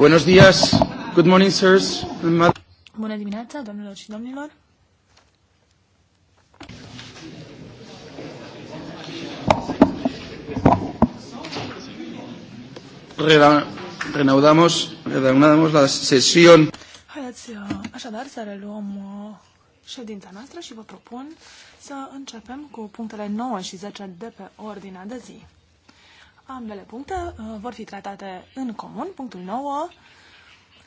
Buenos días. Good morning, sirs. Bună dimineața, domnilor și domnilor. Renaudamos, renaudamos la sesión. Haideți uh, așadar să reluăm uh, ședința noastră și vă propun să începem cu punctele 9 și 10 de pe ordinea de zi. Ambele puncte uh, vor fi tratate în comun. Punctul 9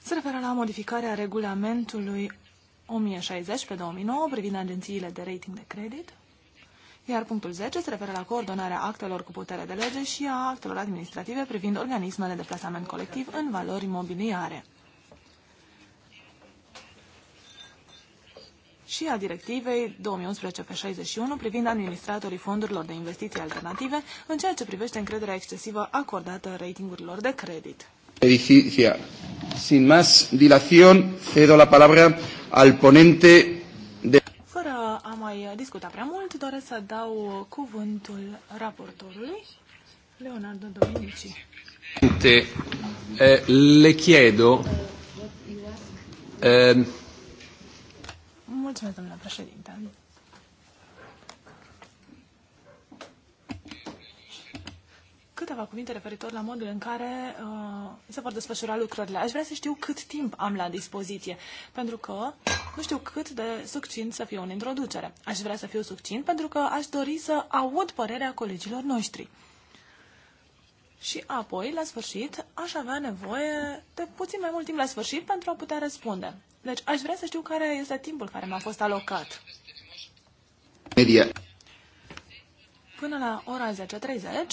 se referă la modificarea regulamentului 1060 pe 2009 privind agențiile de rating de credit, iar punctul 10 se referă la coordonarea actelor cu putere de lege și a actelor administrative privind organismele de plasament colectiv în valori imobiliare. și a directivei 2011-61 privind administratorii fondurilor de investiții alternative în ceea ce privește încrederea excesivă acordată ratingurilor de credit. Edificia. Sin más dilación, cedo la palabra al ponente de... Fără a mai discuta prea mult, doresc să dau cuvântul raportorului, Leonardo Dominici. Eh, le chiedo... Eh, Mulțumesc, domnule președinte. câteva cuvinte referitor la modul în care uh, se vor desfășura lucrările. Aș vrea să știu cât timp am la dispoziție, pentru că nu știu cât de succint să fie o introducere. Aș vrea să fiu succint pentru că aș dori să aud părerea colegilor noștri. Și apoi, la sfârșit, aș avea nevoie de puțin mai mult timp la sfârșit pentru a putea răspunde. Deci aș vrea să știu care este timpul care m-a fost alocat. Media. Până la ora 10.30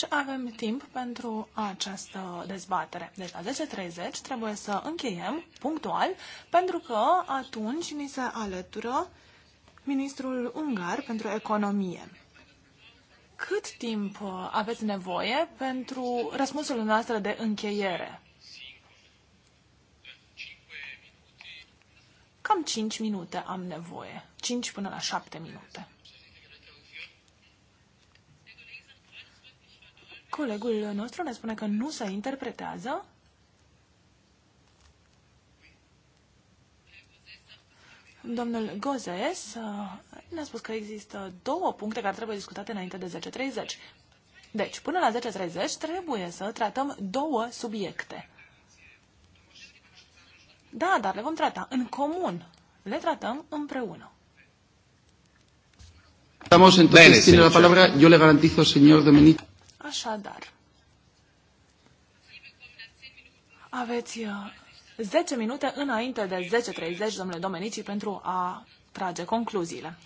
avem timp pentru această dezbatere. Deci la 10.30 trebuie să încheiem punctual, pentru că atunci ni se alătură ministrul ungar pentru economie. Cât timp aveți nevoie pentru răspunsul noastră de încheiere? Cam 5 minute am nevoie. 5 până la 7 minute. Colegul nostru ne spune că nu se interpretează. Domnul Gozes uh, ne-a spus că există două puncte care trebuie discutate înainte de 10.30. Deci, până la 10.30 trebuie să tratăm două subiecte. Da, dar le vom trata în comun. Le tratăm împreună. Estamos, entonces Bene, tiene la palabra, yo le garantizo, señor Domenici. Așadar, aveți 10 uh, minute înainte de 10.30, domnule Domenici, pentru a trage concluziile.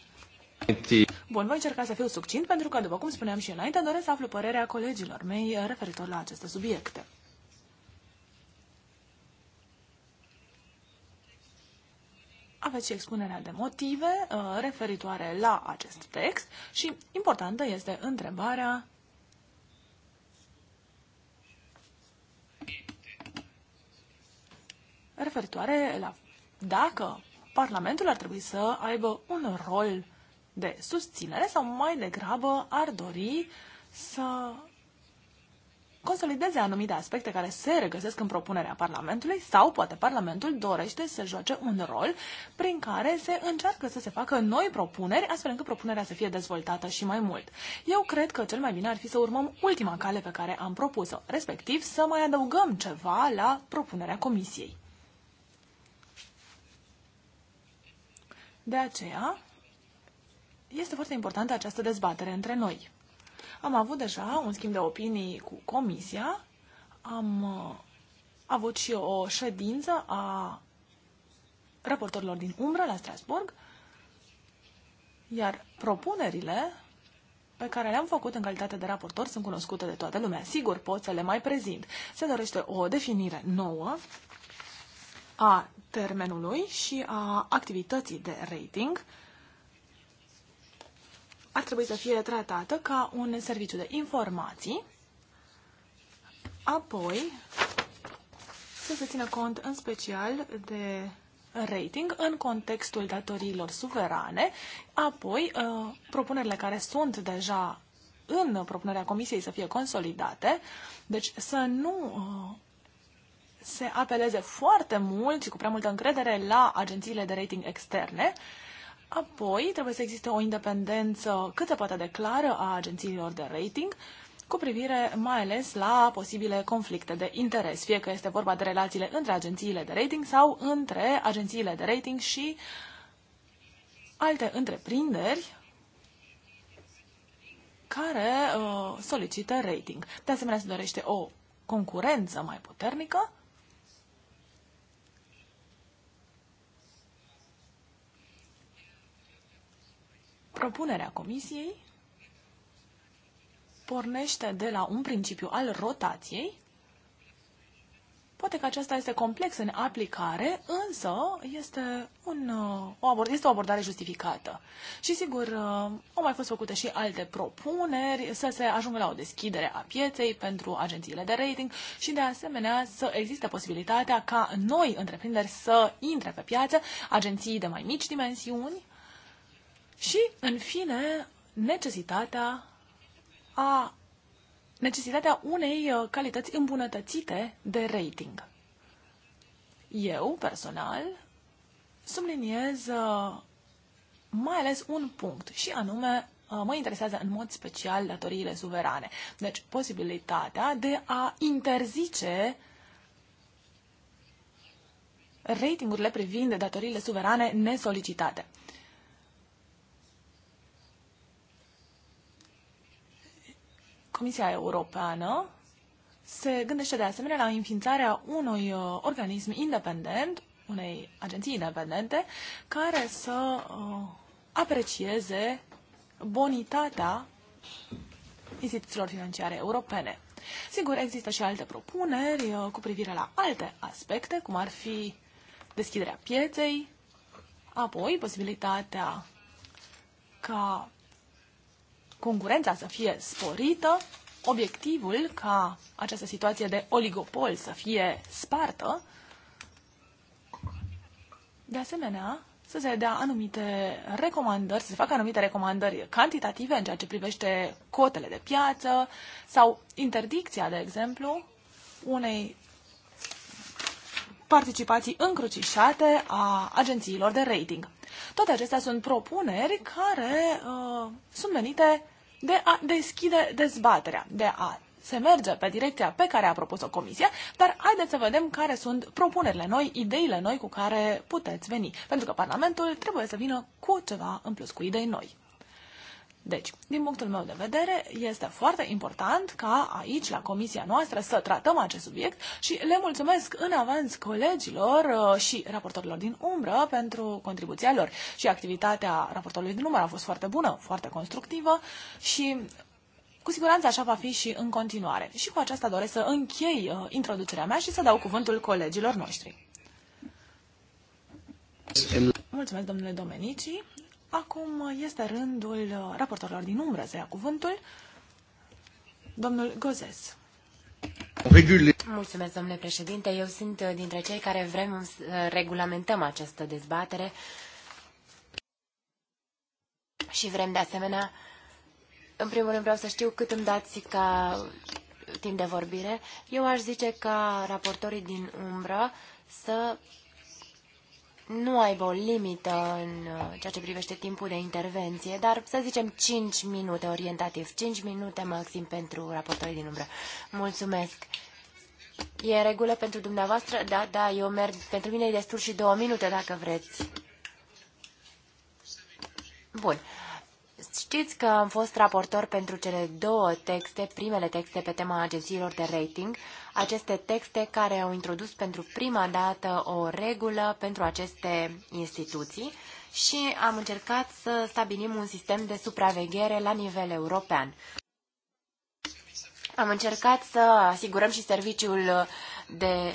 Bun, voi încerca să fiu succint pentru că, după cum spuneam și înainte, doresc să aflu părerea colegilor mei uh, referitor la aceste subiecte. aveți și expunerea de motive uh, referitoare la acest text și importantă este întrebarea referitoare la dacă Parlamentul ar trebui să aibă un rol de susținere sau mai degrabă ar dori să consolideze anumite aspecte care se regăsesc în propunerea Parlamentului sau poate Parlamentul dorește să joace un rol prin care se încearcă să se facă noi propuneri astfel încât propunerea să fie dezvoltată și mai mult. Eu cred că cel mai bine ar fi să urmăm ultima cale pe care am propus-o, respectiv să mai adăugăm ceva la propunerea Comisiei. De aceea, este foarte importantă această dezbatere între noi. Am avut deja un schimb de opinii cu Comisia, am uh, avut și o ședință a raportorilor din umbră la Strasburg, iar propunerile pe care le-am făcut în calitate de raportor sunt cunoscute de toată lumea. Sigur, pot să le mai prezint. Se dorește o definire nouă a termenului și a activității de rating, ar trebui să fie tratată ca un serviciu de informații, apoi să se țină cont în special de rating în contextul datoriilor suverane, apoi uh, propunerile care sunt deja în propunerea Comisiei să fie consolidate, deci să nu uh, se apeleze foarte mult și cu prea multă încredere la agențiile de rating externe, Apoi, trebuie să existe o independență cât se poate de clară a agențiilor de rating, cu privire mai ales la posibile conflicte de interes, fie că este vorba de relațiile între agențiile de rating sau între agențiile de rating și alte întreprinderi care uh, solicită rating. De asemenea, se dorește o concurență mai puternică Propunerea Comisiei pornește de la un principiu al rotației. Poate că aceasta este complex în aplicare, însă este, un, o, abord, este o abordare justificată. Și sigur, au mai fost făcute și alte propuneri să se ajungă la o deschidere a pieței pentru agențiile de rating și de asemenea să existe posibilitatea ca noi întreprinderi să intre pe piață, agenții de mai mici dimensiuni, și, în fine, necesitatea a necesitatea unei uh, calități îmbunătățite de rating. Eu, personal, subliniez uh, mai ales un punct și anume uh, mă interesează în mod special datoriile suverane. Deci, posibilitatea de a interzice ratingurile privind datoriile suverane nesolicitate. Comisia Europeană se gândește de asemenea la înființarea unui uh, organism independent, unei agenții independente, care să uh, aprecieze bonitatea instituțiilor financiare europene. Sigur, există și alte propuneri uh, cu privire la alte aspecte, cum ar fi deschiderea pieței, apoi posibilitatea ca concurența să fie sporită, obiectivul ca această situație de oligopol să fie spartă, de asemenea, să se dea anumite recomandări, să se facă anumite recomandări cantitative în ceea ce privește cotele de piață sau interdicția, de exemplu, unei participații încrucișate a agențiilor de rating. Toate acestea sunt propuneri care uh, sunt menite de a deschide dezbaterea, de a se merge pe direcția pe care a propus-o Comisia, dar haideți să vedem care sunt propunerile noi, ideile noi cu care puteți veni. Pentru că Parlamentul trebuie să vină cu ceva în plus, cu idei noi. Deci, din punctul meu de vedere, este foarte important ca aici, la comisia noastră, să tratăm acest subiect și le mulțumesc în avans colegilor uh, și raportorilor din umbră pentru contribuția lor. Și activitatea raportorului din umbră a fost foarte bună, foarte constructivă și cu siguranță așa va fi și în continuare. Și cu aceasta doresc să închei uh, introducerea mea și să dau cuvântul colegilor noștri. Mulțumesc, domnule Domenici. Acum este rândul uh, raportorilor din umbră să ia cuvântul. Domnul Gozes. Mulțumesc, domnule președinte. Eu sunt uh, dintre cei care vrem să uh, regulamentăm această dezbatere și vrem de asemenea, în primul rând vreau să știu cât îmi dați ca timp de vorbire. Eu aș zice ca raportorii din umbră să nu aibă o limită în uh, ceea ce privește timpul de intervenție, dar să zicem 5 minute orientativ, 5 minute maxim pentru raportorii din umbră. Mulțumesc! E în regulă pentru dumneavoastră? Da, da, eu merg. Pentru mine e destul și două minute, dacă vreți. Bun. Știți că am fost raportor pentru cele două texte, primele texte pe tema agențiilor de rating. Uh, aceste texte care au introdus pentru prima dată o regulă pentru aceste instituții și am încercat să stabilim un sistem de supraveghere la nivel european. Am încercat să asigurăm și serviciul de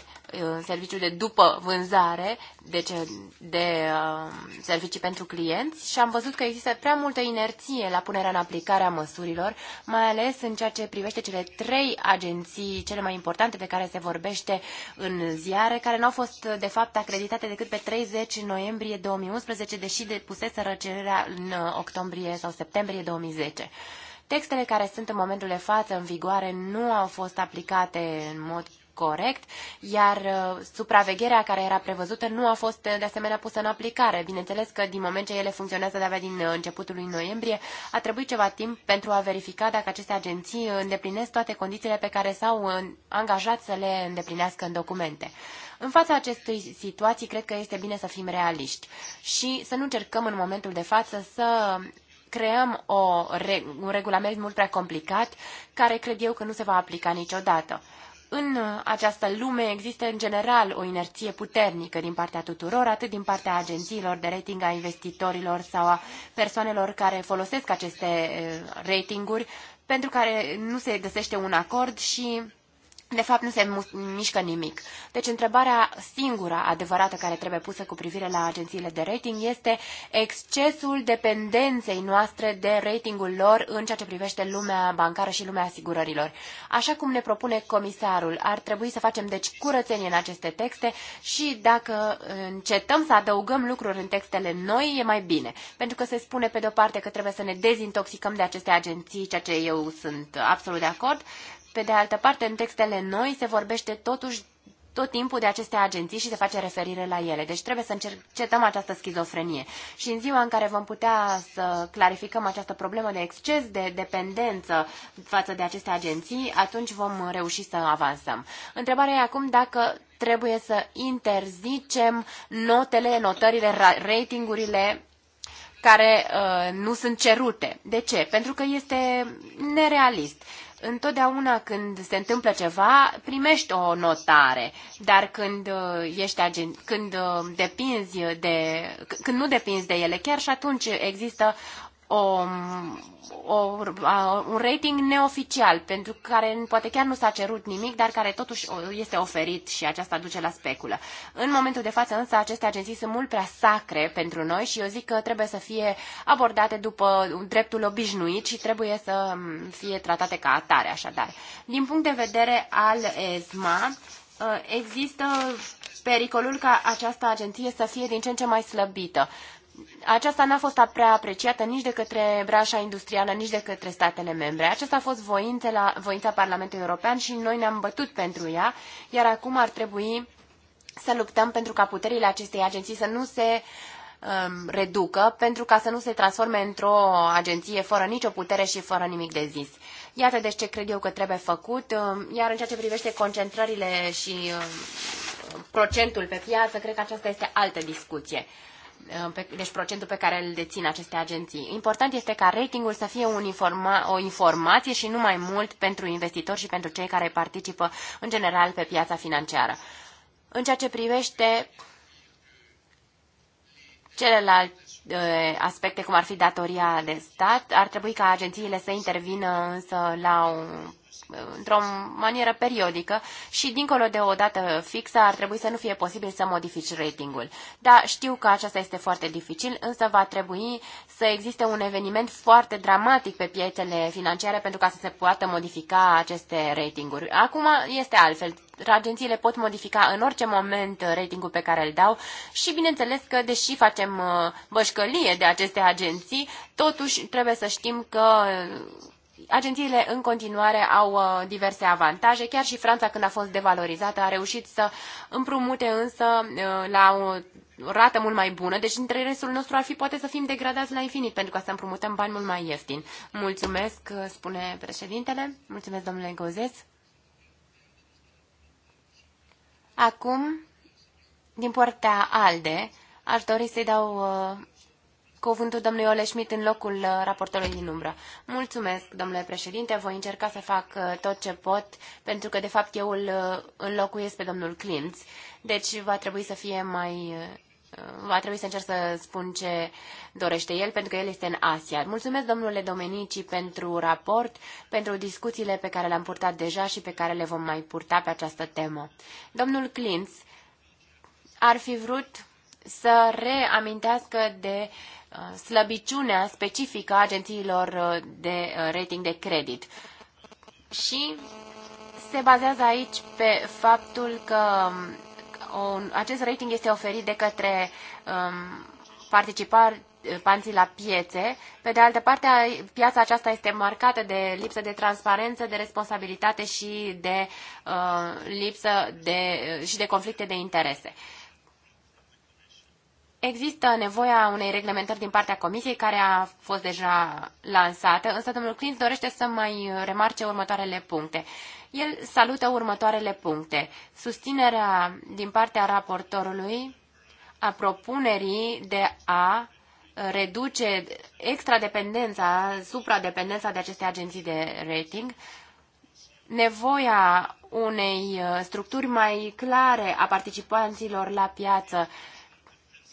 serviciul de după vânzare, deci de um, servicii pentru clienți și am văzut că există prea multă inerție la punerea în aplicare a măsurilor, mai ales în ceea ce privește cele trei agenții cele mai importante de care se vorbește în ziare, care n-au fost de fapt acreditate decât pe 30 noiembrie 2011, deși depuseseră cererea în octombrie sau septembrie 2010. Textele care sunt în momentul de față în vigoare nu au fost aplicate în mod corect, iar uh, supravegherea care era prevăzută nu a fost de asemenea pusă în aplicare. Bineînțeles că din moment ce ele funcționează de avea din uh, începutul lui noiembrie, a trebuit ceva timp pentru a verifica dacă aceste agenții îndeplinesc toate condițiile pe care s-au uh, angajat să le îndeplinească în documente. În fața acestei situații, cred că este bine să fim realiști și să nu încercăm în momentul de față să creăm o, un regulament mult prea complicat, care cred eu că nu se va aplica niciodată. În uh, această lume există în general o inerție puternică din partea tuturor, atât din partea agențiilor de rating, a investitorilor sau a persoanelor care folosesc aceste uh, ratinguri, pentru care nu se găsește un acord și de fapt nu se mișcă nimic. Deci întrebarea singura adevărată care trebuie pusă cu privire la agențiile de rating este excesul dependenței noastre de ratingul lor în ceea ce privește lumea bancară și lumea asigurărilor. Așa cum ne propune comisarul, ar trebui să facem deci curățenie în aceste texte și dacă încetăm să adăugăm lucruri în textele noi, e mai bine. Pentru că se spune pe de-o parte că trebuie să ne dezintoxicăm de aceste agenții, ceea ce eu sunt absolut de acord, pe de altă parte, în textele noi se vorbește totuși tot timpul de aceste agenții și se face referire la ele. Deci trebuie să încercetăm această schizofrenie. Și în ziua în care vom putea să clarificăm această problemă de exces de dependență față de aceste agenții, atunci vom reuși să avansăm. Întrebarea e acum dacă trebuie să interzicem notele, notările, ratingurile care uh, nu sunt cerute. De ce? Pentru că este nerealist. Uh, întotdeauna când se întâmplă ceva, primești o notare, dar când uh, ești agent, când uh, depinzi de când nu depinzi de ele, chiar și atunci există o, o, un rating neoficial, pentru care poate chiar nu s-a cerut nimic, dar care totuși este oferit și aceasta duce la speculă. În momentul de față, însă, aceste agenții sunt mult prea sacre pentru noi și eu zic că trebuie să fie abordate după dreptul obișnuit și trebuie să fie tratate ca atare, așadar. Din punct de vedere al ESMA, ă, există pericolul ca această agenție să fie din ce în ce mai slăbită aceasta n-a fost prea apreciată nici de către brașa industrială, nici de către statele membre. Aceasta a fost voința, la, voința Parlamentului European și noi ne-am bătut pentru ea, iar acum ar trebui să luptăm pentru ca puterile acestei agenții să nu se um, reducă, pentru ca să nu se transforme într-o agenție fără nicio putere și fără nimic de zis. Iată deci ce cred eu că trebuie făcut, um, iar în ceea ce privește concentrările și um, procentul pe piață, cred că aceasta este altă discuție. Uh, pe, deci procentul pe care îl dețin aceste agenții. Important este ca ratingul să fie un informa, o informație și nu mai mult pentru investitori și pentru cei care participă în general pe piața financiară. În ceea ce privește celelalte uh, aspecte, cum ar fi datoria de stat, ar trebui ca agențiile să intervină însă la un într-o manieră periodică și dincolo de o dată fixă ar trebui să nu fie posibil să modifici ratingul. Da, știu că aceasta este foarte dificil, însă va trebui să existe un eveniment foarte dramatic pe piețele financiare pentru ca să se poată modifica aceste ratinguri. Acum este altfel. Agențiile pot modifica în orice moment ratingul pe care îl dau și bineînțeles că deși facem uh, bășcălie de aceste agenții, totuși trebuie să știm că agențiile în continuare au uh, diverse avantaje. Chiar și Franța, când a fost devalorizată, a reușit să împrumute însă uh, la o rată mult mai bună, deci interesul nostru ar fi poate să fim degradați la infinit, pentru ca să împrumutăm bani mult mai ieftin. Mulțumesc, uh, spune președintele. Mulțumesc, domnule Gozes. Acum, din partea ALDE, aș dori să-i dau uh, cuvântul domnului Oleșmit în locul uh, raportorului din umbră. Mulțumesc, domnule președinte, voi încerca să fac uh, tot ce pot, pentru că, de fapt, eu îl uh, înlocuiesc pe domnul Clint. Deci va trebui să fie mai... Va trebui să încerc să spun ce dorește el, pentru că el este în Asia. Mulțumesc, domnule Domenici, pentru raport, pentru discuțiile pe care le-am purtat deja și pe care le vom mai purta pe această temă. Domnul Clint ar fi vrut să reamintească de uh, Uh, slăbiciunea specifică a agențiilor uh, de uh, rating de credit. Și se bazează aici pe faptul că um, un, acest rating este oferit de către um, participanții la piețe. Pe de altă parte, piața aceasta este marcată de lipsă de transparență, de responsabilitate și de uh, lipsă de, și de conflicte de interese. Uh, Există nevoia unei reglementări din partea Comisiei, care a fost deja lansată, însă domnul Clint dorește să mai remarce următoarele puncte. El salută următoarele puncte. Susținerea din partea raportorului a propunerii de a reduce extradependența, supradependența de aceste agenții de rating, nevoia unei structuri mai clare a participanților la piață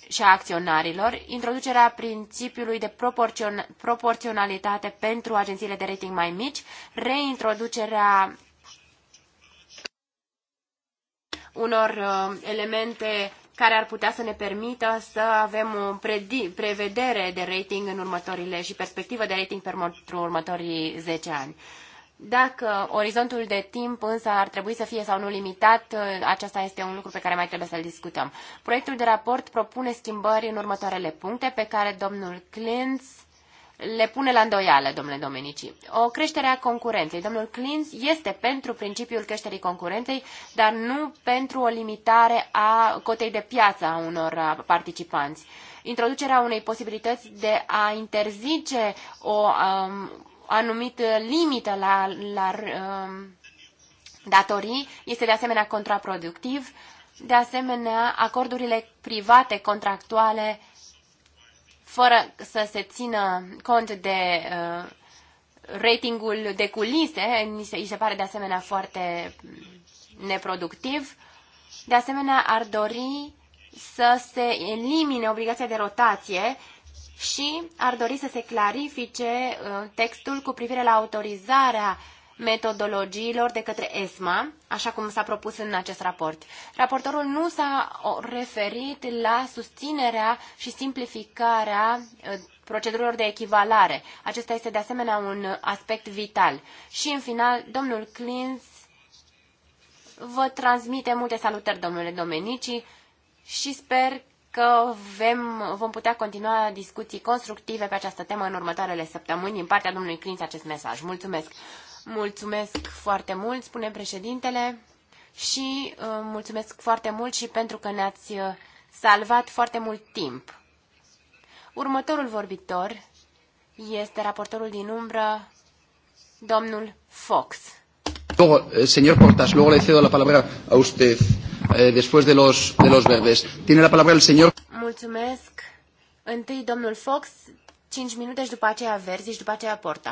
și a acționarilor, introducerea principiului de proporțion proporționalitate pentru agențiile de rating mai mici, reintroducerea unor uh, elemente care ar putea să ne permită să avem o prevedere de rating în următorile și perspectivă de rating pentru următorii 10 ani. Dacă orizontul de timp însă ar trebui să fie sau nu limitat, ă, acesta este un lucru pe care mai trebuie să-l discutăm. Proiectul de raport propune schimbări în următoarele puncte pe care domnul Clintz le pune la îndoială, domnule Domenici. O creștere a concurenței. Domnul Clintz este pentru principiul creșterii concurenței, dar nu pentru o limitare a cotei de piață a unor participanți. Introducerea unei posibilități de a interzice o um, anumită uh, limită la, la um, datorii este de asemenea contraproductiv. De asemenea, acordurile private contractuale, fără să se țină cont de uh, ratingul de culise, îi se, se pare de asemenea foarte neproductiv. De asemenea, ar dori să se elimine obligația de rotație și ar dori să se clarifice uh, textul cu privire la autorizarea metodologiilor de către ESMA, așa cum s-a propus în acest raport. Raportorul nu s-a referit la susținerea și simplificarea uh, procedurilor de echivalare. Acesta este de asemenea un aspect vital. Și în final, domnul Clins vă transmite multe salutări, domnule Domenici, și sper că vem, vom putea continua discuții constructive pe această temă în următoarele săptămâni din partea domnului Clinț acest mesaj. Mulțumesc! Mulțumesc foarte mult, spune președintele, și uh, mulțumesc foarte mult și pentru că ne-ați uh, salvat foarte mult timp. Următorul vorbitor este raportorul din umbră, domnul Fox. Domnul eh, señor Portas, le cedo la palabra a usted eh, después de los, de los verdes. Tiene la palabra el señor. Mulțumesc. Întâi domnul Fox, 5 minute și după aceea Verzi și după aceea Porta.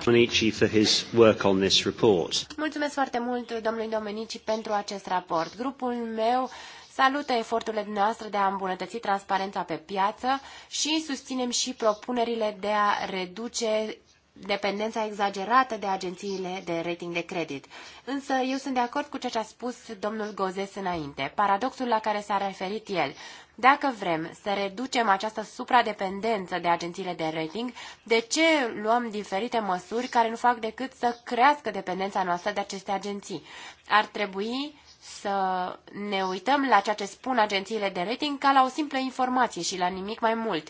For his work on this report. Mulțumesc foarte mult domnului Domenici pentru acest raport. Grupul meu salută eforturile noastre de a îmbunătăți transparența pe piață și susținem și propunerile de a reduce dependența exagerată de agențiile de rating de credit. Însă eu sunt de acord cu ceea ce a spus domnul Gozes înainte, paradoxul la care s-a referit el. Dacă vrem să reducem această supradependență de agențiile de rating, de ce luăm diferite măsuri care nu fac decât să crească dependența noastră de aceste agenții? Ar trebui să ne uităm la ceea ce spun agențiile de rating ca la o simplă informație și la nimic mai mult.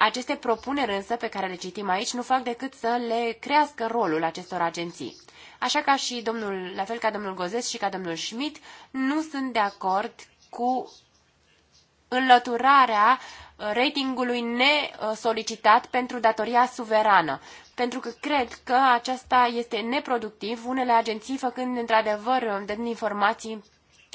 Aceste propuneri însă pe care le citim aici nu fac decât să le crească rolul acestor agenții. Așa ca și domnul, la fel ca domnul Gozes și ca domnul Schmidt, nu sunt de acord cu înlăturarea uh, ratingului nesolicitat pentru datoria suverană. Pentru că cred că aceasta este neproductiv, unele agenții făcând într-adevăr dând informații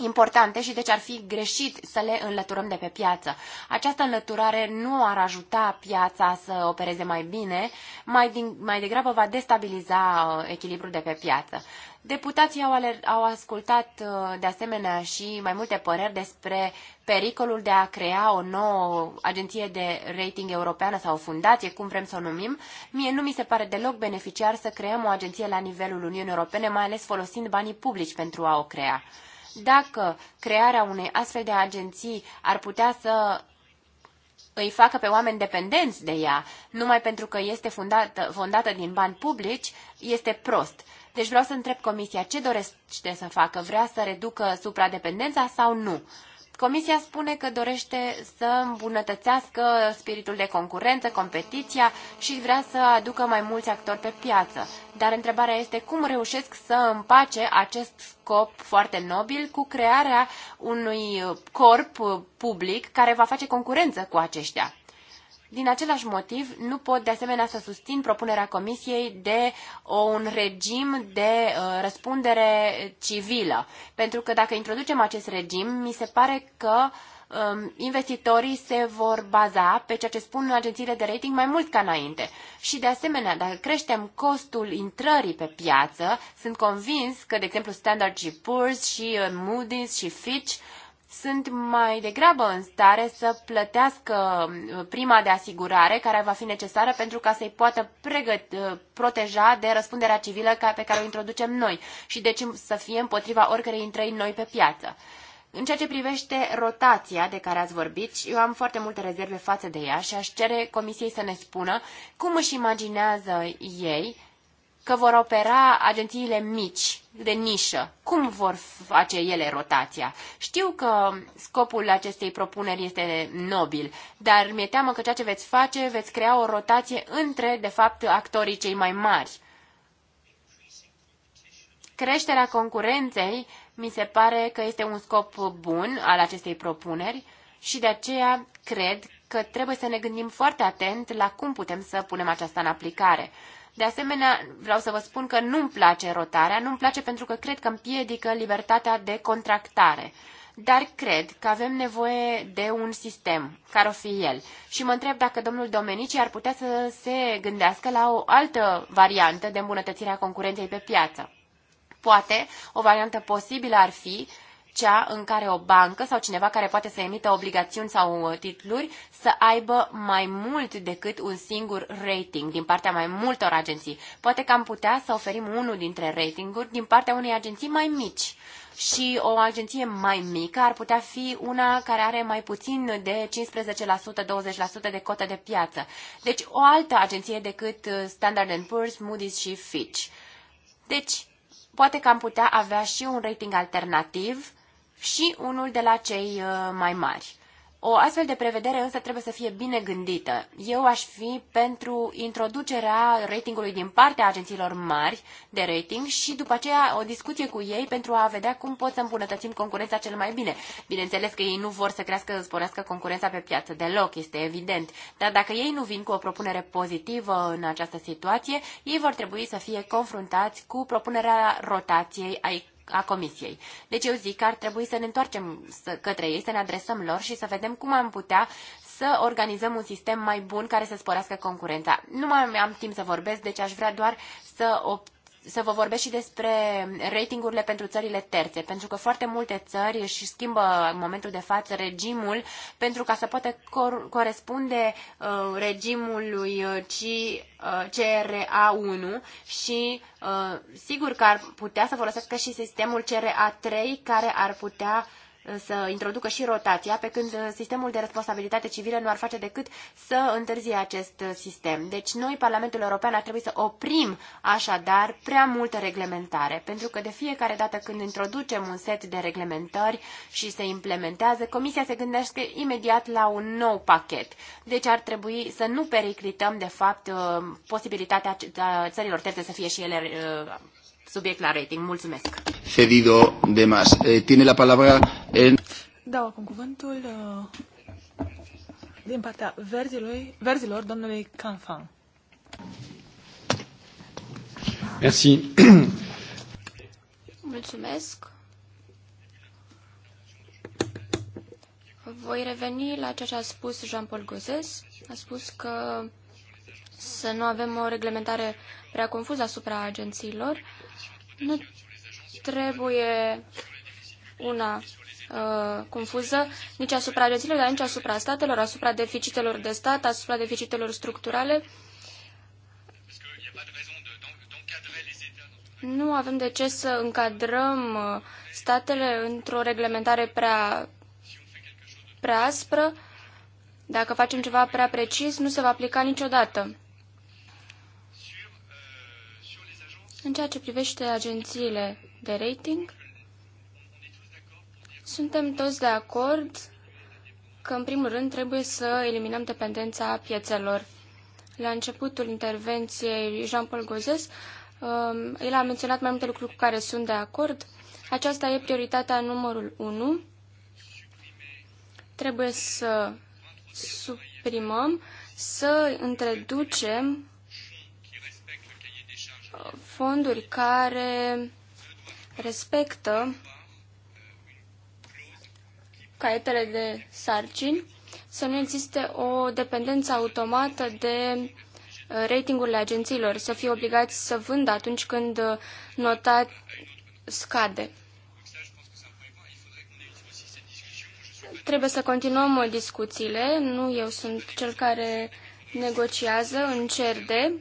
importante și deci ar fi greșit să le înlăturăm de pe piață. Această înlăturare nu ar ajuta piața să opereze mai bine, mai, din, mai degrabă va destabiliza uh, echilibrul de pe piață. Deputații au, aler, au ascultat uh, de asemenea și mai multe păreri despre pericolul de a crea o nouă agenție de rating europeană sau o fundație, cum vrem să o numim. Mie nu mi se pare deloc beneficiar să creăm o agenție la nivelul Uniunii Europene, mai ales folosind banii publici pentru a o crea dacă crearea unei astfel de agenții ar putea să îi facă pe oameni dependenți de ea, numai pentru că este fundată, fondată din bani publici, este prost. Deci vreau să întreb Comisia ce dorește să facă, vrea să reducă supradependența sau nu? Comisia spune că dorește să îmbunătățească spiritul de concurență, competiția și vrea să aducă mai mulți actori pe piață. Dar întrebarea este cum reușesc să împace acest scop foarte nobil cu crearea unui corp public care va face concurență cu aceștia. Din același motiv, nu pot de asemenea să susțin propunerea Comisiei de un regim de uh, răspundere civilă. Pentru că dacă introducem acest regim, mi se pare că um, investitorii se vor baza pe ceea ce spun agențiile de rating mai mult ca înainte. Și de asemenea, dacă creștem costul intrării pe piață, sunt convins că, de exemplu, Standard Poor's și uh, Moody's și Fitch sunt mai degrabă în stare să plătească uh, prima de asigurare care va fi necesară pentru ca să-i poată pregăt, uh, proteja de răspunderea civilă pe care o introducem noi și deci să fie împotriva oricărei intrări noi pe piață. În ceea ce privește rotația de care ați vorbit, eu am foarte multe rezerve față de ea și aș cere Comisiei să ne spună cum își imaginează ei că vor opera agențiile mici, de nișă. Cum vor face ele rotația? Știu că scopul acestei propuneri este nobil, dar mi-e teamă că ceea ce veți face, veți crea o rotație între, de fapt, actorii cei mai mari. Creșterea concurenței mi se pare că este un scop bun al acestei propuneri și de aceea cred că trebuie să ne gândim foarte atent la cum putem să punem aceasta în aplicare. De asemenea, vreau să vă spun că nu-mi place rotarea, nu-mi place pentru că cred că împiedică libertatea de contractare. Dar cred că avem nevoie de un sistem, care o fi el. Și mă întreb dacă domnul Domenici ar putea să se gândească la o altă variantă de îmbunătățire a concurenței pe piață. Poate, o variantă posibilă ar fi cea în care o bancă sau cineva care poate să emită obligațiuni sau uh, titluri să aibă mai mult decât un singur rating din partea mai multor agenții. Poate că am putea să oferim unul dintre ratinguri din partea unei agenții mai mici. Și o agenție mai mică ar putea fi una care are mai puțin de 15%, 20% de cotă de piață. Deci o altă agenție decât uh, Standard Poor's, Moody's și Fitch. Deci, poate că am putea avea și un rating alternativ și unul de la cei uh, mai mari. O astfel de prevedere însă trebuie să fie bine gândită. Eu aș fi pentru introducerea ratingului din partea agențiilor mari de rating și după aceea o discuție cu ei pentru a vedea cum pot să îmbunătățim concurența cel mai bine. Bineînțeles că ei nu vor să crească, sporească concurența pe piață deloc, este evident. Dar dacă ei nu vin cu o propunere pozitivă în această situație, ei vor trebui să fie confruntați cu propunerea rotației ai a Comisiei. Deci eu zic că ar trebui să ne întoarcem către ei, să ne adresăm lor și să vedem cum am putea să organizăm un sistem mai bun care să sporească concurența. Nu mai am timp să vorbesc, deci aș vrea doar să să vă vorbesc și despre ratingurile pentru țările terțe, pentru că foarte multe țări își schimbă în momentul de față regimul pentru ca să poată corespunde uh, regimului uh, CRA1 uh, și uh, sigur că ar putea să folosească și sistemul CRA3 care ar putea uh, să introducă și rotația, pe când uh, sistemul de responsabilitate civilă nu ar face decât să întârzie acest uh, sistem. Deci noi, Parlamentul European, ar trebui să oprim așadar prea multă reglementare, pentru că de fiecare dată când introducem un set de reglementări și se implementează, Comisia se gândește imediat la un nou pachet. Deci ar trebui să nu periclităm, de fapt, uh, posibilitatea țărilor terțe să fie și ele subiect la rating. Mulțumesc. Cedido de más. Eh, tiene la palabra... En... Dau acum cuvântul uh, din partea verzilor, verzilor domnului Canfan. Merci. Mulțumesc. Voi reveni la ceea ce a spus Jean-Paul Gozes. A spus că să nu avem o reglementare prea confuză asupra agențiilor nu trebuie una uh, confuză nici asupra agențiilor, dar nici asupra statelor, asupra deficitelor de stat, asupra deficitelor structurale. Nu avem de ce să încadrăm uh, statele într-o reglementare prea, prea aspră. Dacă facem ceva prea precis, nu se va aplica niciodată. În ceea ce privește agențiile de rating, suntem toți de acord că, în primul rând, trebuie să eliminăm dependența piețelor. La începutul intervenției Jean-Paul Gozes, um, el a menționat mai multe lucruri cu care sunt de acord. Aceasta e prioritatea numărul 1. Trebuie să suprimăm, să introducem fonduri care respectă caietele de sarcini, să nu existe o dependență automată de uh, ratingurile agențiilor, să fie obligați să vândă atunci când uh, nota scade. Trebuie să continuăm uh, discuțiile. Nu eu sunt cel care negociază în CERDE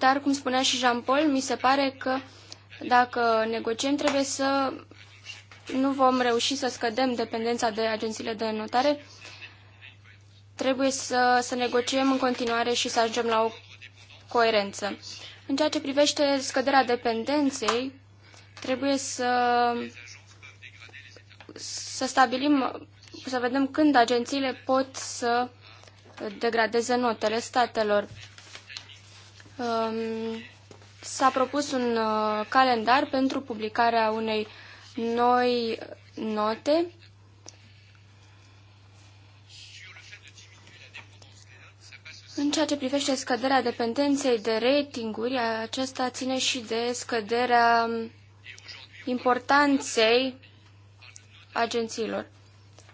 dar, cum spunea și Jean-Paul, mi se pare că dacă negociem, trebuie să nu vom reuși să scădem dependența de agențiile de notare. Trebuie să, să negociem în continuare și să ajungem la o coerență. În ceea ce privește scăderea dependenței, trebuie să, să stabilim, să vedem când agențiile pot să degradeze notele statelor um, s-a propus un uh, calendar pentru publicarea unei noi note În ceea ce privește scăderea dependenței de ratinguri, acesta ține și de scăderea um, importanței agențiilor.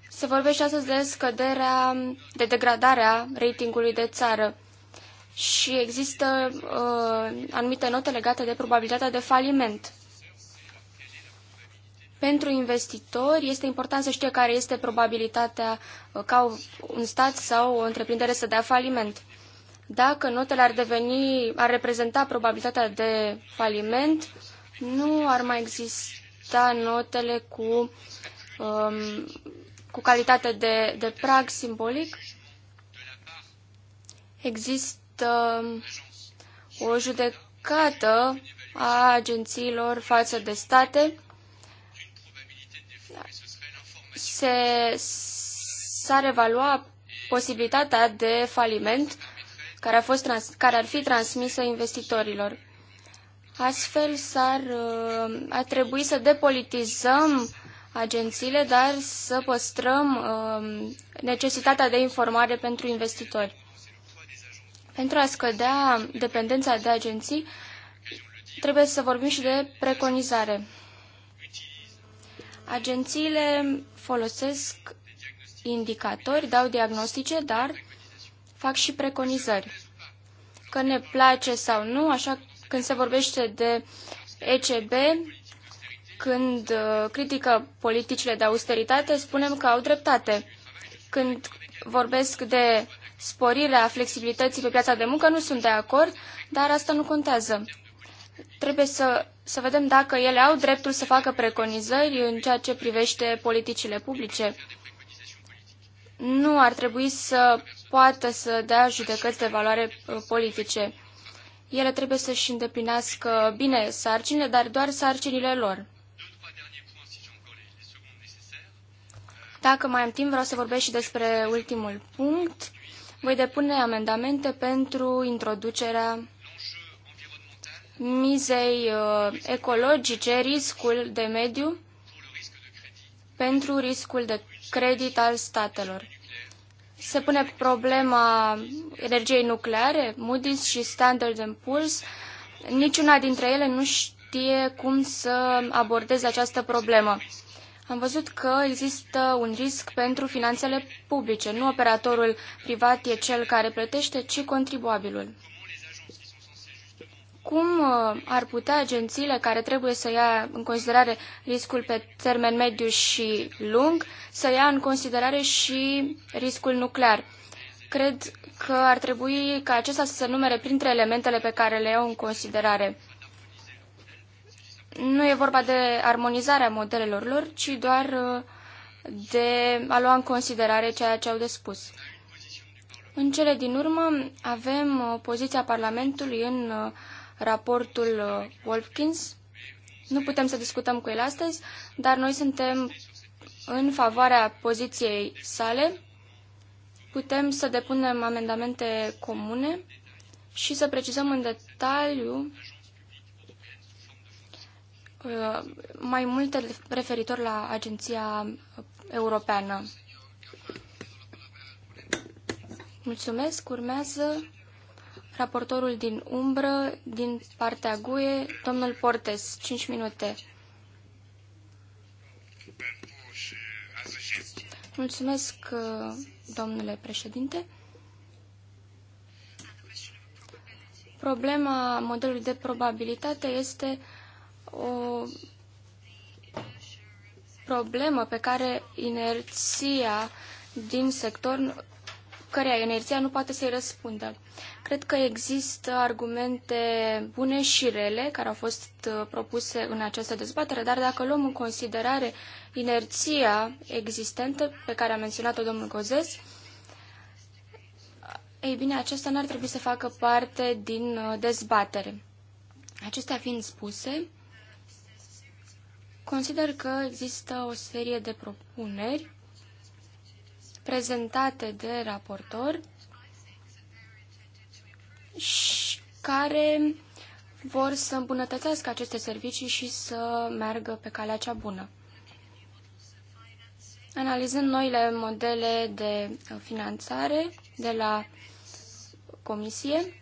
Se vorbește astăzi de scăderea, de degradarea ratingului de țară și există uh, anumite note legate de probabilitatea de faliment. Pentru investitori este important să știe care este probabilitatea uh, ca un stat sau o întreprindere să dea faliment. Dacă notele ar deveni, ar reprezenta probabilitatea de faliment, nu ar mai exista notele cu, um, cu calitate de, de prag simbolic. Există uh, o judecată a agențiilor față de state. Se, s-ar evalua posibilitatea de faliment care, a fost trans, care ar fi transmisă investitorilor. Astfel, s-ar, uh, ar trebui să depolitizăm agențiile, dar să păstrăm uh, necesitatea de informare pentru investitori. Pentru a scădea dependența de agenții, trebuie să vorbim și de preconizare. Agențiile folosesc indicatori, dau diagnostice, dar fac și preconizări. Că ne place sau nu, așa când se vorbește de ECB, când uh, critică politicile de austeritate, spunem că au dreptate. Când vorbesc de sporirea flexibilității pe piața de muncă, nu sunt de acord, dar asta nu contează. Trebuie să, să vedem dacă ele au dreptul să facă preconizări în ceea ce privește politicile publice. Nu ar trebui să poată să dea judecăți de valoare uh, politice. Ele trebuie să-și îndeplinească bine sarcinile, dar doar sarcinile lor. Dacă mai am timp, vreau să vorbesc și despre ultimul punct. Voi depune amendamente pentru introducerea mizei uh, ecologice, riscul de mediu pentru riscul de credit al statelor. Se pune problema energiei nucleare, Moody's și Standard Poor's. Niciuna dintre ele nu știe cum să abordeze această problemă am văzut că există un risc pentru finanțele publice. Nu operatorul privat e cel care plătește, ci contribuabilul. Cum uh, ar putea agențiile care trebuie să ia în considerare riscul pe termen mediu și lung să ia în considerare și riscul nuclear? Cred că ar trebui ca acesta să se numere printre elementele pe care le iau în considerare nu e vorba de armonizarea modelelor lor, ci doar uh, de a lua în considerare ceea ce au de spus. În cele din urmă avem uh, poziția Parlamentului în uh, raportul Wolfkins. Nu putem să discutăm cu el astăzi, dar noi suntem în favoarea poziției sale. Putem să depunem amendamente comune și să precizăm în detaliu Uh, mai multe referitor la Agenția Europeană. Mulțumesc. Urmează raportorul din umbră, din partea GUE, domnul Portes. 5 minute. Mulțumesc, uh, domnule președinte. Problema modelului de probabilitate este o problemă pe care inerția din sector, căreia inerția nu poate să-i răspundă. Cred că există argumente bune și rele care au fost uh, propuse în această dezbatere, dar dacă luăm în considerare inerția existentă pe care a menționat-o domnul Cozes, ei bine, acesta n-ar trebui să facă parte din uh, dezbatere. Acestea fiind spuse, Consider că există o serie de propuneri prezentate de raportor și care vor să îmbunătățească aceste servicii și să meargă pe calea cea bună. Analizând noile modele de finanțare de la Comisie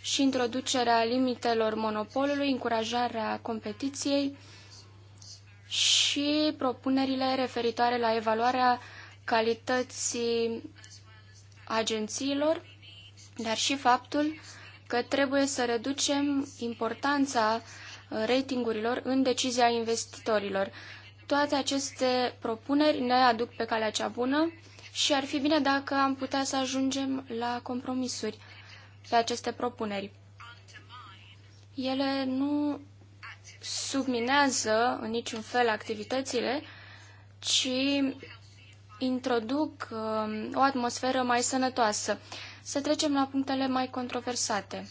și introducerea limitelor monopolului, încurajarea competiției, și propunerile referitoare la evaluarea calității agențiilor, dar și faptul că trebuie să reducem importanța uh, ratingurilor în decizia investitorilor. Toate aceste propuneri ne aduc pe calea cea bună și ar fi bine dacă am putea să ajungem la compromisuri pe aceste propuneri. Ele nu subminează în niciun fel activitățile, ci introduc um, o atmosferă mai sănătoasă. Să trecem la punctele mai controversate,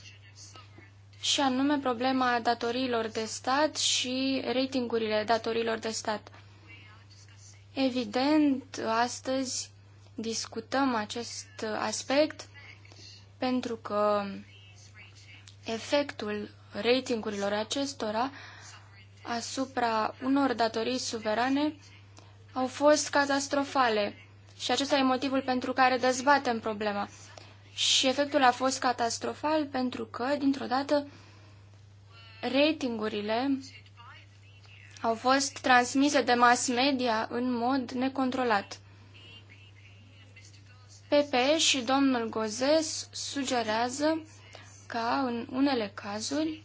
și anume problema datoriilor de stat și ratingurile datoriilor de stat. Evident, astăzi discutăm acest aspect pentru că efectul ratingurilor acestora asupra unor datorii suverane au fost catastrofale și acesta e motivul pentru care dezbatem problema. Și efectul a fost catastrofal pentru că, dintr-o dată, ratingurile au fost transmise de mass media în mod necontrolat. PPE și domnul Gozes sugerează ca, în unele cazuri,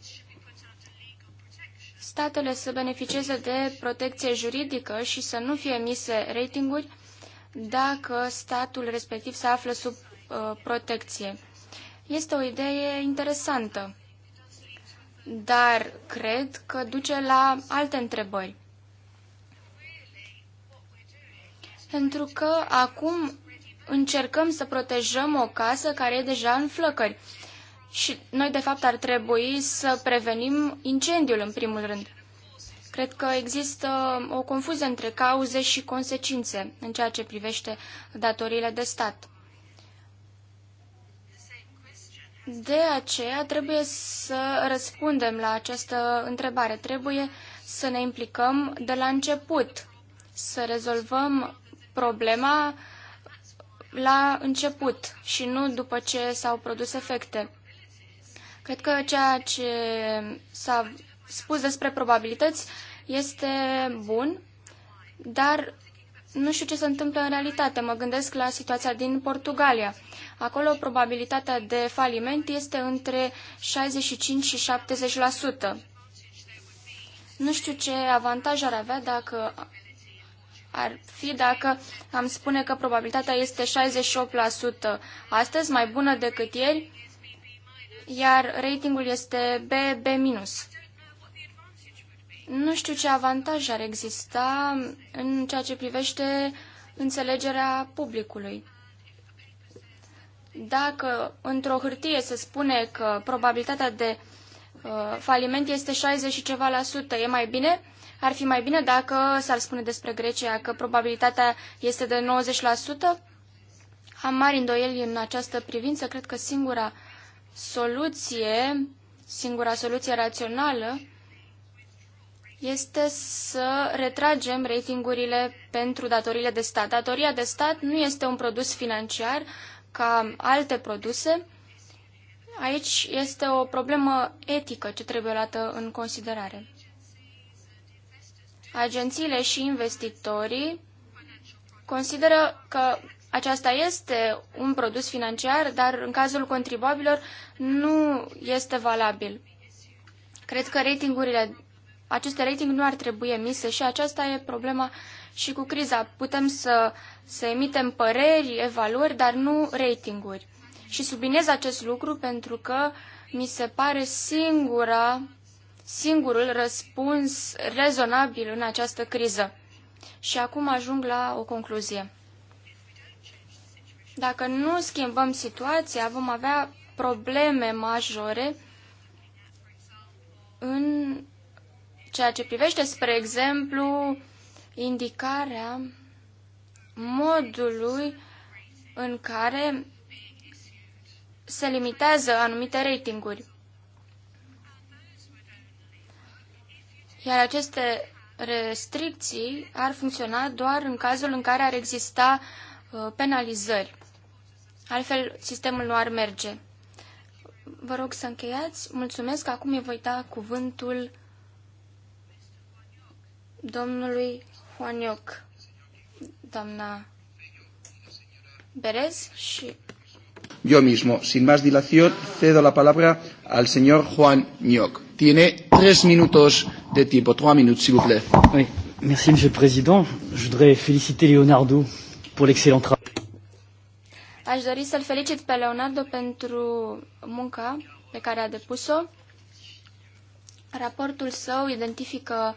statele să beneficieze de protecție juridică și să nu fie emise ratinguri dacă statul respectiv se află sub uh, protecție. Este o idee interesantă, dar cred că duce la alte întrebări. Pentru că acum încercăm să protejăm o casă care e deja în flăcări și noi, de fapt, ar trebui să prevenim incendiul, în primul rând. Cred că există o confuzie între cauze și consecințe în ceea ce privește datoriile de stat. De aceea trebuie să răspundem la această întrebare. Trebuie să ne implicăm de la început, să rezolvăm problema la început și nu după ce s-au produs efecte. Cred că ceea ce s-a spus despre probabilități este bun, dar nu știu ce se întâmplă în realitate. Mă gândesc la situația din Portugalia. Acolo probabilitatea de faliment este între 65 și 70%. Nu știu ce avantaj ar avea dacă ar fi dacă am spune că probabilitatea este 68% astăzi, mai bună decât ieri, iar ratingul este BB-. Nu știu ce avantaj ar exista în ceea ce privește înțelegerea publicului. Dacă într-o hârtie se spune că probabilitatea de uh, faliment este 60 și ceva la sută, e mai bine? Ar fi mai bine dacă s-ar spune despre Grecia că probabilitatea este de 90%? Am mari îndoieli în această privință. Cred că singura soluție, singura soluție rațională, este să retragem ratingurile pentru datoriile de stat. Datoria de stat nu este un produs financiar ca alte produse. Aici este o problemă etică ce trebuie luată în considerare. Agențiile și investitorii consideră că aceasta este un produs financiar, dar în cazul contribuabilor nu este valabil. Cred că ratingurile, aceste rating nu ar trebui emise și aceasta e problema și cu criza. Putem să, să emitem păreri, evaluări, dar nu ratinguri. Și subliniez acest lucru pentru că mi se pare singura, singurul răspuns rezonabil în această criză. Și acum ajung la o concluzie. Dacă nu schimbăm situația, vom avea probleme majore în ceea ce privește, spre exemplu, indicarea modului în care se limitează anumite ratinguri. Iar aceste restricții ar funcționa doar în cazul în care ar exista uh, penalizări. Altfel, sistemul nu ar merge. Vă rog să încheiați. Mulțumesc. Acum îi voi da cuvântul domnului Juanioc, doamna Berez și... Yo mismo, sin más dilación, cedo la palabra al señor Juan Ñoc. Tiene tres minutos de tiempo. Trois minutos, s'il vous plaît. Oui. Merci, Monsieur le Président. Je voudrais féliciter Leonardo pour l'excellent travail. Aș dori să-l felicit pe Leonardo pentru munca pe care a depus-o. Raportul său identifică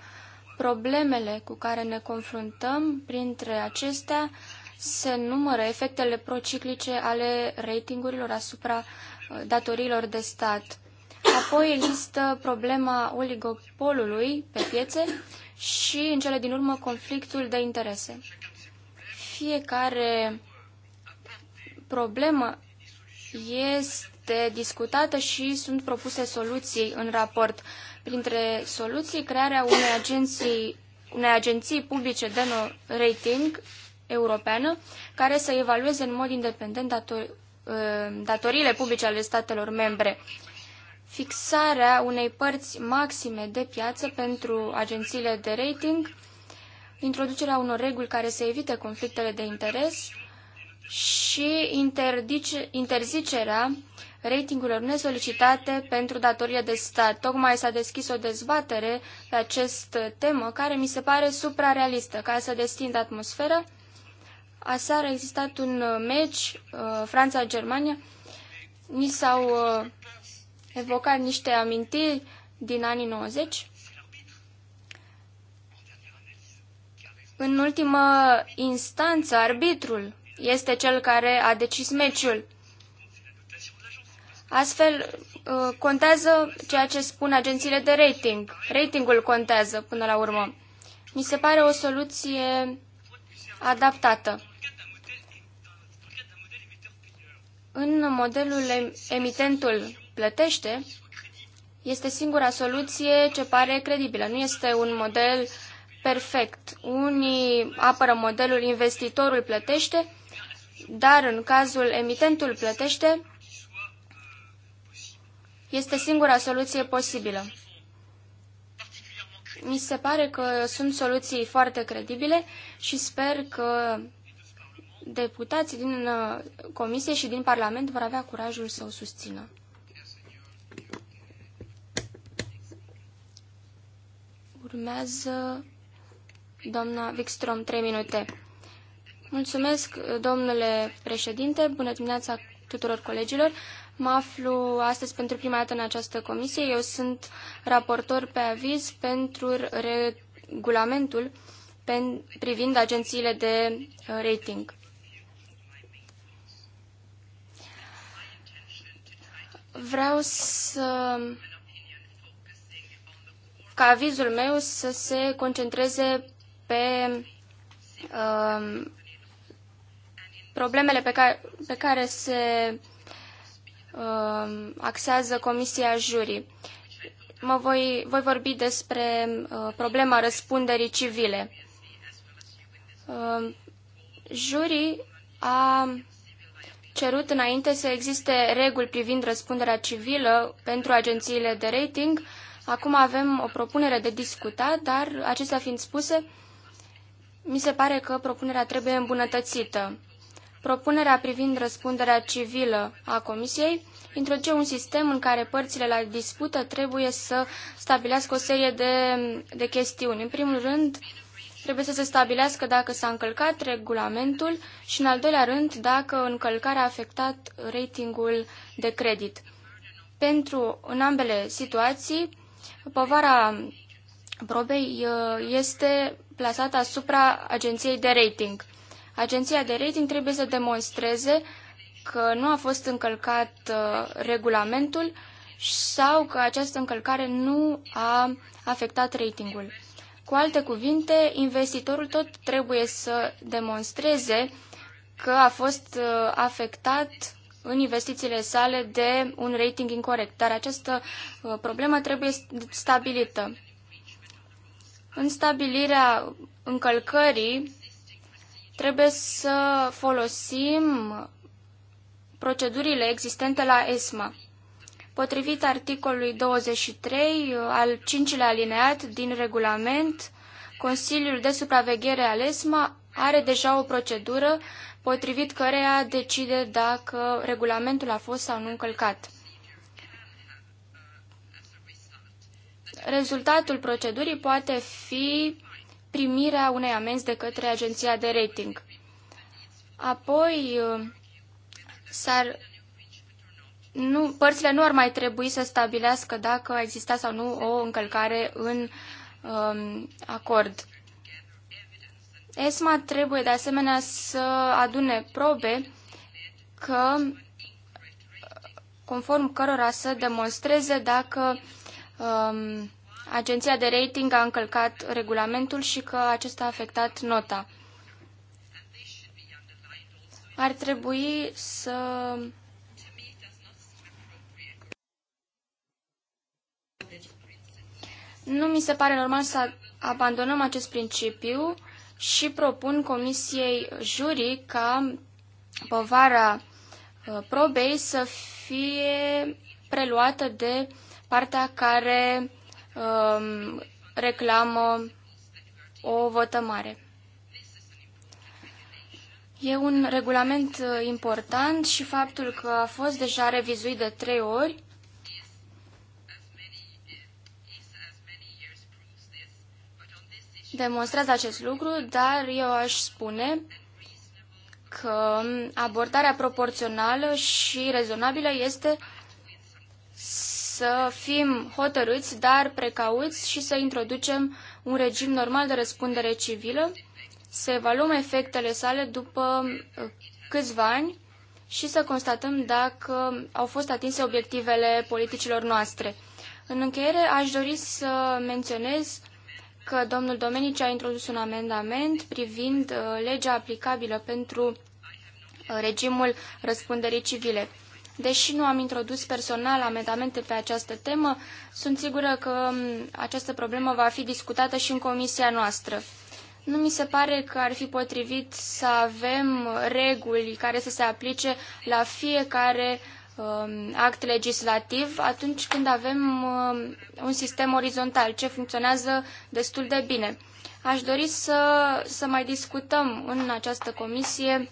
problemele cu care ne confruntăm. Printre acestea se numără efectele prociclice ale ratingurilor asupra uh, datoriilor de stat. Apoi există problema oligopolului pe piețe și, în cele din urmă, conflictul de interese. Fiecare problemă este discutată și sunt propuse soluții în raport. Printre soluții, crearea unei agenții, unei agenții publice de no rating europeană, care să evalueze în mod independent dator, ă, datoriile publice ale statelor membre. Fixarea unei părți maxime de piață pentru agențiile de rating, introducerea unor reguli care să evite conflictele de interes, și interzicerea ratingurilor nesolicitate pentru datorie de stat. Tocmai s-a deschis o dezbatere pe acest temă care mi se pare suprarealistă. Ca să destind atmosfera, aseară a existat un meci, uh, Franța-Germania, ni s-au uh, evocat niște amintiri din anii 90. În ultimă instanță, arbitrul este cel care a decis meciul. Astfel, uh, contează ceea ce spun agențiile de rating. Ratingul contează până la urmă. Mi se pare o soluție adaptată. În modelul emitentul plătește, este singura soluție ce pare credibilă. Nu este un model perfect. Unii apără modelul investitorul plătește, dar în cazul emitentul plătește, este singura soluție posibilă. Mi se pare că sunt soluții foarte credibile și sper că deputații din uh, Comisie și din Parlament vor avea curajul să o susțină. Urmează doamna Wikström 3 minute. Mulțumesc, domnule președinte. Bună dimineața tuturor colegilor. Mă aflu astăzi pentru prima dată în această comisie. Eu sunt raportor pe aviz pentru regulamentul privind agențiile de uh, rating. Vreau să ca avizul meu să se concentreze pe um, problemele pe care, pe care se uh, axează Comisia Jurii. Mă voi, voi vorbi despre uh, problema răspunderii civile. Uh, jurii a cerut înainte să existe reguli privind răspunderea civilă pentru agențiile de rating. Acum avem o propunere de discutat, dar acestea fiind spuse, mi se pare că propunerea trebuie îmbunătățită. Propunerea privind răspunderea civilă a Comisiei introduce un sistem în care părțile la dispută trebuie să stabilească o serie de, de chestiuni. În primul rând, trebuie să se stabilească dacă s-a încălcat regulamentul și, în al doilea rând, dacă încălcarea a afectat ratingul de credit. Pentru în ambele situații, povara probei uh, este plasată asupra agenției de rating. Agenția de rating trebuie să demonstreze că nu a fost încălcat uh, regulamentul sau că această încălcare nu a afectat ratingul. Cu alte cuvinte, investitorul tot trebuie să demonstreze că a fost uh, afectat în investițiile sale de un rating incorrect, dar această uh, problemă trebuie stabilită. În stabilirea încălcării Trebuie să folosim procedurile existente la ESMA. Potrivit articolului 23 uh, al 5-lea alineat din regulament, Consiliul de Supraveghere al ESMA are deja o procedură potrivit căreia decide dacă regulamentul a fost sau nu încălcat. Rezultatul procedurii poate fi primirea unei amenzi de către agenția de rating. Apoi, uh, s-ar, nu, părțile nu ar mai trebui să stabilească dacă a existat sau nu o încălcare în um, acord. ESMA trebuie de asemenea să adune probe că conform cărora să demonstreze dacă um, agenția de rating a încălcat regulamentul și că acesta a afectat nota. Ar trebui să... Nu mi se pare normal să abandonăm acest principiu și propun Comisiei Jurii ca povara uh, probei să fie preluată de partea care Um, reclamă o vătămare. E un regulament uh, important și faptul că a fost deja revizuit de trei ori demonstrează acest lucru, dar eu aș spune că abordarea proporțională și rezonabilă este să fim hotărâți, dar precauți și să introducem un regim normal de răspundere civilă, să evaluăm efectele sale după uh, câțiva ani și să constatăm dacă au fost atinse obiectivele politicilor noastre. În încheiere, aș dori să menționez că domnul Domenici a introdus un amendament privind uh, legea aplicabilă pentru uh, regimul răspunderii civile. Deși nu am introdus personal amendamente pe această temă, sunt sigură că această problemă va fi discutată și în comisia noastră. Nu mi se pare că ar fi potrivit să avem reguli care să se aplice la fiecare um, act legislativ atunci când avem um, un sistem orizontal ce funcționează destul de bine. Aș dori să, să mai discutăm în această comisie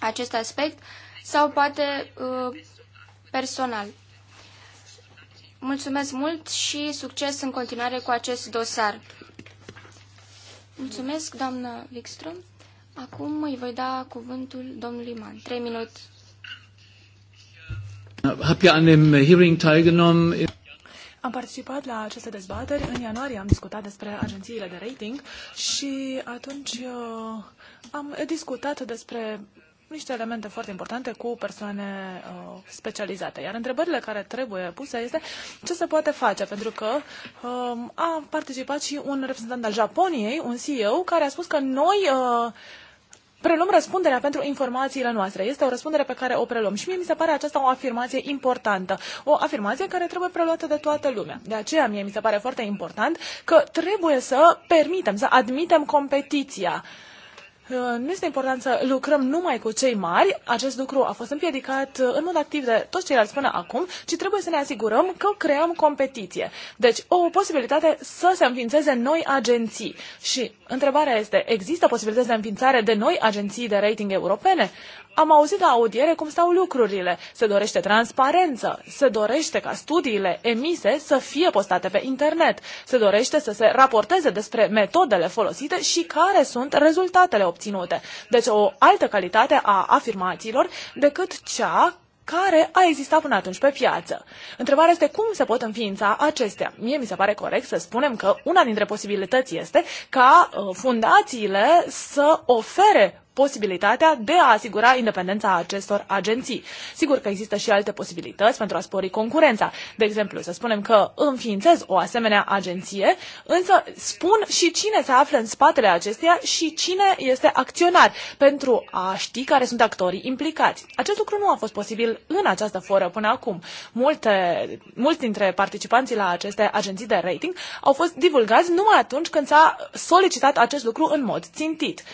acest aspect sau poate uh, personal. Mulțumesc mult și succes în continuare cu acest dosar. Mulțumesc, doamnă Wikström. Acum îi voi da cuvântul domnului Man. Trei minute. Am participat la aceste dezbateri. În ianuarie am discutat despre agențiile de rating și atunci uh, am discutat despre niște elemente foarte importante cu persoane uh, specializate. Iar întrebările care trebuie puse este ce se poate face, pentru că um, a participat și un reprezentant al Japoniei, un CEO, care a spus că noi uh, preluăm răspunderea pentru informațiile noastre. Este o răspundere pe care o preluăm și mie mi se pare aceasta o afirmație importantă, o afirmație care trebuie preluată de toată lumea. De aceea mie mi se pare foarte important că trebuie să permitem, să admitem competiția. Uh, Uh, nu este important să lucrăm numai cu cei mari, acest lucru a fost împiedicat uh, în mod activ de toți ceilalți până acum, ci trebuie să ne asigurăm că creăm competiție. Deci, o posibilitate să se înființeze noi agenții. Și întrebarea este, există posibilități de înființare de noi agenții de rating europene? am auzit la audiere cum stau lucrurile. Se dorește transparență, se dorește ca studiile emise să fie postate pe internet, se dorește să se raporteze despre metodele folosite și care sunt rezultatele obținute. Deci o altă calitate a afirmațiilor decât cea care a existat până atunci pe piață. Întrebarea este cum se pot înființa acestea. Mie mi se pare corect să spunem că una dintre posibilități este ca uh, fundațiile să ofere posibilitatea de a asigura independența acestor agenții. Sigur că există și alte posibilități pentru a spori concurența. De exemplu, să spunem că înființez o asemenea agenție, însă spun și cine se află în spatele acesteia și cine este acționar pentru a ști care sunt actorii implicați. Acest lucru nu a fost posibil în această foră până acum. Multe, mulți dintre participanții la aceste agenții de rating au fost divulgați numai atunci când s-a solicitat acest lucru în mod țintit.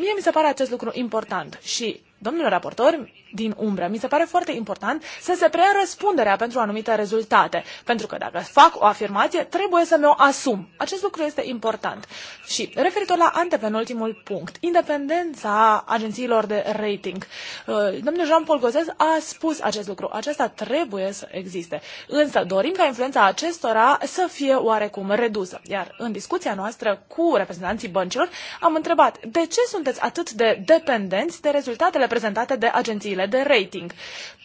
Mie mi se pare acest lucru important și, domnule raportor, din umbră. Mi se pare foarte important să se preia răspunderea pentru anumite rezultate, pentru că dacă fac o afirmație, trebuie să mi-o asum. Acest lucru este important. Și referitor la antepenultimul punct, independența agențiilor de rating. Uh, domnul Jean-Paul Gozes a spus acest lucru. Acesta trebuie să existe. Însă dorim ca influența acestora să fie oarecum redusă. Iar în discuția noastră cu reprezentanții băncilor am întrebat de ce sunteți atât de dependenți de rezultatele prezentate de agențiile agențiile de rating.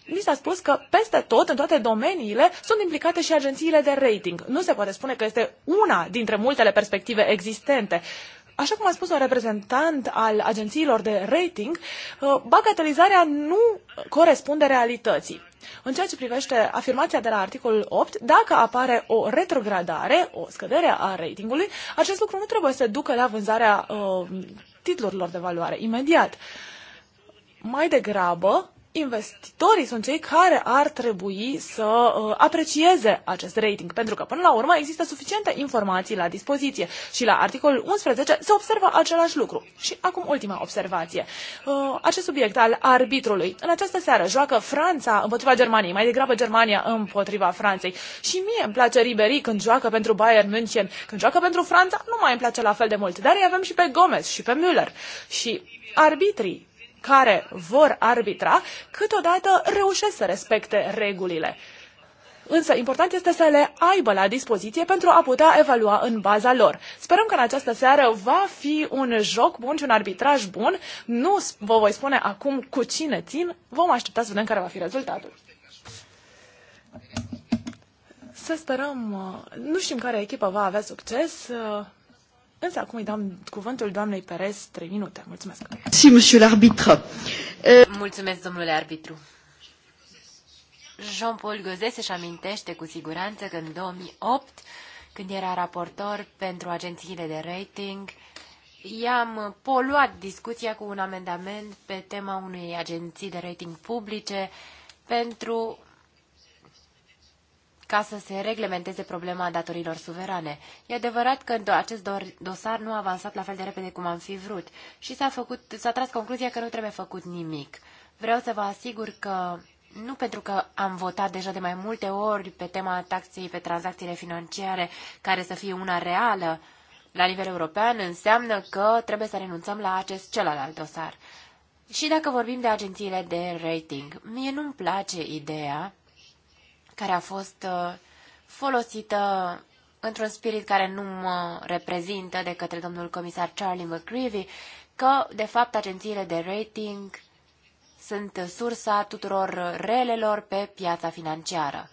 Mi s-a spus că peste tot, în toate domeniile, sunt implicate și agențiile de rating. Nu se poate spune că este una dintre multele perspective existente. Așa cum a spus un reprezentant al agențiilor de rating, uh, bagatelizarea nu corespunde realității. În ceea ce privește afirmația de la articolul 8, dacă apare o retrogradare, o scădere a ratingului, acest lucru nu trebuie să ducă la vânzarea uh, titlurilor de valoare imediat. Uh, mai degrabă investitorii sunt cei care ar trebui să uh, aprecieze acest rating, pentru că până la urmă există suficiente informații la dispoziție și la articolul 11 se observă același lucru. Și acum ultima observație. Uh, acest subiect al arbitrului. În această seară joacă Franța împotriva Germaniei, mai degrabă Germania împotriva Franței. Și mie îmi place Ribery când joacă pentru Bayern München, când joacă pentru Franța nu mai îmi place la fel de mult, dar îi avem și pe Gomez și pe Müller. Și arbitrii care vor arbitra, câteodată reușesc să respecte regulile. Însă important este să le aibă la dispoziție pentru a putea evalua în baza lor. Sperăm că în această seară va fi un joc bun și un arbitraj bun. Nu vă voi spune acum cu cine țin. Vom aștepta să vedem care va fi rezultatul. Să sperăm. Uh, nu știm care echipă va avea succes. Uh, Însă acum îi dăm cuvântul doamnei Perez, trei minute. Mulțumesc. Si, monsieur l'arbitre. Euh, Mulțumesc, domnule arbitru. Jean-Paul Gauzet își amintește cu siguranță că în 2008, când era raportor pentru agențiile de rating, i-am poluat discuția cu un amendament pe tema unei agenții de rating publice pentru ca să se reglementeze problema datorilor suverane. E adevărat că acest dosar nu a avansat la fel de repede cum am fi vrut și s-a, făcut, s-a tras concluzia că nu trebuie făcut nimic. Vreau să vă asigur că nu pentru că am votat deja de mai multe ori pe tema taxei pe tranzacțiile financiare, care să fie una reală la nivel european, înseamnă că trebuie să renunțăm la acest celălalt dosar. Și dacă vorbim de agențiile de rating, mie nu-mi place ideea care a fost uh, folosită într-un spirit care nu mă reprezintă de către domnul comisar Charlie McCreevy, că, de fapt, agențiile de rating sunt sursa tuturor relelor pe piața financiară.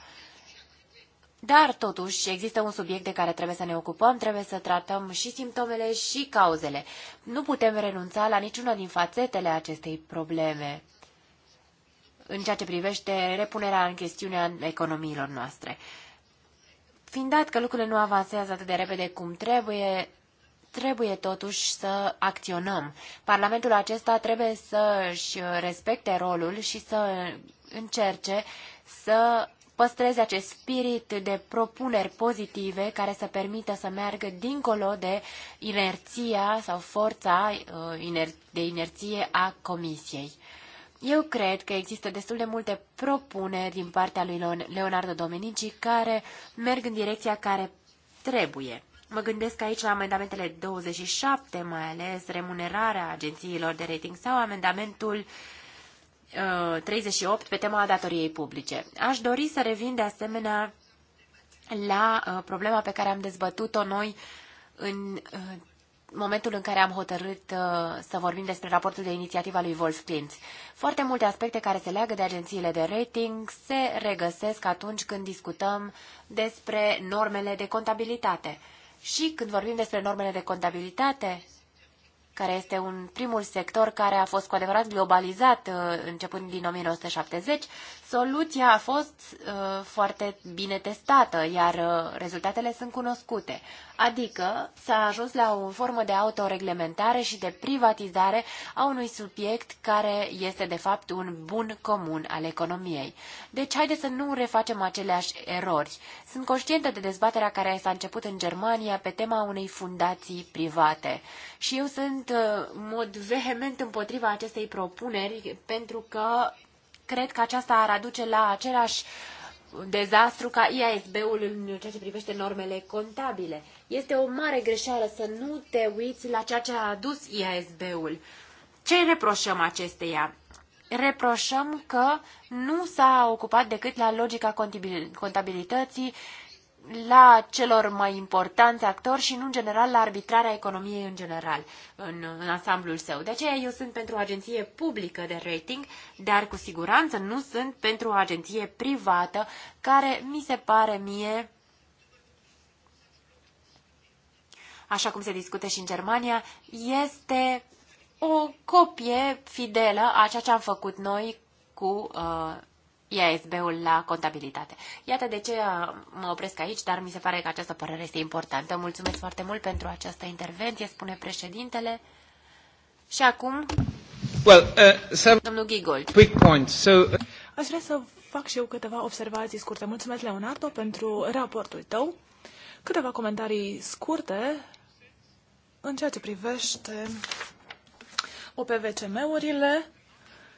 Dar, totuși, există un subiect de care trebuie să ne ocupăm, trebuie să tratăm și simptomele și cauzele. Nu putem renunța la niciuna din fațetele acestei probleme în ceea ce privește repunerea în chestiune a economiilor noastre. Fiind dat că lucrurile nu avansează atât de repede cum trebuie, trebuie totuși să acționăm. Parlamentul acesta trebuie să-și respecte rolul și să încerce să păstreze acest spirit de propuneri pozitive care să permită să meargă dincolo de inerția sau forța uh, de inerție a Comisiei. Eu cred că există destul de multe propuneri din partea lui Leonardo Domenici care merg în direcția care trebuie. Mă gândesc aici la amendamentele 27, mai ales remunerarea agențiilor de rating sau amendamentul 38 uh, pe tema datoriei publice. Aș dori să revin de asemenea la uh, problema pe care am dezbătut-o noi în uh, momentul în care am hotărât uh, să vorbim despre raportul de inițiativă a lui Wolf Klintz. Foarte multe aspecte care se leagă de agențiile de rating se regăsesc atunci când discutăm despre normele de contabilitate. Și când vorbim despre normele de contabilitate, care este un primul sector care a fost cu adevărat globalizat uh, începând din 1970, soluția a fost uh, foarte bine testată, iar rezultatele sunt cunoscute. Adică s-a ajuns la o formă de autoreglementare și de privatizare a unui subiect care este de fapt un bun comun al economiei. Deci haideți să nu refacem aceleași erori. Sunt conștientă de dezbaterea care s-a început în Germania pe tema unei fundații private. Și eu sunt uh, în mod vehement împotriva acestei propuneri pentru că cred că aceasta ar aduce la același uh, dezastru ca IASB-ul în ceea ce privește normele contabile. Este o mare greșeală să nu te uiți la ceea ce a adus IASB-ul. Ce reproșăm acesteia? Reproșăm că nu s-a ocupat decât la logica contabilității, la celor mai importanți actori și nu în general la arbitrarea economiei în general, în, în ansamblul său. De aceea eu sunt pentru o agenție publică de rating, dar cu siguranță nu sunt pentru o agenție privată care mi se pare mie așa cum se discute și în Germania, este o copie fidelă a ceea ce am făcut noi cu uh, IASB-ul la contabilitate. Iată de ce uh, mă opresc aici, dar mi se pare că această părere este importantă. Mulțumesc foarte mult pentru această intervenție, spune președintele. Și acum... Well, uh, Domnul Gigold. Quick point. So... Uh, Aș vrea să fac și eu câteva observații scurte. Mulțumesc, Leonardo, pentru raportul tău. Câteva comentarii scurte în ceea ce privește OPVCM-urile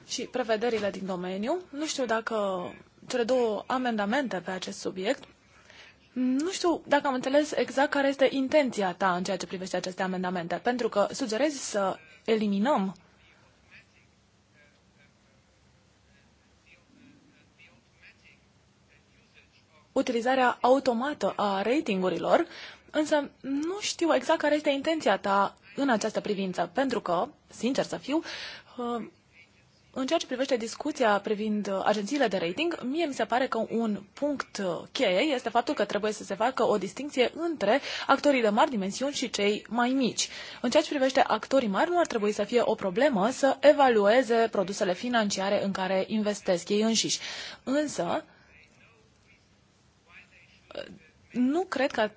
și prevederile din domeniu. Nu știu dacă cele două amendamente pe acest subiect. Nu știu dacă am înțeles exact care este intenția ta în ceea ce privește aceste amendamente, pentru că sugerezi să eliminăm utilizarea automată a ratingurilor, însă nu știu exact care este intenția ta în această privință, pentru că, sincer să fiu, în ceea ce privește discuția privind uh, agențiile de rating, mie mi se pare că un punct uh, cheie este faptul că trebuie să se facă o distinție între actorii de mari dimensiuni și cei mai mici. În ceea ce privește actorii mari, nu ar trebui să fie o problemă să evalueze produsele financiare în care investesc ei înșiși. Însă, uh, nu cred că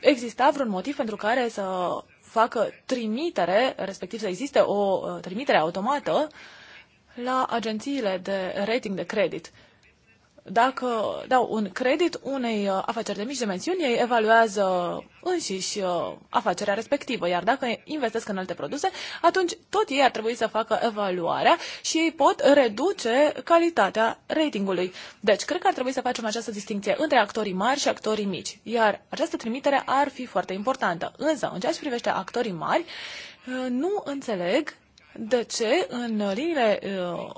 exista vreun motiv pentru care să facă trimitere, respectiv să existe o trimitere automată uh, la agențiile de rating de credit. Dacă dau un credit unei uh, afaceri de mici dimensiuni, ei evaluează înșiși uh, afacerea respectivă, iar dacă investesc în alte produse, atunci tot ei ar trebui să facă evaluarea și ei pot reduce calitatea ratingului. Deci, cred că ar trebui să facem această distinție între actorii mari și actorii mici, iar această trimitere ar fi foarte importantă. Însă, în ceea ce privește actorii mari, uh, nu înțeleg de ce în liniile uh,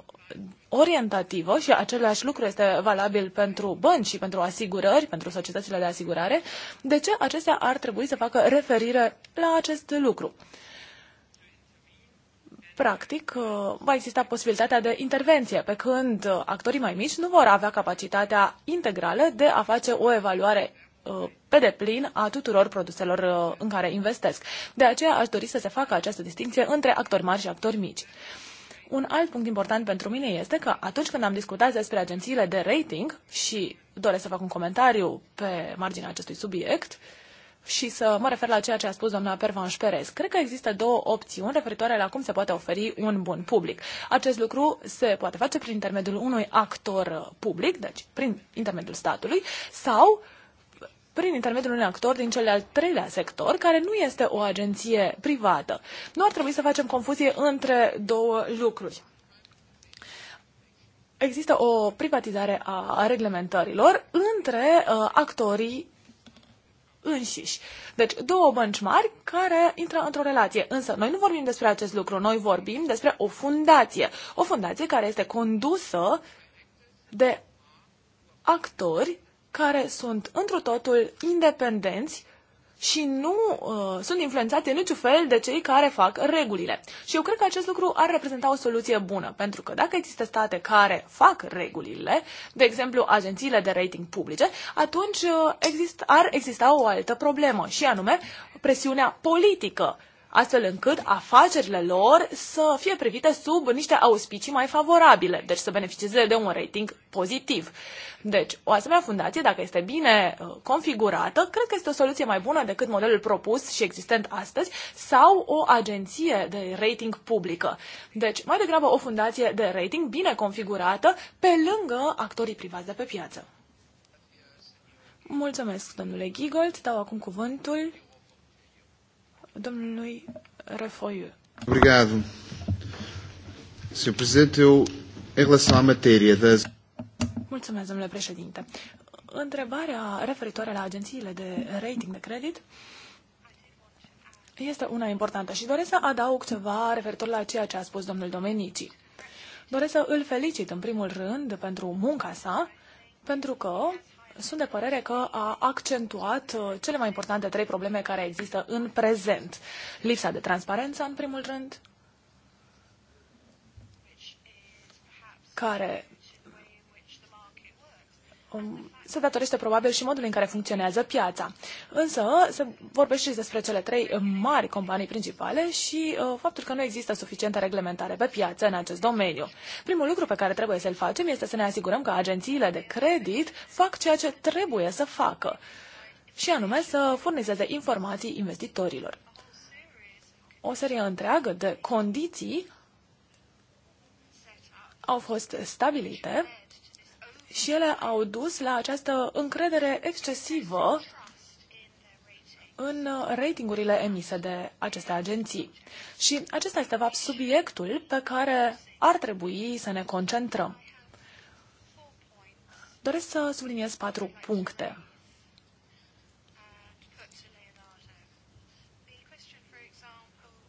orientativă și același lucru este valabil pentru bănci și pentru asigurări, pentru societățile de asigurare, de ce acestea ar trebui să facă referire la acest lucru? Practic, uh, va exista posibilitatea de intervenție, pe când uh, actorii mai mici nu vor avea capacitatea integrală de a face o evaluare Uh, pe deplin a tuturor produselor uh, în care investesc. De aceea aș dori să se facă această distinție între actori mari și actori mici. Un alt punct important pentru mine este că atunci când am discutat despre agențiile de rating și doresc să fac un comentariu pe marginea acestui subiect, și să mă refer la ceea ce a spus doamna Pervan Perez. Cred că există două opțiuni referitoare la cum se poate oferi un bun public. Acest lucru se poate face prin intermediul unui actor public, deci prin intermediul statului, sau prin intermediul unui actor din cel de-al treilea sector, care nu este o agenție privată. Nu ar trebui să facem confuzie între două lucruri. Există o privatizare a reglementărilor între uh, actorii înșiși. Deci, două bănci mari care intră într-o relație. Însă, noi nu vorbim despre acest lucru, noi vorbim despre o fundație. O fundație care este condusă de actori care sunt într-o totul independenți și nu uh, sunt influențate în niciun fel de cei care fac regulile. Și eu cred că acest lucru ar reprezenta o soluție bună, pentru că dacă există state care fac regulile, de exemplu agențiile de rating publice, atunci uh, exist, ar exista o altă problemă, și anume presiunea politică astfel încât afacerile lor să fie privite sub niște auspicii mai favorabile, deci să beneficieze de un rating pozitiv. Deci, o asemenea fundație, dacă este bine uh, configurată, cred că este o soluție mai bună decât modelul propus și existent astăzi, sau o agenție de rating publică. Deci, mai degrabă o fundație de rating bine configurată, pe lângă actorii privați de pe piață. Mulțumesc, domnule Gigold. Dau acum cuvântul domnului Răfoiu. Obrigado. Sr. Presidente, eu, em relação à matéria das... Mulțumesc, domnule președinte. Întrebarea referitoare la agențiile de rating de credit este una importantă și doresc să adaug ceva referitor la ceea ce a spus domnul Domenici. Doresc să îl felicit în primul rând pentru munca sa, pentru că sunt de părere că a accentuat uh, cele mai importante trei probleme care există în prezent. Lipsa de transparență, în primul rând, care um, se datorește probabil și modului în care funcționează piața. Însă se vorbește și despre cele trei mari companii principale și uh, faptul că nu există suficientă reglementare pe piață în acest domeniu. Primul lucru pe care trebuie să-l facem este să ne asigurăm că agențiile de credit fac ceea ce trebuie să facă și anume să furnizeze informații investitorilor. O serie întreagă de condiții au fost stabilite și ele au dus la această încredere excesivă în uh, ratingurile emise de aceste agenții. Și acesta este, fapt, subiectul pe care ar trebui să ne concentrăm. Doresc să subliniez patru puncte.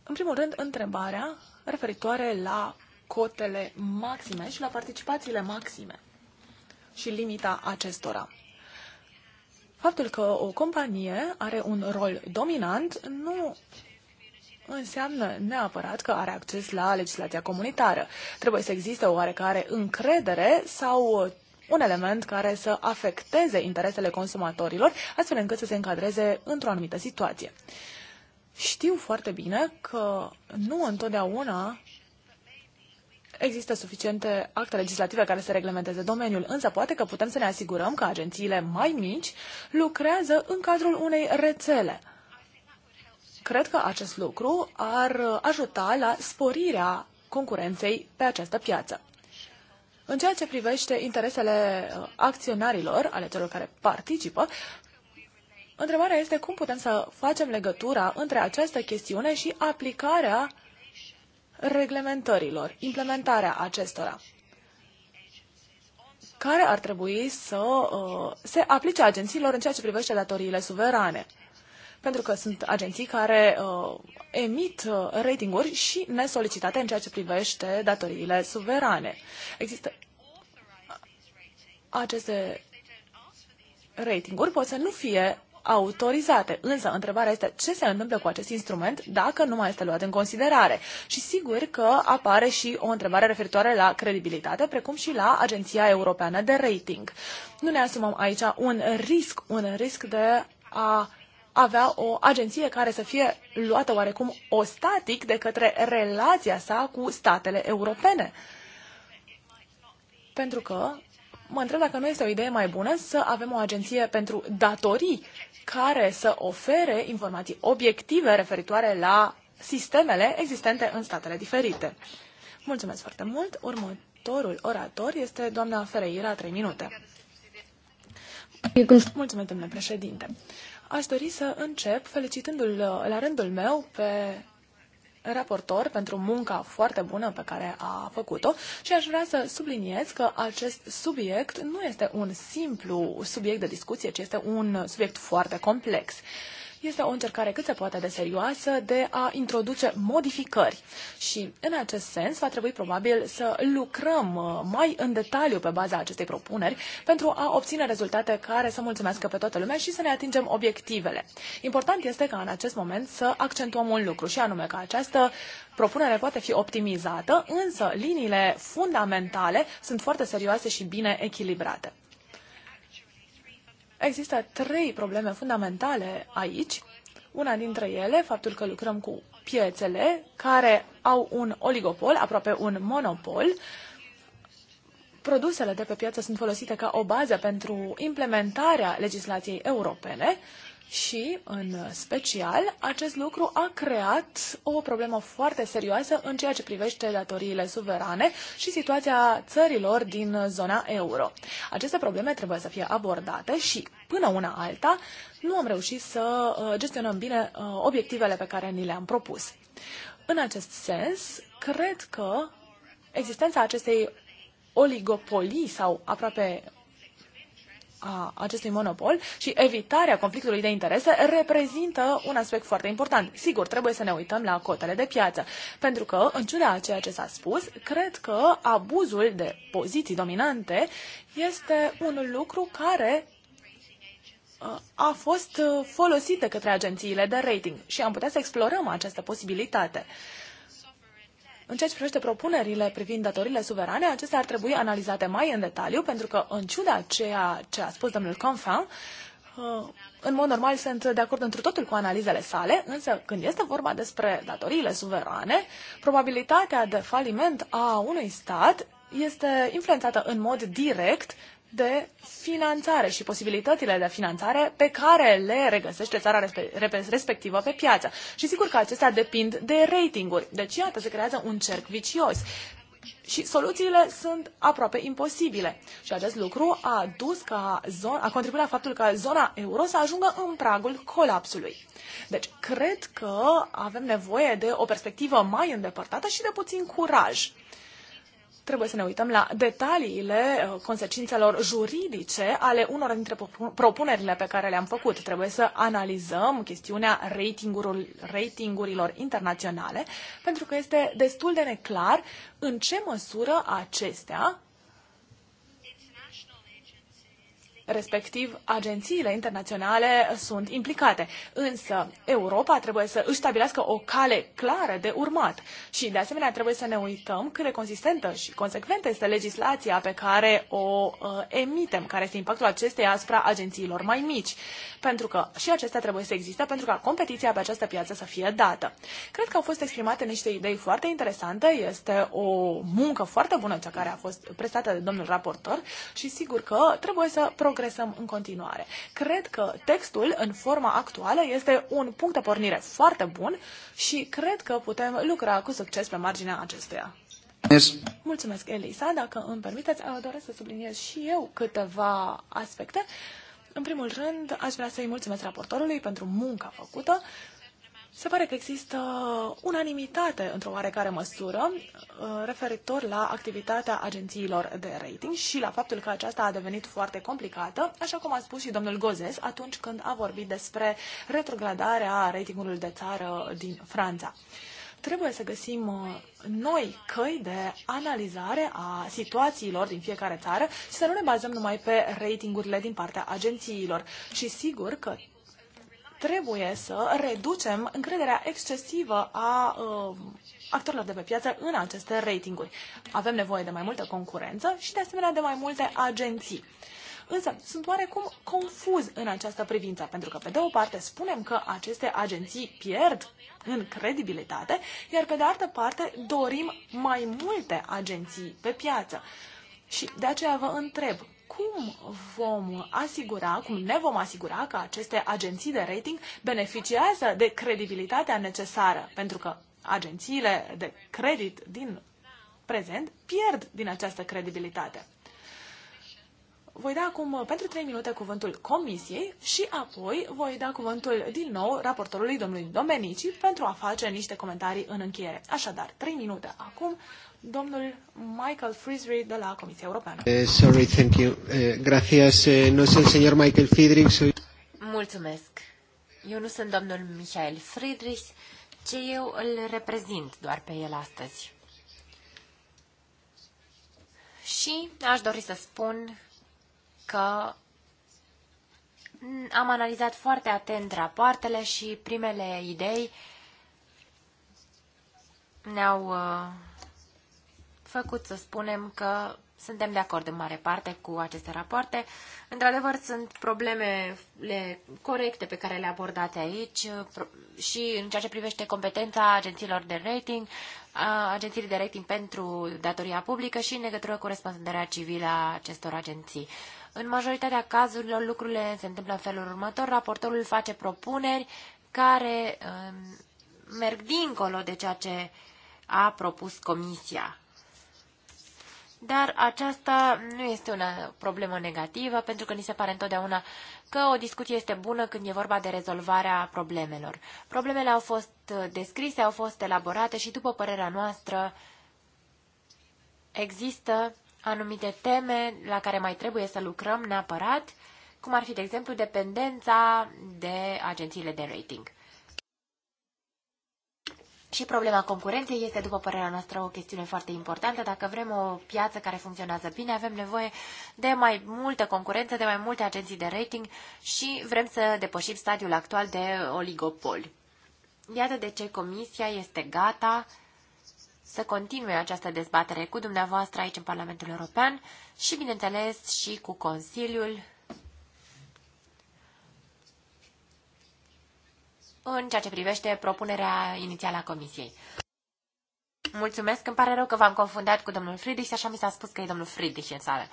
În primul rând, întrebarea referitoare la cotele maxime și la participațiile maxime și limita acestora. Faptul că o companie are un rol dominant nu înseamnă neapărat că are acces la legislația comunitară. Trebuie să existe o oarecare încredere sau un element care să afecteze interesele consumatorilor, astfel încât să se încadreze într-o anumită situație. Știu foarte bine că nu întotdeauna există suficiente acte legislative care să reglementeze domeniul, însă poate că putem să ne asigurăm că agențiile mai mici lucrează în cadrul unei rețele. Cred că acest lucru ar ajuta la sporirea concurenței pe această piață. În ceea ce privește interesele uh, acționarilor, ale celor care participă, întrebarea este cum putem să facem legătura între această chestiune și aplicarea reglementărilor, implementarea acestora care ar trebui să uh, se aplice agențiilor în ceea ce privește datoriile suverane. Pentru că sunt agenții care uh, emit uh, ratinguri și nesolicitate în ceea ce privește datoriile suverane. Există aceste ratinguri pot să nu fie autorizate. Însă, întrebarea este ce se întâmplă cu acest instrument dacă nu mai este luat în considerare. Și sigur că apare și o întrebare referitoare la credibilitate, precum și la Agenția Europeană de Rating. Nu ne asumăm aici un risc, un risc de a avea o agenție care să fie luată oarecum ostatic de către relația sa cu statele europene. Pentru că mă întreb dacă nu este o idee mai bună să avem o agenție pentru datorii care să ofere informații obiective referitoare la sistemele existente în statele diferite. Mulțumesc foarte mult. Următorul orator este doamna Ferreira, 3 minute. Mulțumesc, domnule președinte. Aș dori să încep felicitându-l la rândul meu pe raportor pentru munca foarte bună pe care a făcut-o și aș vrea să subliniez că acest subiect nu este un simplu subiect de discuție, ci este un subiect foarte complex este o încercare cât se poate de serioasă de a introduce modificări. Și în acest sens va trebui probabil să lucrăm uh, mai în detaliu pe baza acestei propuneri pentru a obține rezultate care să mulțumească pe toată lumea și să ne atingem obiectivele. Important este ca în acest moment să accentuăm un lucru și anume că această propunere poate fi optimizată, însă liniile fundamentale sunt foarte serioase și bine echilibrate. Există trei probleme fundamentale aici. Una dintre ele, faptul că lucrăm cu piețele care au un oligopol, aproape un monopol. Produsele de pe piață sunt folosite ca o bază pentru implementarea legislației europene și, în special, acest lucru a creat o problemă foarte serioasă în ceea ce privește datoriile suverane și situația țărilor din zona euro. Aceste probleme trebuie să fie abordate și, până una alta, nu am reușit să uh, gestionăm bine uh, obiectivele pe care ni le-am propus. În acest sens, cred că existența acestei oligopolii sau aproape a acestui monopol și evitarea conflictului de interese reprezintă un aspect foarte important. Sigur, trebuie să ne uităm la cotele de piață, pentru că, în ciuda a ceea ce s-a spus, cred că abuzul de poziții dominante este un lucru care uh, a fost uh, folosită către agențiile de rating și am putea să explorăm această posibilitate. În ceea ce privește propunerile privind datorile suverane, acestea ar trebui analizate mai în detaliu, pentru că, în ciuda ceea ce a spus domnul Confan, uh, în mod normal sunt de acord întru totul cu analizele sale, însă când este vorba despre datoriile suverane, probabilitatea de faliment a unui stat este influențată în mod direct de finanțare și posibilitățile de finanțare pe care le regăsește țara respectivă pe piață. Și sigur că acestea depind de ratinguri. Deci, iată, se creează un cerc vicios. Și soluțiile sunt aproape imposibile. Și acest lucru a dus ca zon, a contribuit la faptul că zona euro să ajungă în pragul colapsului. Deci, cred că avem nevoie de o perspectivă mai îndepărtată și de puțin curaj trebuie să ne uităm la detaliile uh, consecințelor juridice ale unor dintre propunerile pe care le-am făcut. Trebuie să analizăm chestiunea ratingurilor internaționale, pentru că este destul de neclar în ce măsură acestea respectiv agențiile internaționale sunt implicate. Însă Europa trebuie să își stabilească o cale clară de urmat și de asemenea trebuie să ne uităm cât de consistentă și consecventă este legislația pe care o uh, emitem, care este impactul acesteia asupra agențiilor mai mici, pentru că și acestea trebuie să existe pentru ca competiția pe această piață să fie dată. Cred că au fost exprimate niște idei foarte interesante, este o muncă foarte bună cea care a fost prestată de domnul raportor și sigur că trebuie să pro progresăm în continuare. Cred că textul, în forma actuală, este un punct de pornire foarte bun și cred că putem lucra cu succes pe marginea Yes. Mulțumesc, Elisa. Dacă îmi permiteți, doresc să subliniez și eu câteva aspecte. În primul rând, aș vrea să-i mulțumesc raportorului pentru munca făcută. Se pare că există unanimitate într-o oarecare măsură uh, referitor la activitatea agențiilor de rating și la faptul că aceasta a devenit foarte complicată, așa cum a spus și domnul Gozes atunci când a vorbit despre retrogradarea ratingului de țară din Franța. Trebuie să găsim uh, noi căi de analizare a situațiilor din fiecare țară și să nu ne bazăm numai pe ratingurile din partea agențiilor. Și sigur că trebuie să reducem încrederea excesivă a uh, actorilor de pe piață în aceste ratinguri. Avem nevoie de mai multă concurență și de asemenea de mai multe agenții. Însă sunt oarecum confuz în această privință, pentru că pe de o parte spunem că aceste agenții pierd în credibilitate, iar pe de altă parte dorim mai multe agenții pe piață. Și de aceea vă întreb, cum vom asigura, cum ne vom asigura că aceste agenții de rating beneficiază de credibilitatea necesară, pentru că agențiile de credit din prezent pierd din această credibilitate. Voi da acum uh, pentru 3 minute cuvântul comisiei și apoi voi da cuvântul din nou raportorului domnului Domenici pentru a face niște comentarii în încheiere. Așadar, 3 minute acum, domnul Michael Frisry de la Comisia Europeană. Uh, sorry, thank you. Uh, gracias. Uh, no sunt señor Michael Friedrich. Soy... Mulțumesc. Eu nu sunt domnul Michael Friedrich, ci eu îl reprezint doar pe el astăzi. Și aș dori să spun că am analizat foarte atent rapoartele și primele idei ne-au uh, făcut să spunem că suntem de acord în mare parte cu aceste rapoarte. Într-adevăr, sunt problemele corecte pe care le abordate aici uh, și în ceea ce privește competența agențiilor de rating, uh, agențiilor de rating pentru datoria publică și în legătură cu răspunderea civilă a acestor agenții. În majoritatea cazurilor lucrurile se întâmplă în felul următor. Raportorul face propuneri care uh, merg dincolo de ceea ce a propus comisia. Dar aceasta nu este o problemă negativă, pentru că ni se pare întotdeauna că o discuție este bună când e vorba de rezolvarea problemelor. Problemele au fost uh, descrise, au fost elaborate și, după părerea noastră, există anumite teme la care mai trebuie să lucrăm neapărat, cum ar fi, de exemplu, dependența de agențiile de rating. Și problema concurenței este, după părerea noastră, o chestiune foarte importantă. Dacă vrem o piață care funcționează bine, avem nevoie de mai multă concurență, de mai multe agenții de rating și vrem să depășim stadiul actual de oligopol. Iată de ce Comisia este gata să continue această dezbatere cu dumneavoastră aici în Parlamentul European și, bineînțeles, și cu Consiliul în ceea ce privește propunerea inițială a Comisiei. Mulțumesc, îmi pare rău că v-am confundat cu domnul Friedrich și așa mi s-a spus că e domnul Friedrich în sală.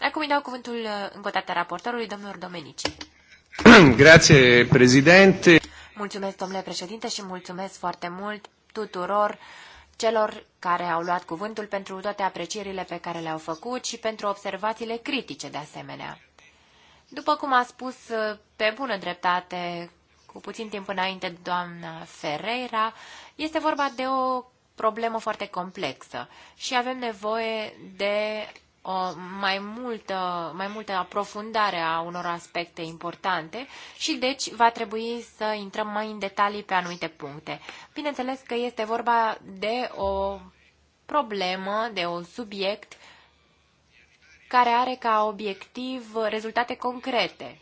Acum îi dau cuvântul uh, încă o dată raportorului, domnul Domenici. Grazie, președinte. Mulțumesc, domnule președinte, și mulțumesc foarte mult tuturor celor care au luat cuvântul pentru toate aprecierile pe care le-au făcut și pentru observațiile critice de asemenea. După cum a spus pe bună dreptate, cu puțin timp înainte, doamna Ferreira, este vorba de o problemă foarte complexă și avem nevoie de o mai multă, mai multă aprofundare a unor aspecte importante și deci va trebui să intrăm mai în detalii pe anumite puncte. Bineînțeles că este vorba de o problemă, de un subiect care are ca obiectiv rezultate concrete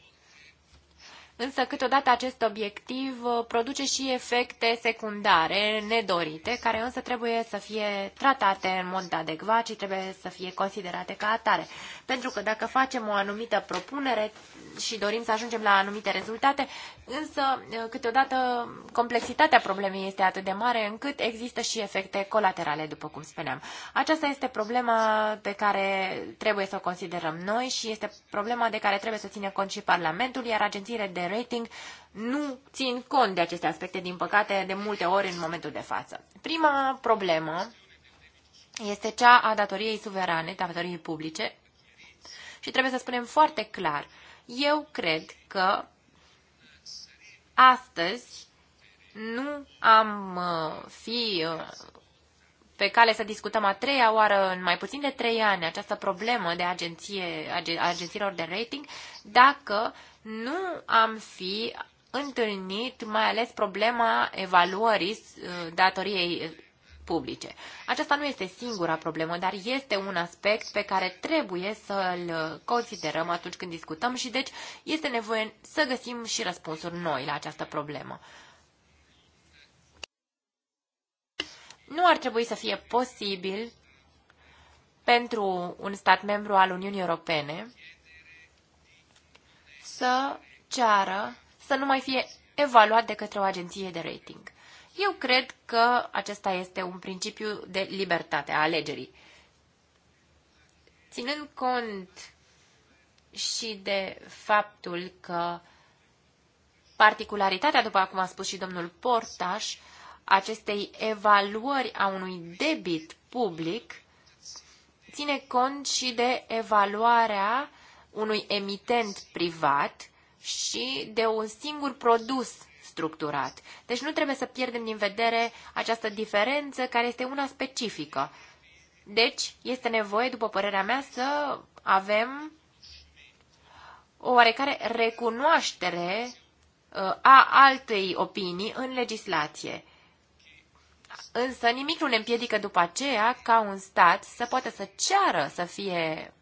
însă câteodată acest obiectiv uh, produce și efecte secundare nedorite, care însă trebuie să fie tratate în mod adecvat și trebuie să fie considerate ca atare pentru că dacă facem o anumită propunere și dorim să ajungem la anumite rezultate, însă câteodată complexitatea problemei este atât de mare încât există și efecte colaterale, după cum spuneam. Aceasta este problema pe care trebuie să o considerăm noi și este problema de care trebuie să ține cont și Parlamentul, iar agențiile de rating nu țin cont de aceste aspecte, din păcate, de multe ori în momentul de față. Prima problemă este cea a datoriei suverane, datoriei publice, și trebuie să spunem foarte clar. Eu cred că astăzi nu am uh, fi uh, pe cale să discutăm a treia oară în mai puțin de trei ani această problemă de agenție, agențiilor de rating dacă nu am fi întâlnit mai ales problema evaluării uh, datoriei publice. Aceasta nu este singura problemă, dar este un aspect pe care trebuie să-l uh, considerăm atunci când discutăm și deci este nevoie să găsim și răspunsuri noi la această problemă. Nu ar trebui să fie posibil pentru un stat membru al Uniunii Europene să ceară să nu mai fie evaluat de către o agenție de rating. Eu cred că acesta este un principiu de libertate a alegerii. Ținând cont și de faptul că particularitatea, după cum a spus și domnul Portaș, acestei evaluări a unui debit public ține cont și de evaluarea unui emitent privat și de un singur produs structurat. Deci nu trebuie să pierdem din vedere această diferență care este una specifică. Deci este nevoie, după părerea mea, să avem o oarecare recunoaștere uh, a altei opinii în legislație. Însă nimic nu ne împiedică după aceea ca un stat să poată să ceară să fie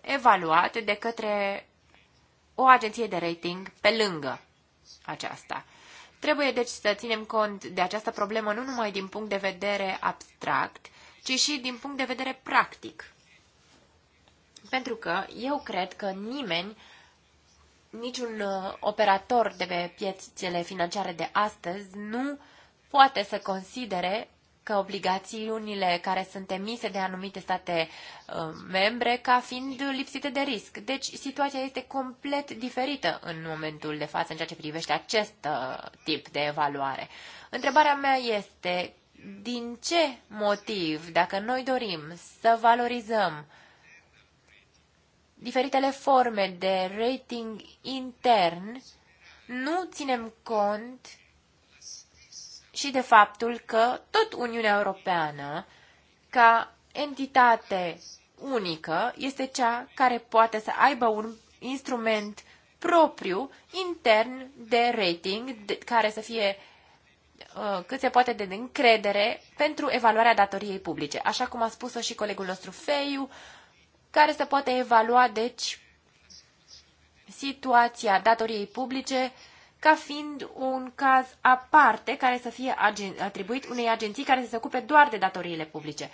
evaluat de către o agenție de rating pe lângă aceasta. Trebuie deci să ținem cont de această problemă nu numai din punct de vedere abstract, ci și din punct de vedere practic. Pentru că eu cred că nimeni, niciun uh, operator de pe piețele financiare de astăzi nu poate să considere că obligațiunile care sunt emise de anumite state uh, membre ca fiind lipsite de risc. Deci situația este complet diferită în momentul de față în ceea ce privește acest uh, tip de evaluare. Întrebarea mea este din ce motiv, dacă noi dorim să valorizăm diferitele forme de rating intern, nu ținem cont și de faptul că tot Uniunea Europeană, ca entitate unică, este cea care poate să aibă un instrument propriu intern de rating de, care să fie uh, cât se poate de încredere pentru evaluarea datoriei publice, așa cum a spus-o și colegul nostru Feiu, care se poate evalua, deci, situația datoriei publice ca fiind un caz aparte care să fie atribuit unei agenții care să se ocupe doar de datoriile publice.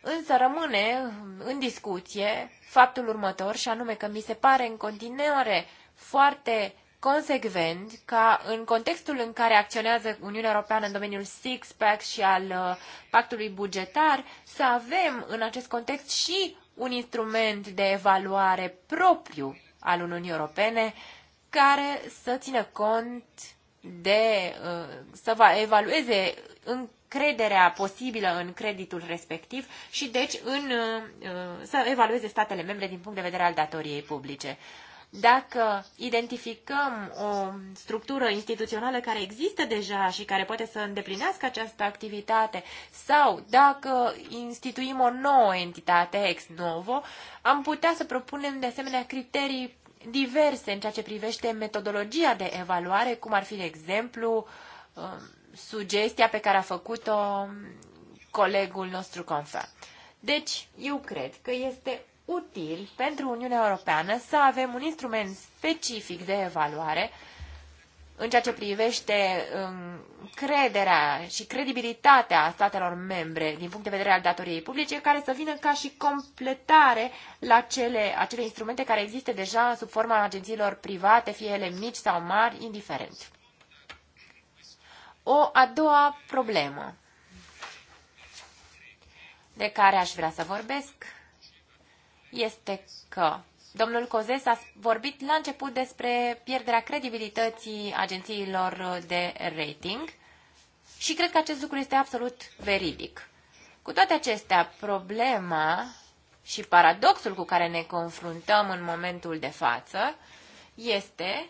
Însă rămâne în discuție faptul următor și anume că mi se pare în continuare foarte consecvent ca în contextul în care acționează Uniunea Europeană în domeniul six-pack și al uh, pactului bugetar, să avem în acest context și un instrument de evaluare propriu al Uniunii Europene care să țină cont de, uh, să va evalueze încrederea posibilă în creditul respectiv și deci în, uh, uh, să evalueze statele membre din punct de vedere al datoriei publice. Dacă identificăm o structură instituțională care există deja și care poate să îndeplinească această activitate sau dacă instituim o nouă entitate ex novo, am putea să propunem de asemenea criterii diverse în ceea ce privește metodologia de evaluare, cum ar fi, de exemplu, um, sugestia pe care a făcut-o colegul nostru Confa. Deci, eu cred că este util pentru Uniunea Europeană să avem un instrument specific de evaluare în ceea ce privește um, crederea și credibilitatea statelor membre din punct de vedere al datoriei publice, care să vină ca și completare la cele, acele instrumente care există deja sub forma agențiilor private, fie ele mici sau mari, indiferent. O a doua problemă de care aș vrea să vorbesc este că Domnul Cozes a vorbit la început despre pierderea credibilității agențiilor de rating și cred că acest lucru este absolut veridic. Cu toate acestea, problema și paradoxul cu care ne confruntăm în momentul de față este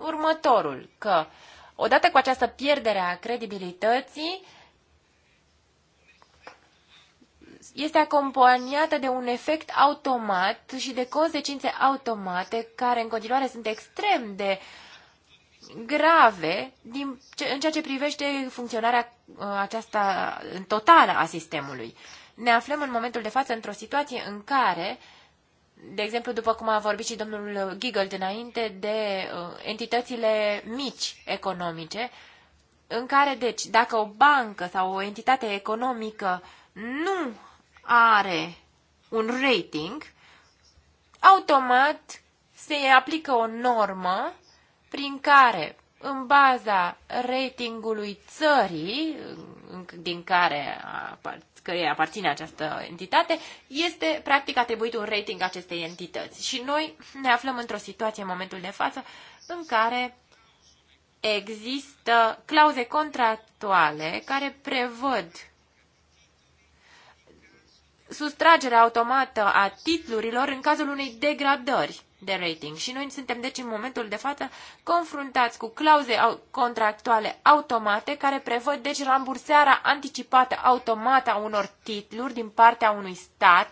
următorul, că odată cu această pierdere a credibilității, este acompaniată de un efect automat și de consecințe automate care în continuare sunt extrem de grave din, în ceea ce privește funcționarea uh, aceasta totală a sistemului. Ne aflăm în momentul de față într-o situație în care de exemplu, după cum a vorbit și domnul Giggle dinainte, de uh, entitățile mici economice, în care, deci, dacă o bancă sau o entitate economică nu are un rating, automat se aplică o normă prin care, în baza ratingului țării din care căreia aparține această entitate, este practic atribuit un rating acestei entități. Și noi ne aflăm într-o situație în momentul de față în care există clauze contractuale care prevăd sustragerea automată a titlurilor în cazul unei degradări de rating. Și noi suntem, deci, în momentul de față, confruntați cu clauze contractuale automate care prevăd, deci, rambursarea anticipată automată a unor titluri din partea unui stat,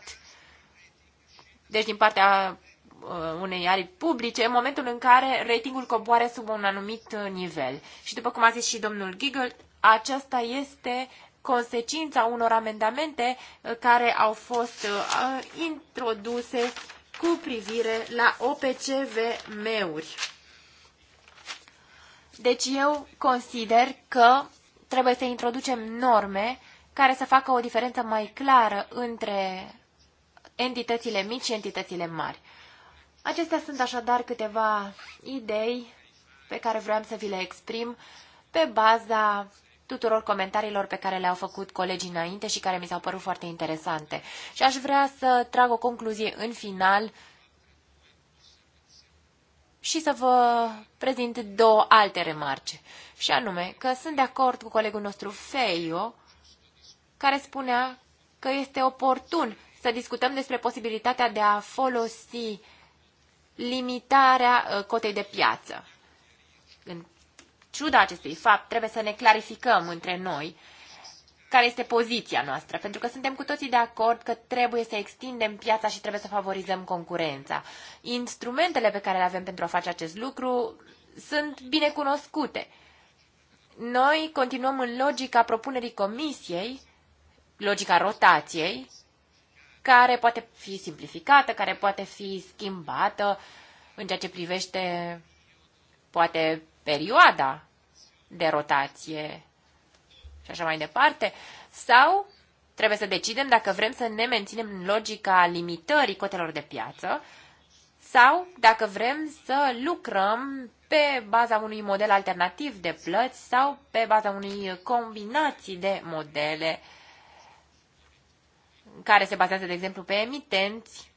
deci din partea uh, unei arii publice în momentul în care ratingul coboare sub un anumit nivel. Și după cum a zis și domnul Giggle, aceasta este consecința unor amendamente uh, care au fost uh, uh, introduse cu privire la OPCVM-uri. Deci eu consider că trebuie să introducem norme care să facă o diferență mai clară între entitățile mici și entitățile mari. Acestea sunt așadar câteva idei pe care vreau să vi le exprim pe baza tuturor comentariilor pe care le-au făcut colegii înainte și care mi s-au părut foarte interesante. Și aș vrea să trag o concluzie în final și să vă prezint două alte remarce. Și anume că sunt de acord cu colegul nostru Feio, care spunea că este oportun să discutăm despre posibilitatea de a folosi limitarea uh, cotei de piață în ciuda acestui fapt, trebuie să ne clarificăm între noi care este poziția noastră, pentru că suntem cu toții de acord că trebuie să extindem piața și trebuie să favorizăm concurența. Instrumentele pe care le avem pentru a face acest lucru sunt bine cunoscute. Noi continuăm în logica propunerii comisiei, logica rotației, care poate fi simplificată, care poate fi schimbată în ceea ce privește poate perioada de rotație și așa mai departe, sau trebuie să decidem dacă vrem să ne menținem logica limitării cotelor de piață sau dacă vrem să lucrăm pe baza unui model alternativ de plăți sau pe baza unei combinații de modele care se bazează, de exemplu, pe emitenți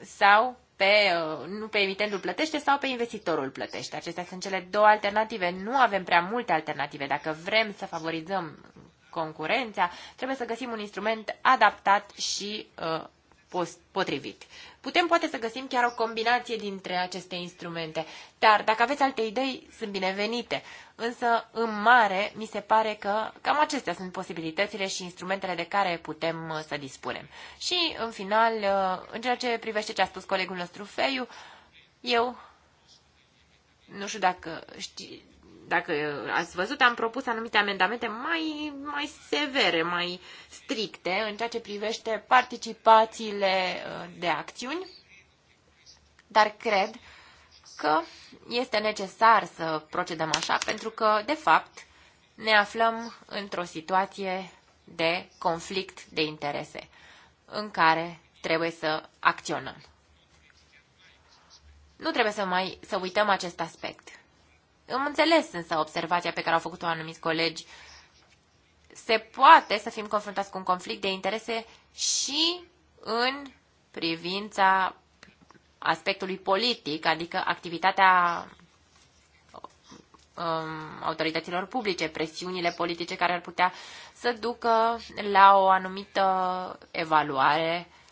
sau pe, uh, nu pe emitentul plătește sau pe investitorul plătește. Acestea sunt cele două alternative. Nu avem prea multe alternative. Dacă vrem să favorizăm concurența, trebuie să găsim un instrument adaptat și uh, potrivit. Putem poate să găsim chiar o combinație dintre aceste instrumente, dar dacă aveți alte idei, sunt binevenite. Însă, în mare, mi se pare că cam acestea sunt posibilitățile și instrumentele de care putem uh, să dispunem. Și, în final, uh, în ceea ce privește ce a spus colegul nostru Feiu, eu nu știu dacă știi, dacă ați văzut, am propus anumite amendamente mai, mai severe, mai stricte în ceea ce privește participațiile uh, de acțiuni, dar cred că este necesar să procedăm așa, pentru că, de fapt, ne aflăm într-o situație de conflict de interese în care trebuie să acționăm. Nu trebuie să mai să uităm acest aspect. Am înțeles însă observația pe care au făcut-o anumiți colegi. Se poate să fim confruntați cu un conflict de interese și în privința aspectului politic, adică activitatea um, autorităților publice, presiunile politice care ar putea să ducă la o anumită evaluare uh,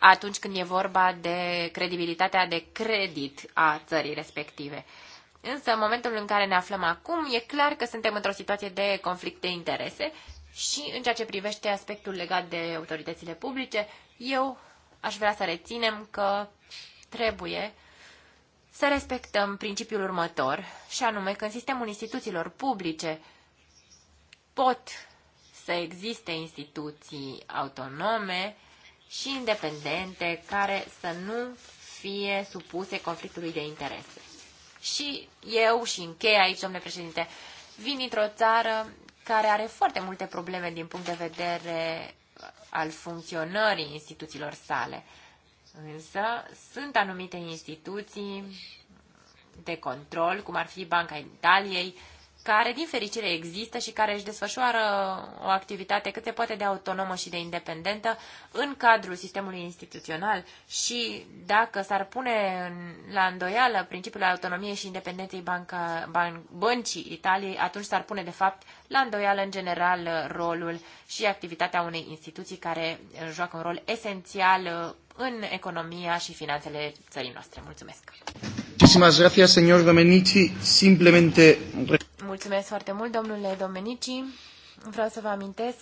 atunci când e vorba de credibilitatea de credit a țării respective. Însă, în momentul în care ne aflăm acum, e clar că suntem într-o situație de conflict de interese și în ceea ce privește aspectul legat de autoritățile publice, eu aș vrea să reținem că trebuie să respectăm principiul următor, și anume că în sistemul instituțiilor publice pot să existe instituții autonome, și independente care să nu fie supuse conflictului de interese. Și eu și închei aici, domnule președinte, vin dintr-o țară care are foarte multe probleme din punct de vedere al funcționării instituțiilor sale. Însă sunt anumite instituții de control, cum ar fi Banca Italiei, care, din fericire, există și care își desfășoară o activitate cât se poate de autonomă și de independentă în cadrul sistemului instituțional și dacă s-ar pune la îndoială principiul autonomiei și independenței banca, ban, băncii Italiei, atunci s-ar pune, de fapt, la îndoială, în general, rolul și activitatea unei instituții care joacă un rol esențial în economia și finanțele țării noastre. Mulțumesc! Muchísimas gracias, señor Domenici. Simplemente... Mulțumesc foarte mult, domnule Domenici. Vreau să vă amintesc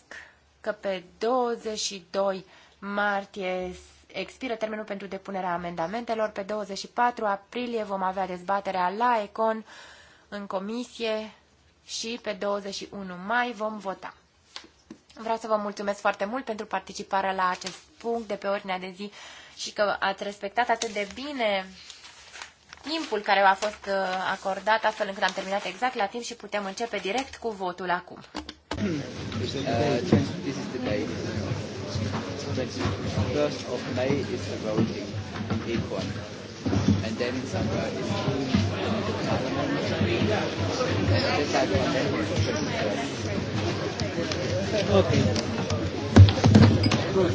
că pe 22 martie expiră termenul pentru depunerea amendamentelor. Pe 24 aprilie vom avea dezbaterea la ECON în comisie și pe 21 mai vom vota. Vreau să vă mulțumesc foarte mult pentru participarea la acest punct de pe ordinea de zi și că ați respectat atât de bine timpul care a fost uh, acordat, astfel încât am terminat exact la timp și putem începe direct cu votul acum. Uh, uh, okay. Good.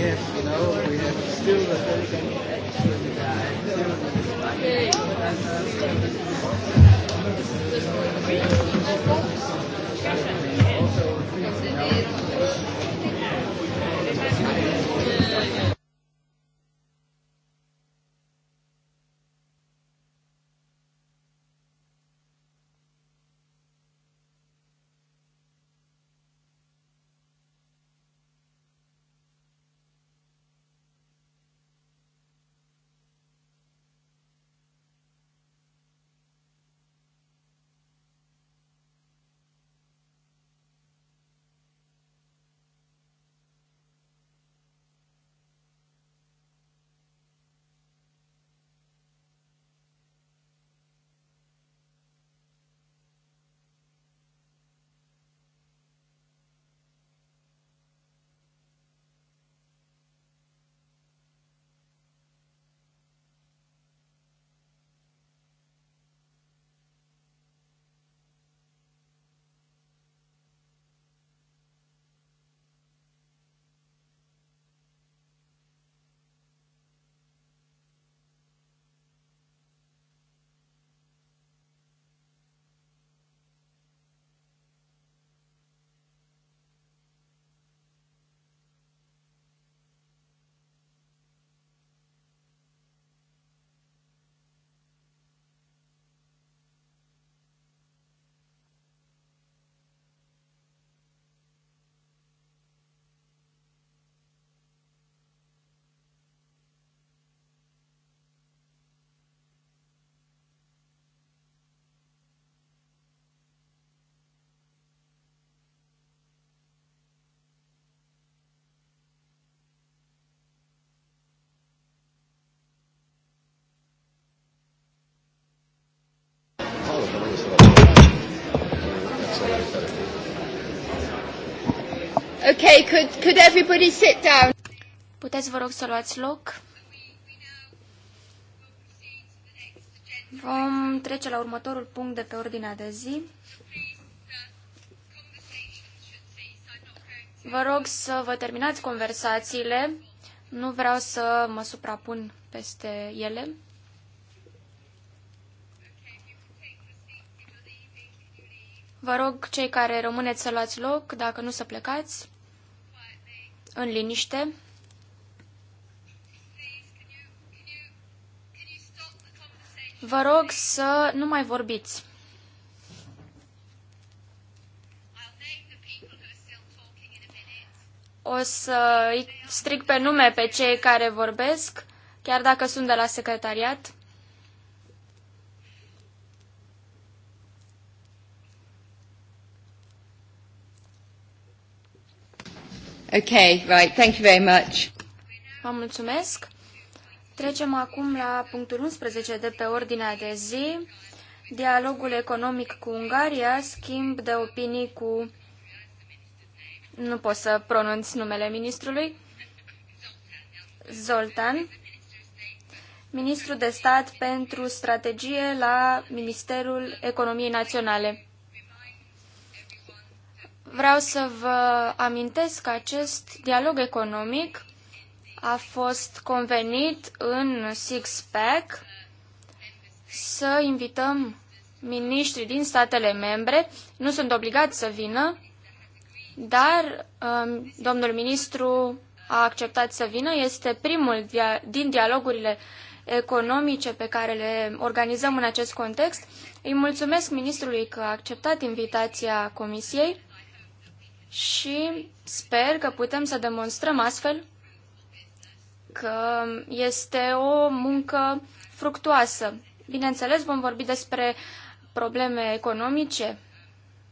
yes, you know, we have still the Vatican and you Okay, could, could everybody sit down? Puteți, vă rog, să luați loc. Vom trece la următorul punct de pe ordinea de zi. Vă rog să vă terminați conversațiile. Nu vreau să mă suprapun peste ele. Vă rog, cei care rămâneți să luați loc, dacă nu să plecați în liniște. Vă rog să nu mai vorbiți. O să strig pe nume pe cei care vorbesc, chiar dacă sunt de la secretariat. Okay, right. Thank you very much. Vă mulțumesc. Trecem acum la punctul 11 de pe ordinea de zi. Dialogul economic cu Ungaria, schimb de opinii cu... Nu pot să pronunț numele ministrului. Zoltan, ministru de stat pentru strategie la Ministerul Economiei Naționale. Vreau să vă amintesc că acest dialog economic a fost convenit în six-pack să invităm miniștri din statele membre. Nu sunt obligați să vină, dar um, domnul ministru a acceptat să vină. Este primul din dialogurile economice pe care le organizăm în acest context. Îi mulțumesc ministrului că a acceptat invitația comisiei și sper că putem să demonstrăm astfel că este o muncă fructuoasă. Bineînțeles, vom vorbi despre probleme economice.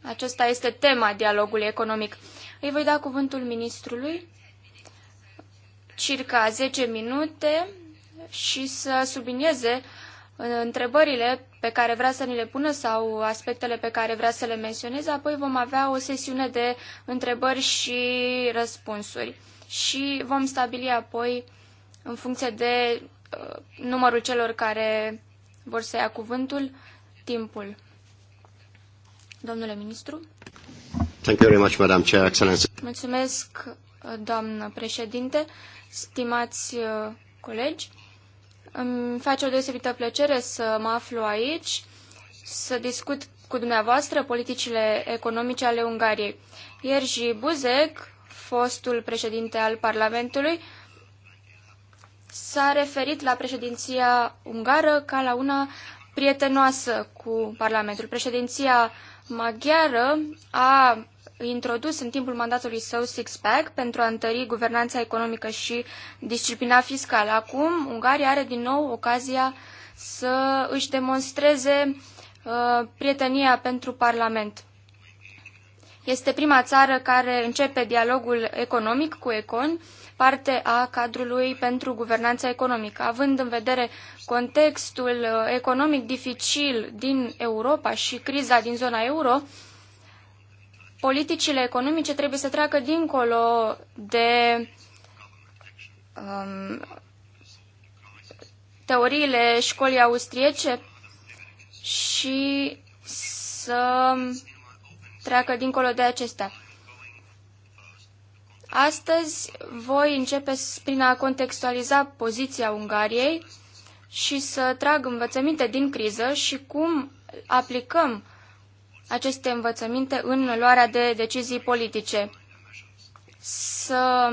Acesta este tema dialogului economic. Îi voi da cuvântul ministrului, circa 10 minute, și să sublinieze întrebările pe care vrea să ni le pună sau aspectele pe care vrea să le menționeze, apoi vom avea o sesiune de întrebări și răspunsuri și vom stabili apoi în funcție de uh, numărul celor care vor să ia cuvântul, timpul. Domnule ministru. Thank you very much, Madam Chair, Excellency. Mulțumesc, doamnă președinte, stimați uh, colegi. Îmi face o deosebită plăcere să mă aflu aici, să discut cu dumneavoastră politicile economice ale Ungariei. Ierji Buzek, fostul președinte al Parlamentului, s-a referit la președinția ungară ca la una prietenoasă cu Parlamentul. Președinția maghiară a introdus în timpul mandatului său six-pack pentru a întări guvernanța economică și disciplina fiscală. Acum, Ungaria are din nou ocazia să își demonstreze uh, prietenia pentru Parlament. Este prima țară care începe dialogul economic cu Econ, parte a cadrului pentru guvernanța economică. Având în vedere contextul uh, economic dificil din Europa și criza din zona euro, politicile economice trebuie să treacă dincolo de um, teoriile școlii austriece și să treacă dincolo de acestea. Astăzi voi începe prin a contextualiza poziția Ungariei și să trag învățăminte din criză și cum aplicăm aceste învățăminte în luarea de decizii politice. Să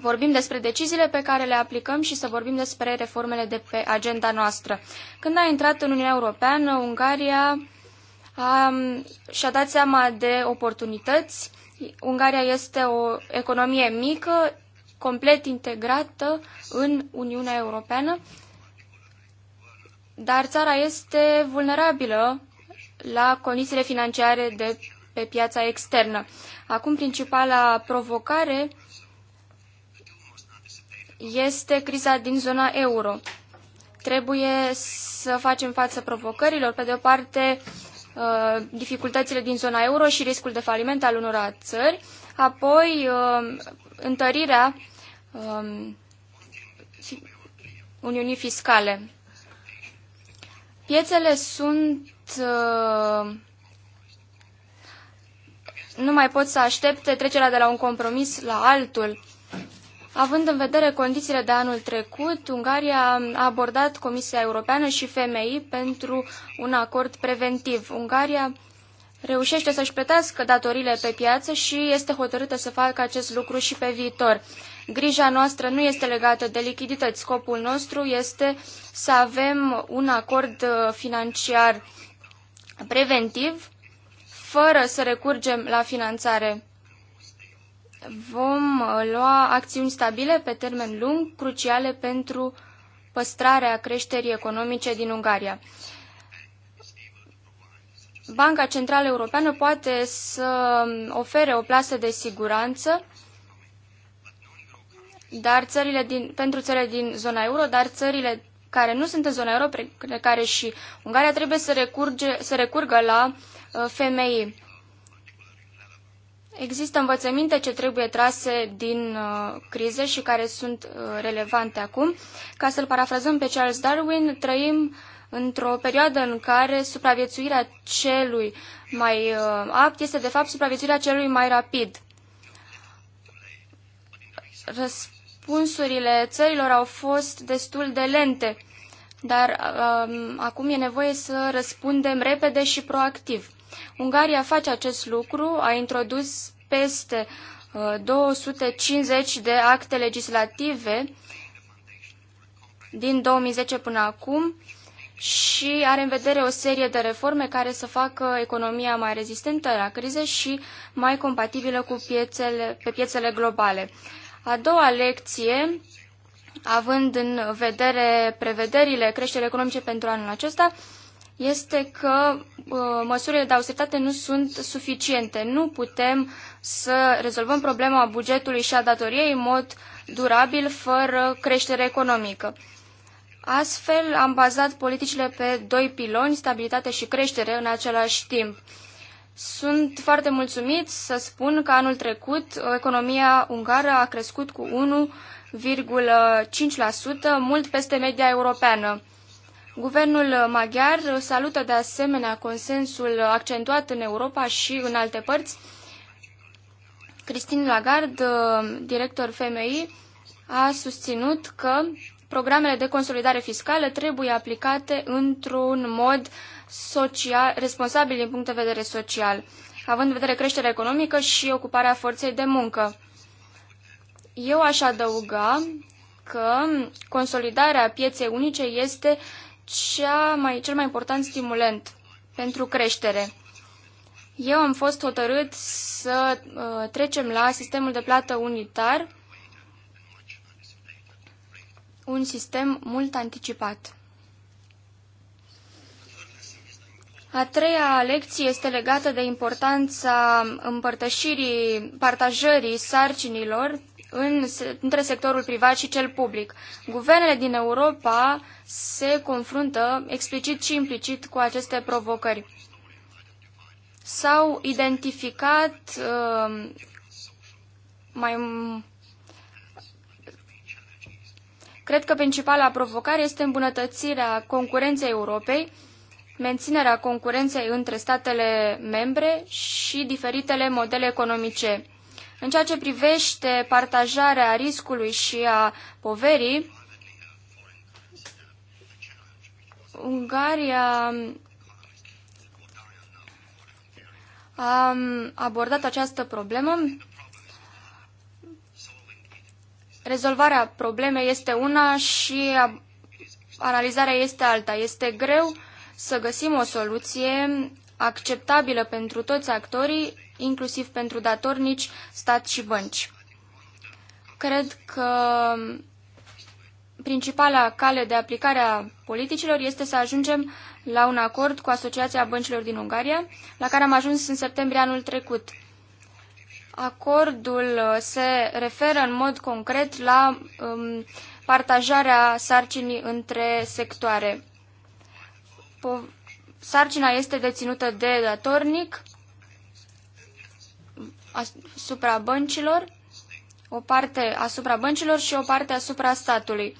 vorbim despre deciziile pe care le aplicăm și să vorbim despre reformele de pe agenda noastră. Când a intrat în Uniunea Europeană, Ungaria a, și-a dat seama de oportunități. Ungaria este o economie mică, complet integrată în Uniunea Europeană, dar țara este vulnerabilă la condițiile financiare de pe piața externă. Acum, principala provocare este criza din zona euro. Trebuie să facem față provocărilor, pe de o parte, uh, dificultățile din zona euro și riscul de faliment al unor țări, apoi uh, întărirea um, Uniunii Fiscale. Piețele sunt Uh, nu mai pot să aștepte trecerea de la un compromis la altul. Având în vedere condițiile de anul trecut, Ungaria a abordat Comisia Europeană și FMI pentru un acord preventiv. Ungaria reușește să-și plătească datorile pe piață și este hotărâtă să facă acest lucru și pe viitor. Grija noastră nu este legată de lichidități. Scopul nostru este să avem un acord uh, financiar preventiv, fără să recurgem la finanțare. Vom uh, lua acțiuni stabile pe termen lung, cruciale pentru păstrarea creșterii economice din Ungaria. Banca Centrală Europeană poate să um, ofere o plasă de siguranță dar țările din, pentru țările din zona euro, dar țările care nu sunt în zona euro, printre care și Ungaria, trebuie să, recurge, să recurgă la uh, femei. Există învățăminte ce trebuie trase din uh, crize și care sunt uh, relevante acum. Ca să-l parafrazăm pe Charles Darwin, trăim într-o perioadă în care supraviețuirea celui mai uh, apt este de fapt supraviețuirea celui mai rapid. Răsp- răspunsurile țărilor au fost destul de lente, dar um, acum e nevoie să răspundem repede și proactiv. Ungaria face acest lucru, a introdus peste uh, 250 de acte legislative din 2010 până acum și are în vedere o serie de reforme care să facă economia mai rezistentă la crize și mai compatibilă cu piețele, pe piețele globale. A doua lecție, având în vedere prevederile creșterii economice pentru anul acesta, este că uh, măsurile de austeritate nu sunt suficiente. Nu putem să rezolvăm problema bugetului și a datoriei în mod durabil fără creștere economică. Astfel, am bazat politicile pe doi piloni, stabilitate și creștere, în același timp. Sunt foarte mulțumit să spun că anul trecut uh, economia ungară a crescut cu 1,5%, mult peste media europeană. Guvernul maghiar salută de asemenea consensul accentuat în Europa și în alte părți. Christine Lagarde, uh, director FMI, a susținut că programele de consolidare fiscală trebuie aplicate într-un mod uh, social, responsabili din punct de vedere social, având în vedere creșterea economică și ocuparea forței de muncă. Eu aș adăuga că consolidarea pieței unice este cea mai, cel mai important stimulant pentru creștere. Eu am fost hotărât să uh, trecem la sistemul de plată unitar, un sistem mult anticipat. A treia lecție este legată de importanța împărtășirii, partajării sarcinilor în, între sectorul privat și cel public. Guvernele din Europa se confruntă explicit și implicit cu aceste provocări. S-au identificat uh, mai Cred că principala provocare este îmbunătățirea concurenței Europei menținerea concurenței între statele membre și diferitele modele economice. În ceea ce privește partajarea riscului și a poverii, Ungaria a abordat această problemă. Rezolvarea problemei este una și analizarea este alta. Este greu să găsim o soluție acceptabilă pentru toți actorii, inclusiv pentru datornici, stat și bănci. Cred că principala cale de aplicare a politicilor este să ajungem la un acord cu Asociația Băncilor din Ungaria, la care am ajuns în septembrie anul trecut. Acordul uh, se referă în mod concret la um, partajarea sarcinii între sectoare sarcina este deținută de datornic asupra băncilor, o parte asupra băncilor și o parte asupra statului.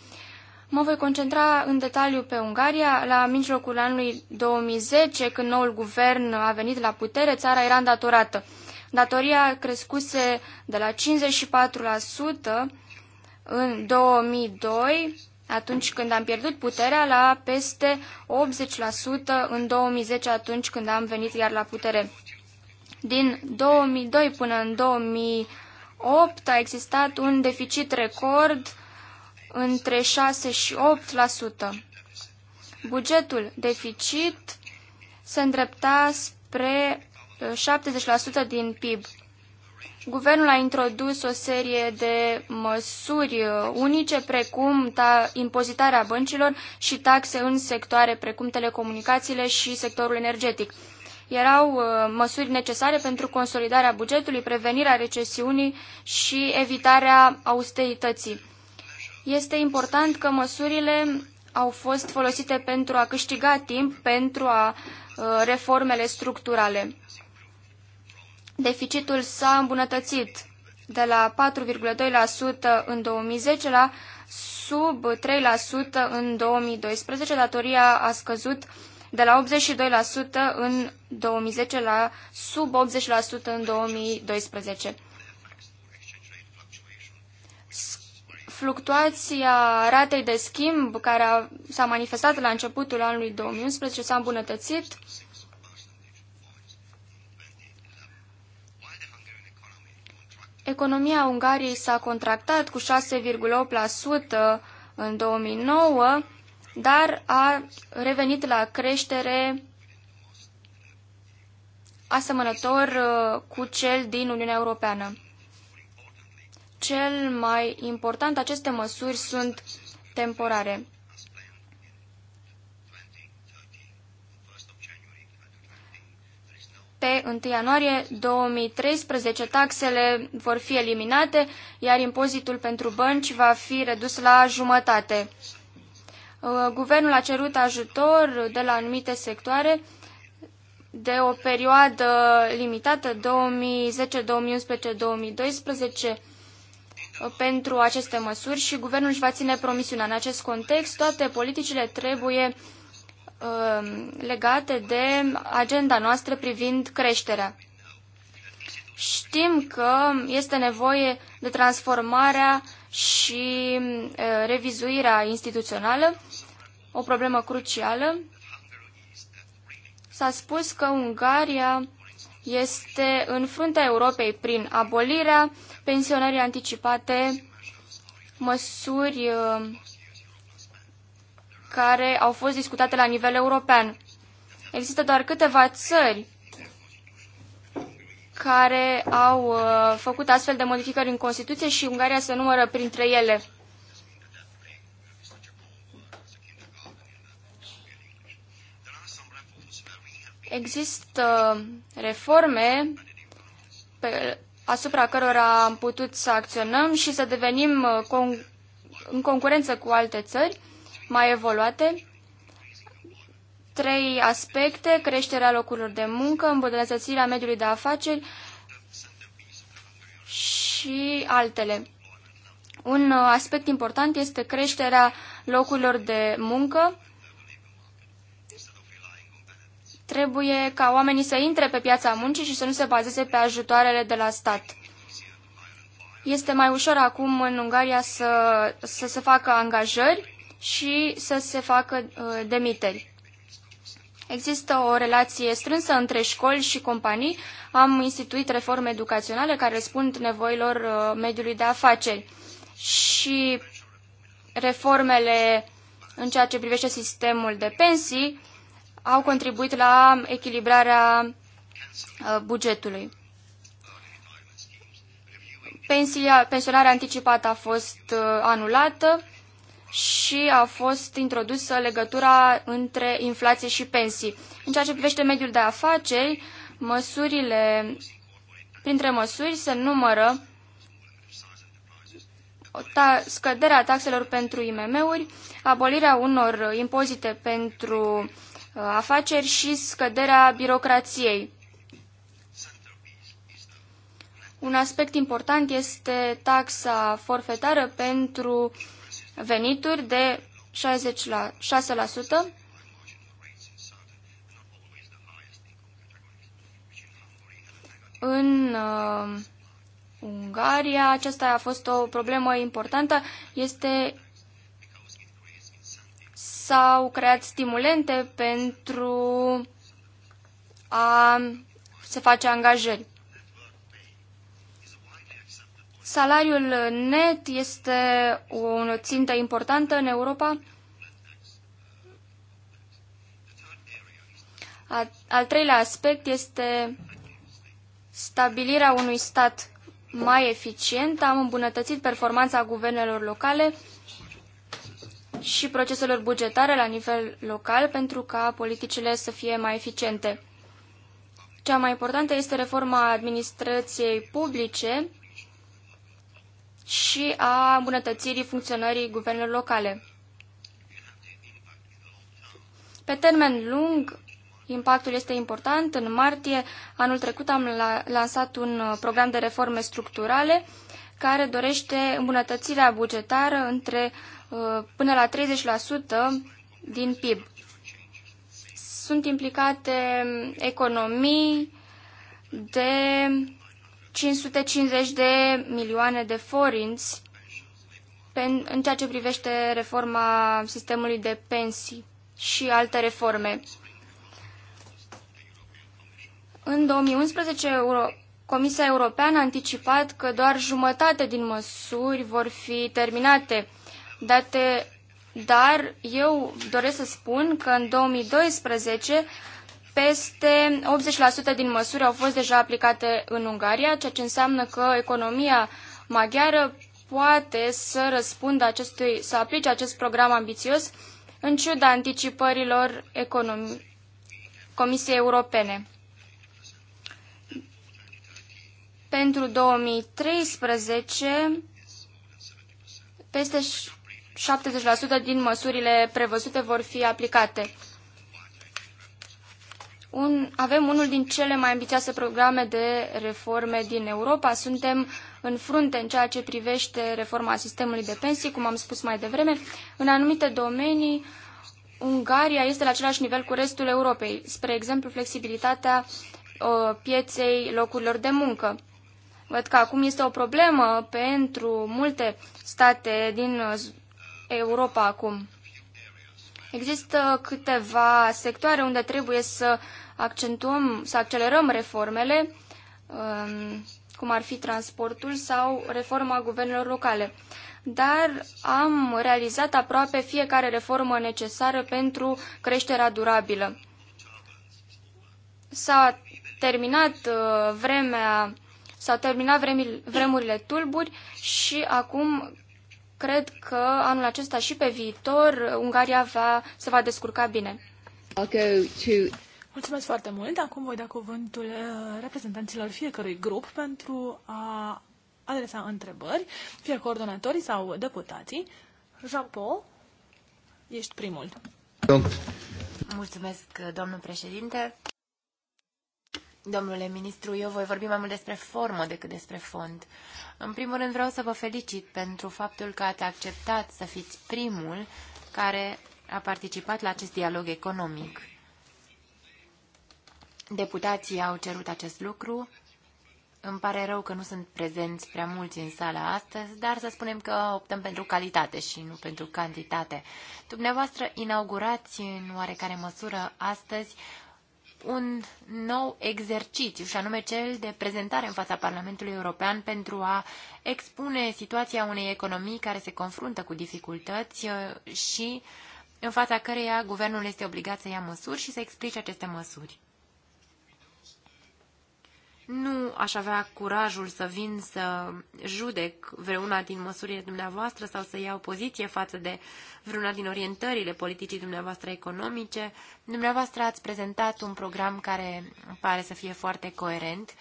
Mă voi concentra în detaliu pe Ungaria. La mijlocul anului 2010, când noul guvern a venit la putere, țara era îndatorată. Datoria crescuse de la 54% în 2002 atunci când am pierdut puterea la peste 80% în 2010 atunci când am venit iar la putere. Din 2002 până în 2008 a existat un deficit record între 6 și 8%. Bugetul deficit se îndrepta spre 70% din PIB. Guvernul a introdus o serie de măsuri unice, precum ta, impozitarea băncilor și taxe în sectoare precum telecomunicațiile și sectorul energetic. Erau uh, măsuri necesare pentru consolidarea bugetului, prevenirea recesiunii și evitarea austerității. Este important că măsurile au fost folosite pentru a câștiga timp pentru a uh, reformele structurale. Deficitul s-a îmbunătățit de la 4,2% în 2010 la sub 3% în 2012. Datoria a scăzut de la 82% în 2010 la sub 80% în 2012. Fluctuația ratei de schimb care s-a manifestat la începutul anului 2011 s-a îmbunătățit Economia Ungariei s-a contractat cu 6,8% în 2009, dar a revenit la creștere asemănător uh, cu cel din Uniunea Europeană. Cel mai important, aceste măsuri sunt temporare. pe 1 ianuarie 2013 taxele vor fi eliminate, iar impozitul pentru bănci va fi redus la jumătate. Uh, guvernul a cerut ajutor de la anumite sectoare de o perioadă limitată, 2010, 2011, 2012, pentru aceste măsuri și guvernul își va ține promisiunea. În acest context, toate politicile trebuie Um, legate de agenda noastră privind creșterea. Știm că este nevoie de transformarea și uh, revizuirea instituțională, o problemă crucială. S-a spus că Ungaria este în fruntea Europei prin abolirea pensionării anticipate, măsuri uh, care au fost discutate la nivel european. Există doar câteva țări care au uh, făcut astfel de modificări în Constituție și Ungaria se numără printre ele. Există reforme pe, asupra cărora am putut să acționăm și să devenim uh, con, în concurență cu alte țări mai evoluate. Trei aspecte, creșterea locurilor de muncă, îmbunătățirea mediului de afaceri și altele. Un uh, aspect important este creșterea locurilor de muncă. Trebuie ca oamenii să intre pe piața muncii și să nu se bazeze pe ajutoarele de la stat. Este mai ușor acum în Ungaria să, să se facă angajări și să se facă uh, demiteri. Există o relație strânsă între școli și companii. Am instituit reforme educaționale care răspund nevoilor uh, mediului de afaceri și reformele în ceea ce privește sistemul de pensii au contribuit la echilibrarea uh, bugetului. Pensia, pensionarea anticipată a fost anulată și a fost introdusă legătura între inflație și pensii. În ceea ce privește mediul de afaceri, măsurile, printre măsuri se numără ta, scăderea taxelor pentru IMM-uri, abolirea unor impozite pentru uh, afaceri și scăderea birocrației. Un aspect important este taxa forfetară pentru uh, venituri de 66%. la, În uh, Ungaria aceasta a fost o problemă importantă. Este s-au creat stimulente pentru a se face angajări. Salariul net este o țintă importantă în Europa. Al treilea aspect este stabilirea unui stat mai eficient. Am îmbunătățit performanța guvernelor locale și proceselor bugetare la nivel local pentru ca politicile să fie mai eficiente. Cea mai importantă este reforma administrației publice, și a îmbunătățirii funcționării guvernelor locale. Pe termen lung, impactul este important. În martie anul trecut am lansat un uh, program de reforme structurale care dorește îmbunătățirea bugetară între uh, până la 30% din PIB. Sunt implicate um, economii de 550 de milioane de forinți în ceea ce privește reforma sistemului de pensii și alte reforme. În 2011, Euro Comisia Europeană a anticipat că doar jumătate din măsuri vor fi terminate, date, dar eu doresc să spun că în 2012 peste 80% din măsuri au fost deja aplicate în Ungaria, ceea ce înseamnă că economia maghiară poate să răspundă acestui, să aplice acest program ambițios în ciuda anticipărilor economi- Comisiei Europene. Pentru 2013, peste 70% din măsurile prevăzute vor fi aplicate un, avem unul din cele mai ambițioase programe de reforme din Europa. Suntem în frunte în ceea ce privește reforma sistemului de pensii, cum am spus mai devreme. În anumite domenii, Ungaria este la același nivel cu restul Europei, spre exemplu flexibilitatea uh, pieței locurilor de muncă. Văd că acum este o problemă pentru multe state din Europa acum. Există câteva sectoare unde trebuie să accentuăm, să accelerăm reformele, um, cum ar fi transportul sau reforma guvernelor locale. Dar am realizat aproape fiecare reformă necesară pentru creșterea durabilă. S-a terminat uh, vremea s-au terminat vremurile tulburi și acum cred că anul acesta și pe viitor Ungaria va, se va descurca bine. Mulțumesc foarte mult. Acum voi da cuvântul uh, reprezentanților fiecărui grup pentru a adresa întrebări, fie coordonatorii sau deputații. Jean-Paul, ești primul. Mulțumesc, domnul președinte. Domnule ministru, eu voi vorbi mai mult despre formă decât despre fond. În primul rând vreau să vă felicit pentru faptul că ați acceptat să fiți primul care a participat la acest dialog economic. Deputații au cerut acest lucru. Îmi pare rău că nu sunt prezenți prea mulți în sala astăzi, dar să spunem că optăm pentru calitate și nu pentru cantitate. Dumneavoastră inaugurați în oarecare măsură astăzi un nou exercițiu, și anume cel de prezentare în fața Parlamentului European pentru a expune situația unei economii care se confruntă cu dificultăți uh, și în fața căreia guvernul este obligat să ia măsuri și să explice aceste măsuri nu aș avea curajul să vin să judec vreuna din măsurile dumneavoastră sau să iau poziție față de vreuna din orientările politicii dumneavoastră economice. Dumneavoastră ați prezentat un program care pare să fie foarte coerent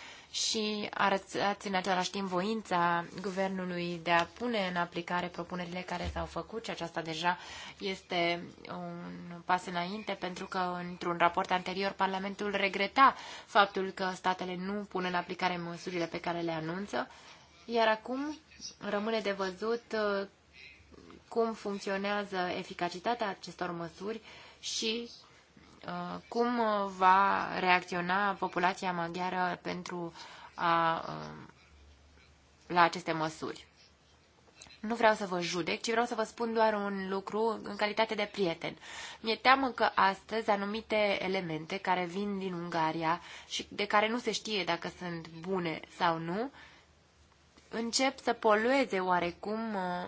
și arătați în același timp voința guvernului de a pune în aplicare propunerile care s-au făcut și aceasta deja este un pas înainte pentru că într-un raport anterior Parlamentul regreta faptul că statele nu pun în aplicare măsurile pe care le anunță, iar acum rămâne de văzut uh, cum funcționează eficacitatea acestor măsuri și Uh, cum uh, va reacționa populația maghiară pentru a, um, la aceste măsuri. Nu vreau să vă judec, ci vreau să vă spun doar un lucru în calitate de prieten. Mi-e teamă că astăzi anumite elemente care vin din Ungaria și de care nu se știe dacă sunt bune sau nu, încep să polueze oarecum uh,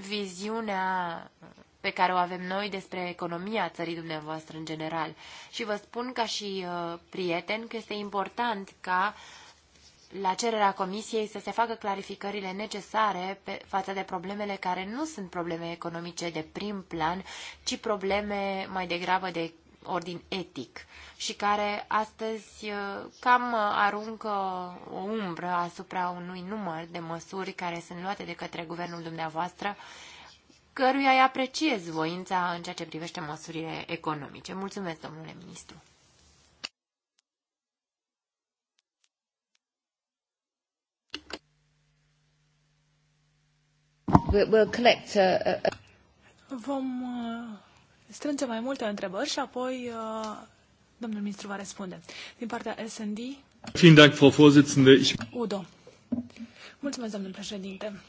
viziunea pe care o avem noi despre economia țării dumneavoastră în general. Și vă spun ca și uh, prieten că este important ca la cererea Comisiei să se facă clarificările necesare pe, față de problemele care nu sunt probleme economice de prim plan, ci probleme mai degrabă de ordin etic și care astăzi uh, cam aruncă o umbră asupra unui număr de măsuri care sunt luate de către guvernul dumneavoastră căruia îi apreciez voința în ceea ce privește măsurile economice. Mulțumesc, domnule ministru. Uh, uh, uh. Vom strânge mai multe întrebări și apoi domnul ministru va răspunde. Din partea S&D... Vielen Dank, Frau Vorsitzende. Udo. Mulțumesc, domnul președinte.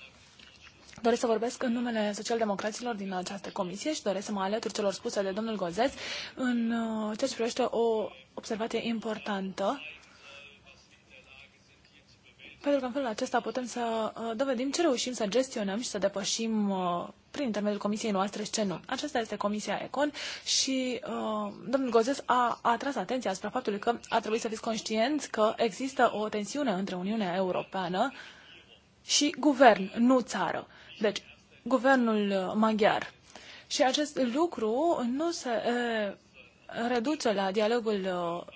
Doresc să vorbesc în numele socialdemocraților din această comisie și doresc să mă alătur celor spuse de domnul Gozeț în uh, ceea ce privește o observație importantă pentru că în felul acesta putem să uh, dovedim ce reușim să gestionăm și să depășim uh, prin intermediul comisiei noastre și ce nu. Aceasta este Comisia Econ și uh, domnul Gozes a atras atenția asupra faptului că ar trebui să fiți conștienți că există o tensiune între Uniunea Europeană și guvern, nu țară. Deci, guvernul maghiar. Și acest lucru nu se e, reduce la dialogul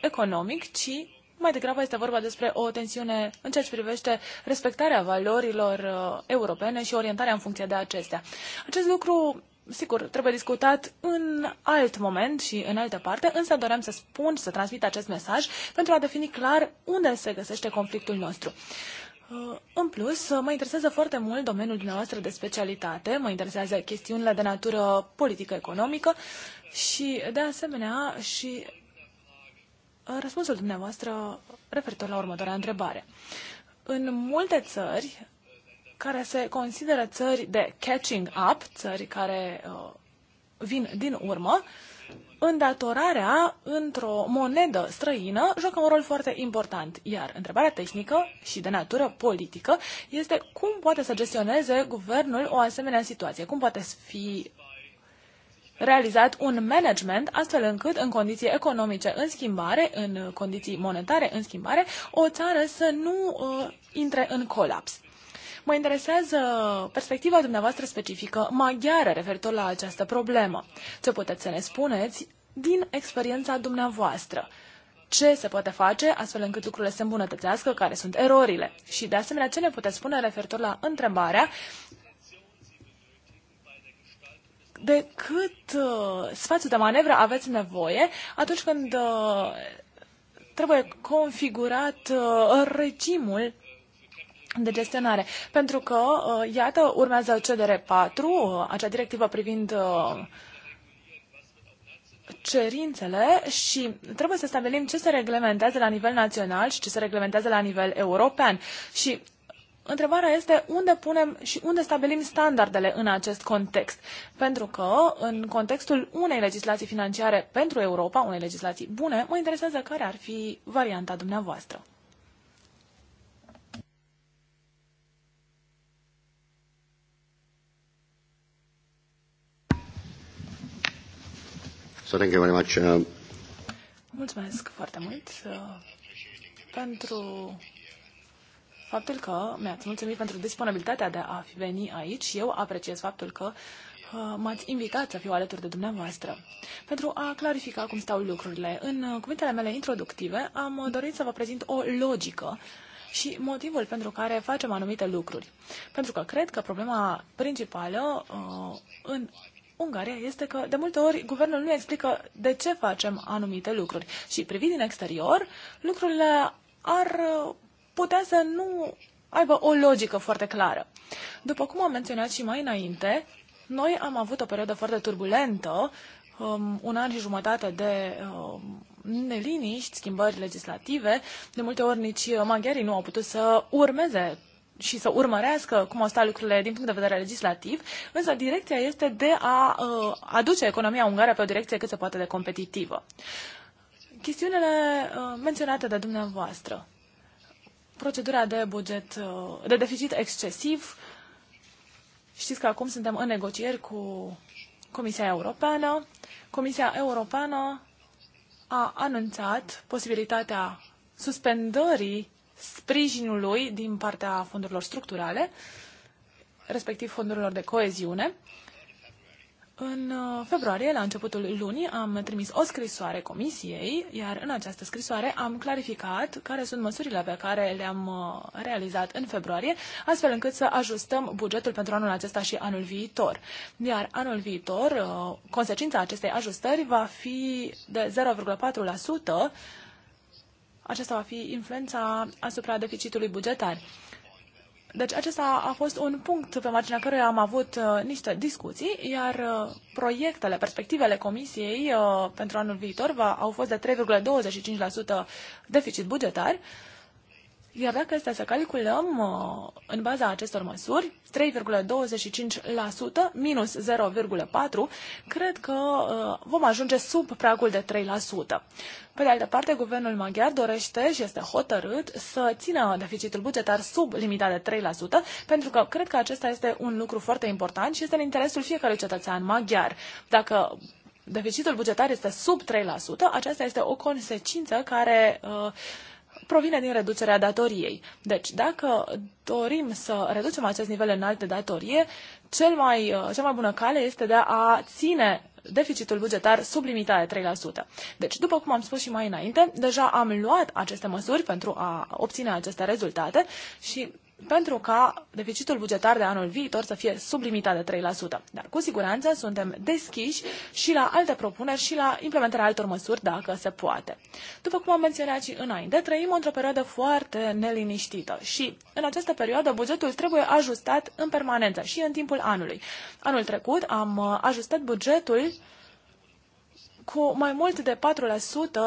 economic, ci mai degrabă este vorba despre o tensiune în ceea ce privește respectarea valorilor europene și orientarea în funcție de acestea. Acest lucru sigur, trebuie discutat în alt moment și în altă parte, însă doream să spun, să transmit acest mesaj pentru a defini clar unde se găsește conflictul nostru. Uh, în plus, uh, mă interesează foarte mult domeniul dumneavoastră de specialitate, mă interesează chestiunile de natură politică-economică și, de asemenea, și uh, răspunsul dumneavoastră referitor la următoarea întrebare. În multe țări care se consideră țări de catching up, țări care uh, vin din urmă, uh, îndatorarea într-o monedă străină joacă un rol foarte important. Iar întrebarea tehnică și de natură politică este cum poate să gestioneze guvernul o asemenea situație, cum poate fi realizat un management astfel încât în condiții economice în schimbare, în condiții monetare în schimbare, o țară să nu uh, intre în colaps. Mă interesează perspectiva dumneavoastră specifică maghiară referitor la această problemă. Ce puteți să ne spuneți din experiența dumneavoastră? ce se poate face astfel încât lucrurile se îmbunătățească, care sunt erorile. Și de asemenea, ce ne puteți spune referitor la întrebarea de cât uh, spațiu de manevră aveți nevoie atunci când uh, trebuie configurat uh, regimul de gestionare. Pentru că, uh, iată, urmează CDR 4, uh, acea directivă privind uh, cerințele și trebuie să stabilim ce se reglementează la nivel național și ce se reglementează la nivel european. Și Întrebarea este unde punem și unde stabilim standardele în acest context. Pentru că, în contextul unei legislații financiare pentru Europa, unei legislații bune, mă interesează care ar fi varianta dumneavoastră. So thank you very much. Uh, Mulțumesc foarte mult uh, pentru faptul că mi-ați mulțumit pentru disponibilitatea de a fi veni aici. Eu apreciez faptul că uh, m-ați invitat să fiu alături de dumneavoastră. Pentru a clarifica cum stau lucrurile, în uh, cuvintele mele introductive am uh, dorit să vă prezint o logică și motivul pentru care facem anumite lucruri. Pentru că cred că problema principală uh, în Ungaria este că de multe ori guvernul nu explică de ce facem anumite lucruri și privit din exterior, lucrurile ar uh, putea să nu aibă o logică foarte clară. După cum am menționat și mai înainte, noi am avut o perioadă foarte turbulentă, um, un an și jumătate de um, neliniști, schimbări legislative. De multe ori nici maghiarii nu au putut să urmeze și să urmărească cum au stat lucrurile din punct de vedere legislativ, însă direcția este de a uh, aduce economia ungară pe o direcție cât se poate de competitivă. Chestiunile uh, menționate de dumneavoastră, procedura de buget, uh, de deficit excesiv, știți că acum suntem în negocieri cu Comisia Europeană. Comisia Europeană a anunțat posibilitatea suspendării sprijinului din partea fondurilor structurale, respectiv fondurilor de coeziune. În uh, februarie, la începutul lunii, am trimis o scrisoare comisiei, iar în această scrisoare am clarificat care sunt măsurile pe care le-am uh, realizat în februarie, astfel încât să ajustăm bugetul pentru anul acesta și anul viitor. Iar anul viitor, uh, consecința acestei ajustări va fi de 0,4% acesta va fi influența asupra deficitului bugetar. Deci acesta a fost un punct pe marginea căruia am avut uh, niște discuții, iar uh, proiectele, perspectivele Comisiei uh, pentru anul viitor va, au fost de 3,25% deficit bugetar. Uh, iar dacă este să calculăm uh, în baza acestor măsuri, 3,25% minus 0,4%, cred că uh, vom ajunge sub pragul de 3%. Pe de altă parte, guvernul maghiar dorește și este hotărât să țină deficitul bugetar sub limita de 3%, pentru că cred că acesta este un lucru foarte important și este în interesul fiecărui cetățean maghiar. Dacă deficitul bugetar este sub 3%, aceasta este o consecință care uh, provine din reducerea datoriei. Deci, dacă dorim să reducem acest nivel înalt de datorie, cel mai, uh, cea mai bună cale este de a ține deficitul bugetar sub limita de 3%. Deci, după cum am spus și mai înainte, deja am luat aceste măsuri pentru a obține aceste rezultate și pentru ca deficitul bugetar de anul viitor să fie sub limita de 3%. Dar cu siguranță suntem deschiși și la alte propuneri și la implementarea altor măsuri dacă se poate. După cum am menționat și înainte, trăim într-o perioadă foarte neliniștită și în această perioadă bugetul trebuie ajustat în permanență și în timpul anului. Anul trecut am uh, ajustat bugetul cu mai mult de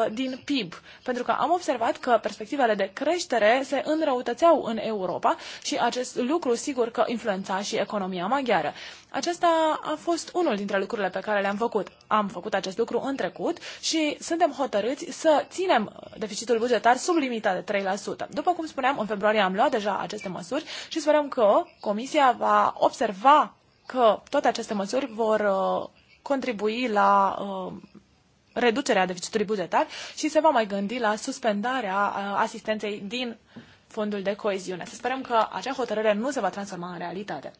4% din PIB, pentru că am observat că perspectivele de creștere se înrăutățeau în Europa și acest lucru sigur că influența și economia maghiară. Acesta a fost unul dintre lucrurile pe care le-am făcut. Am făcut acest lucru în trecut și suntem hotărâți să ținem deficitul bugetar sub limita de 3%. După cum spuneam, în februarie am luat deja aceste măsuri și sperăm că Comisia va observa că toate aceste măsuri vor uh, contribui la uh, reducerea deficitului bugetar și se va mai gândi la suspendarea uh, asistenței din fondul de coeziune. Să sperăm că acea hotărâre nu se va transforma în realitate.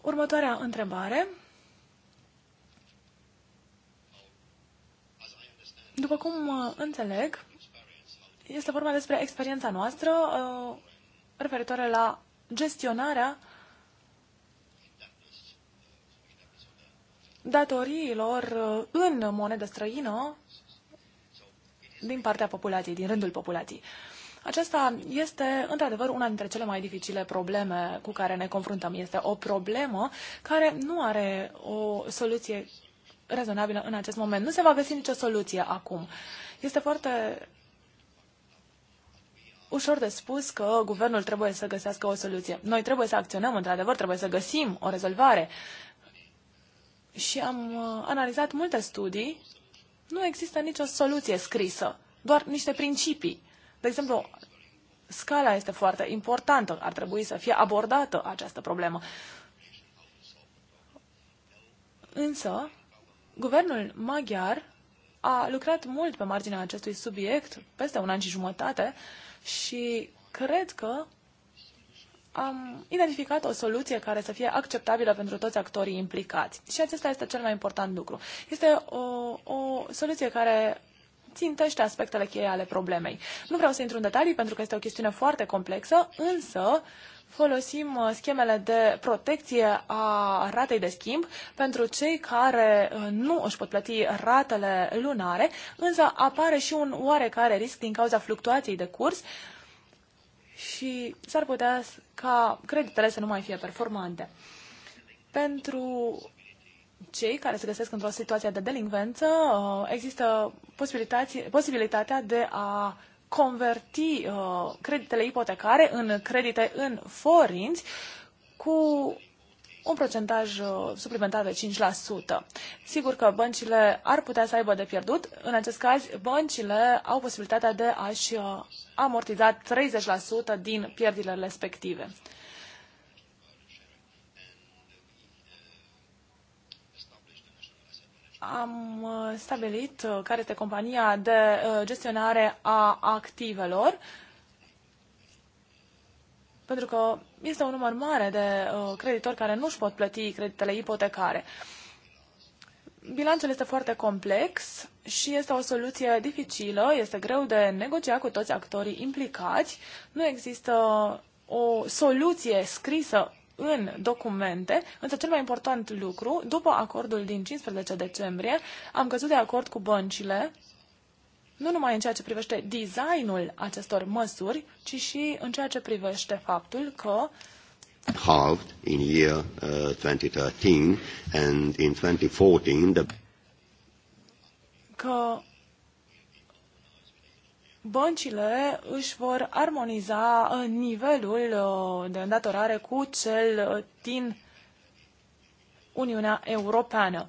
Următoarea întrebare. După cum uh, înțeleg, este vorba despre experiența noastră uh, referitoare la gestionarea datoriilor uh, în monedă străină din partea populației, din rândul populației. Aceasta este, într-adevăr, una dintre cele mai dificile probleme cu care ne confruntăm. Este o problemă care nu are o soluție rezonabilă în acest moment. Nu se va găsi nicio soluție acum. Este foarte ușor de spus că guvernul trebuie să găsească o soluție. Noi trebuie să acționăm, într-adevăr, trebuie să găsim o rezolvare și am uh, analizat multe studii, nu există nicio soluție scrisă, doar niște principii. De exemplu, scala este foarte importantă, ar trebui să fie abordată această problemă. Însă, guvernul maghiar a lucrat mult pe marginea acestui subiect, peste un an și jumătate, și cred că am identificat o soluție care să fie acceptabilă pentru toți actorii implicați. Și acesta este cel mai important lucru. Este o, o soluție care țintește aspectele cheie ale problemei. Nu vreau să intru în detalii pentru că este o chestiune foarte complexă, însă folosim uh, schemele de protecție a ratei de schimb pentru cei care uh, nu își pot plăti ratele lunare, însă apare și un oarecare risc din cauza fluctuației de curs, și s-ar putea ca creditele să nu mai fie performante. Pentru cei care se găsesc într-o situație de delinvență uh, există posibilitatea de a converti uh, creditele ipotecare în credite în forinți cu un procentaj uh, suplimentar de 5%. Sigur că băncile ar putea să aibă de pierdut. În acest caz, băncile au posibilitatea de a-și uh, amortiza 30% din pierdile respective. Am uh, stabilit care este compania de gestionare a activelor pentru că este un număr mare de uh, creditori care nu își pot plăti creditele ipotecare. Bilanțul este foarte complex și este o soluție dificilă, este greu de negociat cu toți actorii implicați, nu există o soluție scrisă în documente, însă cel mai important lucru, după acordul din 15 decembrie, am căzut de acord cu băncile nu numai în ceea ce privește designul acestor măsuri, ci și în ceea ce privește faptul că halved in year uh, 2013 and in 2014 the că băncile își vor armoniza uh, nivelul uh, de îndatorare cu cel uh, din Uniunea Europeană.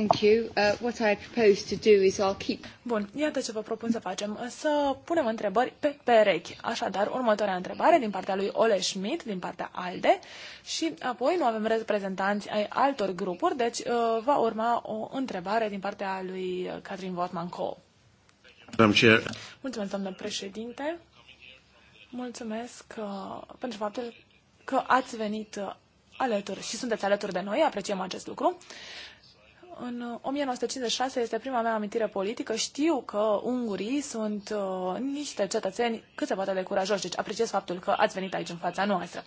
Thank you. Uh, what I propose to do is I'll keep... Bun, iată ce vă propun să facem. Să punem întrebări pe perechi. Așadar, următoarea întrebare din partea lui Ole Schmidt, din partea ALDE, și apoi nu avem reprezentanți ai altor grupuri, deci uh, va urma o întrebare din partea lui Catherine Wortman-Cole. Mulțumesc, doamnă președinte. Mulțumesc uh, pentru faptul că ați venit uh, alături și sunteți alături de noi, apreciem acest lucru în 1956 uh, este prima mea amintire politică. Știu că ungurii sunt uh, niște cetățeni cât se poate de curajoși, deci apreciez faptul că ați venit aici în fața noastră.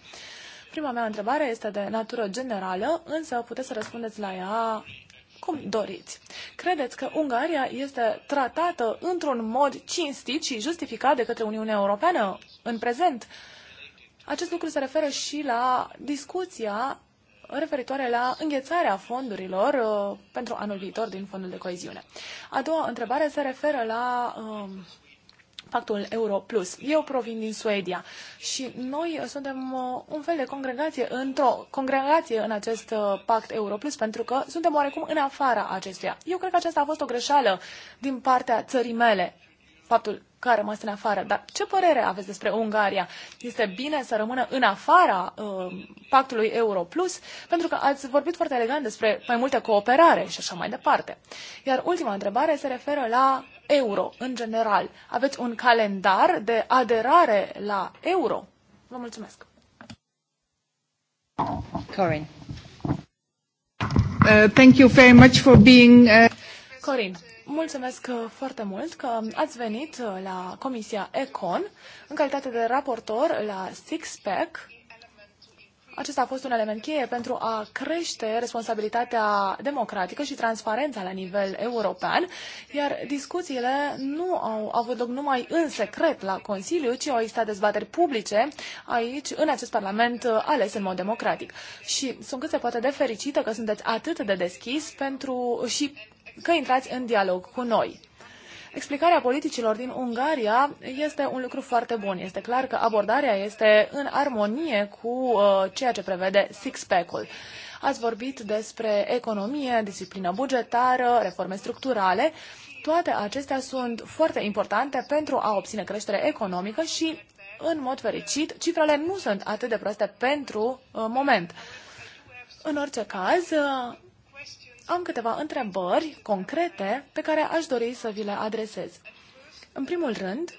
Prima mea întrebare este de natură generală, însă puteți să răspundeți la ea cum doriți. Credeți că Ungaria este tratată într-un mod cinstit și justificat de către Uniunea Europeană în prezent? Acest lucru se referă și la discuția referitoare la înghețarea fondurilor uh, pentru anul viitor din fondul de coeziune. A doua întrebare se referă la uh, pactul Euro Plus. Eu provin din Suedia și noi suntem uh, un fel de congregație într-o congregație în acest uh, pact Euro Plus pentru că suntem oarecum în afara acestuia. Eu cred că aceasta a fost o greșeală din partea țării mele. Faptul că a rămas în afară. Dar ce părere aveți despre Ungaria? Este bine să rămână în afara uh, pactului Euro Plus? Pentru că ați vorbit foarte elegant despre mai multă cooperare și așa mai departe. Iar ultima întrebare se referă la euro în general. Aveți un calendar de aderare la euro? Vă mulțumesc! Corin. Uh, thank you very much for being... Uh... Corin, mulțumesc uh, foarte mult că ați venit uh, la Comisia Econ în calitate de raportor la Sixpack. Acesta a fost un element cheie pentru a crește responsabilitatea democratică și transparența la nivel european, iar discuțiile nu au avut loc numai în secret la Consiliu, ci au existat dezbateri publice aici, în acest Parlament uh, ales în mod democratic. Și sunt cât se poate de fericită că sunteți atât de deschis pentru și că intrați în dialog cu noi. Explicarea politicilor din Ungaria este un lucru foarte bun. Este clar că abordarea este în armonie cu uh, ceea ce prevede six-pack-ul. Ați vorbit despre economie, disciplină bugetară, reforme structurale. Toate acestea sunt foarte importante pentru a obține creștere economică și, în mod fericit, cifrele nu sunt atât de proaste pentru uh, moment. În orice caz, uh, am câteva întrebări concrete pe care aș dori să vi le adresez. În primul rând,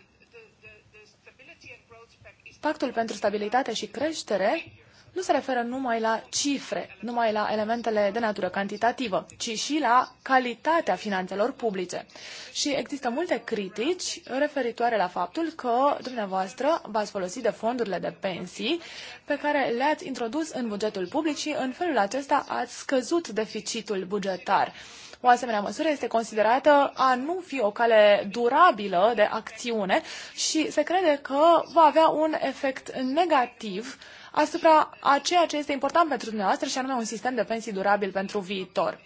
Pactul pentru Stabilitate și Creștere nu se referă numai la cifre, numai la elementele de natură cantitativă, ci și la calitatea finanțelor publice. Și există multe critici referitoare la faptul că dumneavoastră v-ați folosit de fondurile de pensii pe care le-ați introdus în bugetul public și în felul acesta ați scăzut deficitul bugetar. O asemenea măsură este considerată a nu fi o cale durabilă de acțiune și se crede că va avea un efect negativ asupra a ceea ce este important pentru dumneavoastră și anume un sistem de pensii durabil pentru viitor.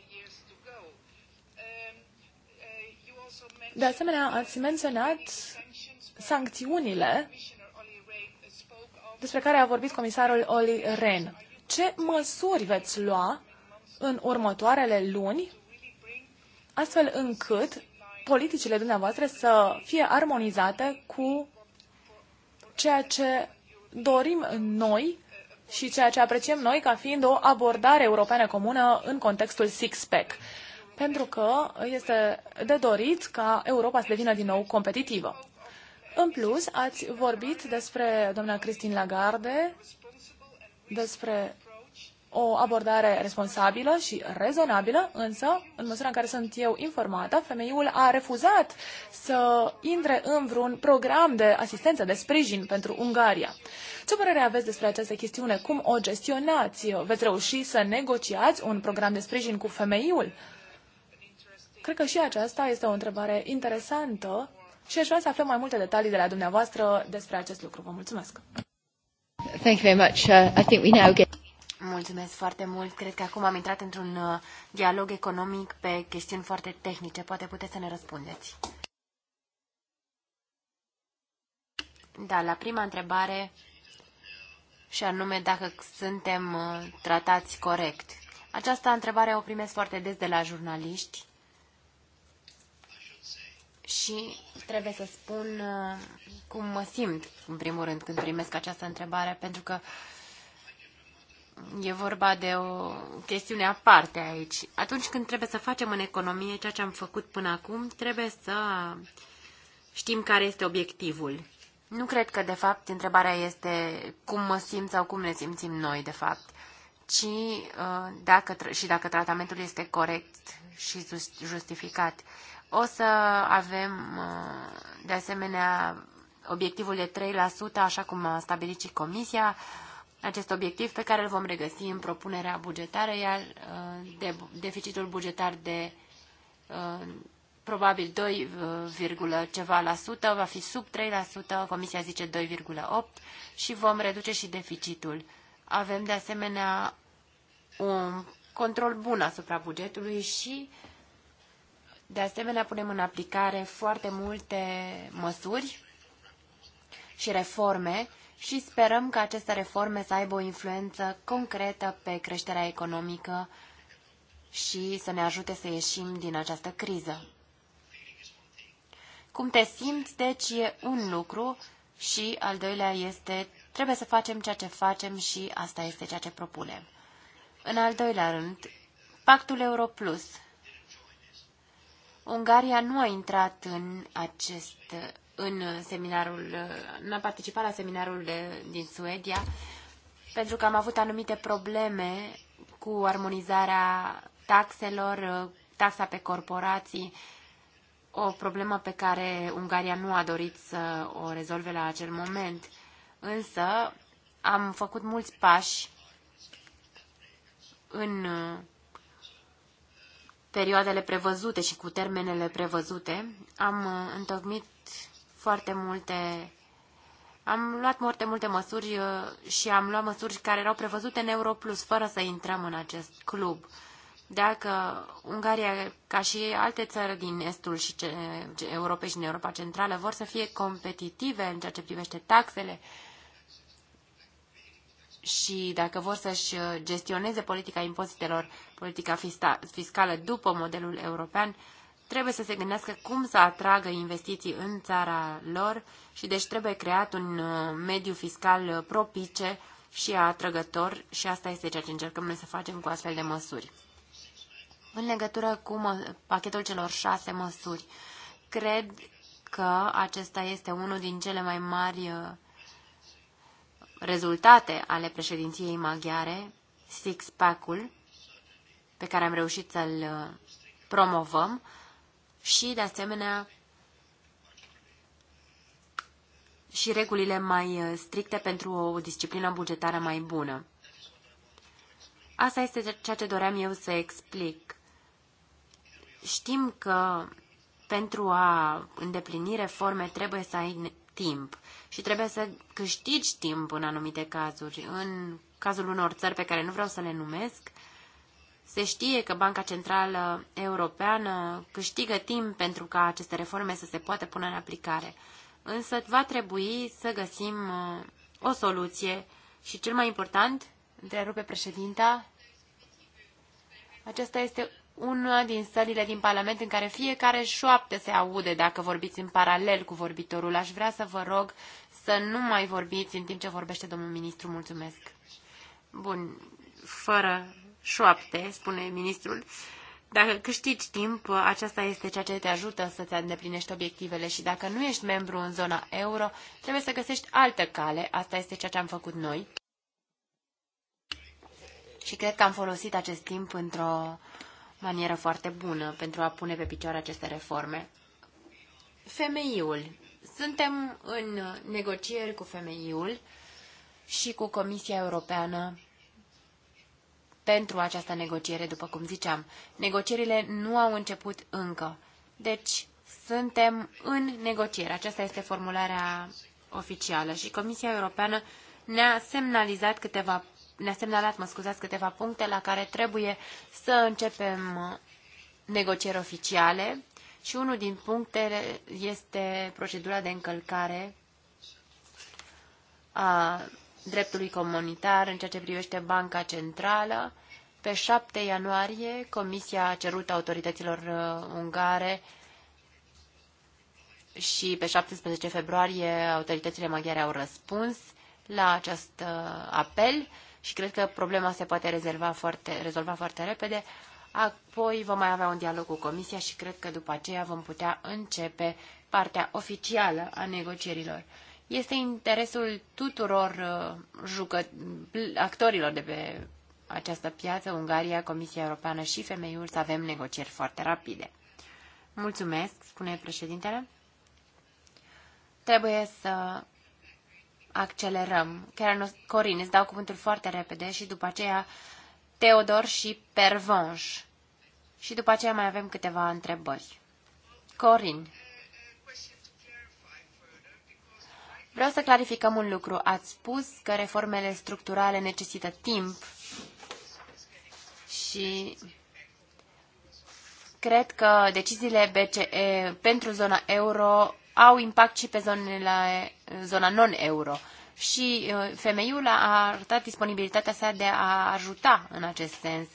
De asemenea, ați menționat sancțiunile despre care a vorbit comisarul Oli Rehn. Ce măsuri veți lua în următoarele luni, astfel încât politicile dumneavoastră să fie armonizate cu ceea ce dorim noi și ceea ce apreciem noi ca fiind o abordare europeană comună în contextul six-pack. Pentru că este de dorit ca Europa să devină din nou competitivă. În plus, ați vorbit despre doamna Christine Lagarde, despre o abordare responsabilă și rezonabilă, însă, în măsura în care sunt eu informată, femeiul a refuzat să intre în vreun program de asistență, de sprijin pentru Ungaria. Ce părere aveți despre această chestiune? Cum o gestionați? Veți reuși să negociați un program de sprijin cu femeiul? Cred că și aceasta este o întrebare interesantă și aș vrea să aflăm mai multe detalii de la dumneavoastră despre acest lucru. Vă mulțumesc! Thank you very much. Uh, I think we now get... Mulțumesc foarte mult. Cred că acum am intrat într-un uh, dialog economic pe chestiuni foarte tehnice. Poate puteți să ne răspundeți. Da, la prima întrebare și anume dacă suntem uh, tratați corect. Această întrebare o primesc foarte des de la jurnaliști și trebuie să spun uh, cum mă simt, în primul rând, când primesc această întrebare, pentru că uh, E vorba de o chestiune aparte aici. Atunci când trebuie să facem în economie ceea ce am făcut până acum, trebuie să știm care este obiectivul. Nu cred că, de fapt, întrebarea este cum mă simt sau cum ne simțim noi, de fapt, ci uh, dacă, și dacă tratamentul este corect și justificat. O să avem, uh, de asemenea, obiectivul de 3%, așa cum a stabilit și Comisia, acest obiectiv pe care îl vom regăsi în propunerea bugetară, iar uh, de deficitul bugetar de uh, probabil 2, uh, ceva la sută va fi sub 3%, Comisia zice 2,8% și vom reduce și deficitul. Avem de asemenea un control bun asupra bugetului și de asemenea punem în aplicare foarte multe măsuri și reforme și sperăm că aceste reforme să aibă o influență concretă pe creșterea economică și să ne ajute să ieșim din această criză. Cum te simți, deci, e un lucru și al doilea este trebuie să facem ceea ce facem și asta este ceea ce propunem. În al doilea rând, Pactul Europlus. Ungaria nu a intrat în acest în seminarul, n-am participat la seminarul de, din Suedia, pentru că am avut anumite probleme cu armonizarea taxelor, taxa pe corporații, o problemă pe care Ungaria nu a dorit să o rezolve la acel moment. Însă am făcut mulți pași în perioadele prevăzute și cu termenele prevăzute. Am întocmit foarte multe am luat foarte multe măsuri uh, și am luat măsuri care erau prevăzute în Europlus, fără să intrăm în acest club. Dacă Ungaria, ca și alte țări din estul și ce, Europei și din Europa Centrală, vor să fie competitive în ceea ce privește taxele și dacă vor să-și uh, gestioneze politica impozitelor, politica fiscală după modelul european, trebuie să se gândească cum să atragă investiții în țara lor și deci trebuie creat un uh, mediu fiscal uh, propice și atrăgător și asta este ceea ce încercăm noi să facem cu astfel de măsuri. În legătură cu pachetul celor șase măsuri, cred că acesta este unul din cele mai mari uh, rezultate ale președinției maghiare, six-pack-ul, pe care am reușit să-l promovăm și, de asemenea, și regulile mai uh, stricte pentru o disciplină bugetară mai bună. Asta este ceea ce doream eu să explic. Știm că pentru a îndeplini reforme trebuie să ai timp și trebuie să câștigi timp în anumite cazuri. În cazul unor țări pe care nu vreau să le numesc, se știe că Banca Centrală Europeană câștigă timp pentru ca aceste reforme să se poată pune în aplicare. Însă va trebui să găsim uh, o soluție și cel mai important, întrerupe președinta, acesta este una din sălile din Parlament în care fiecare șoapte se aude dacă vorbiți în paralel cu vorbitorul. Aș vrea să vă rog să nu mai vorbiți în timp ce vorbește domnul ministru. Mulțumesc. Bun, fără șoapte, spune ministrul. Dacă câștigi timp, aceasta este ceea ce te ajută să-ți îndeplinești obiectivele și dacă nu ești membru în zona euro, trebuie să găsești altă cale. Asta este ceea ce am făcut noi. Și cred că am folosit acest timp într-o manieră foarte bună pentru a pune pe picioare aceste reforme. Femeiul. Suntem în negocieri cu femeiul și cu Comisia Europeană pentru această negociere, după cum ziceam. Negocierile nu au început încă. Deci, suntem în negociere. Aceasta este formularea oficială și Comisia Europeană ne-a semnalizat câteva ne-a semnalat, mă scuzați, câteva puncte la care trebuie să începem negocieri oficiale și unul din punctele este procedura de încălcare a dreptului comunitar în ceea ce privește Banca Centrală. Pe 7 ianuarie, Comisia a cerut autorităților uh, ungare și pe 17 februarie autoritățile maghiare au răspuns la acest uh, apel și cred că problema se poate rezolva foarte, rezolva foarte repede. Apoi vom mai avea un dialog cu Comisia și cred că după aceea vom putea începe partea oficială a negocierilor. Este interesul tuturor uh, jucă, actorilor de pe această piață, Ungaria, Comisia Europeană și femeiul, să avem negocieri foarte rapide. Mulțumesc, spune președintele. Trebuie să accelerăm. Chiar Corin, îți dau cuvântul foarte repede și după aceea Teodor și Pervonș. Și după aceea mai avem câteva întrebări. Corin. Vreau să clarificăm un lucru. Ați spus că reformele structurale necesită timp și cred că deciziile BCE pentru zona euro au impact și pe zonele, zona non-euro. Și uh, femeiul a arătat disponibilitatea sa de a ajuta în acest sens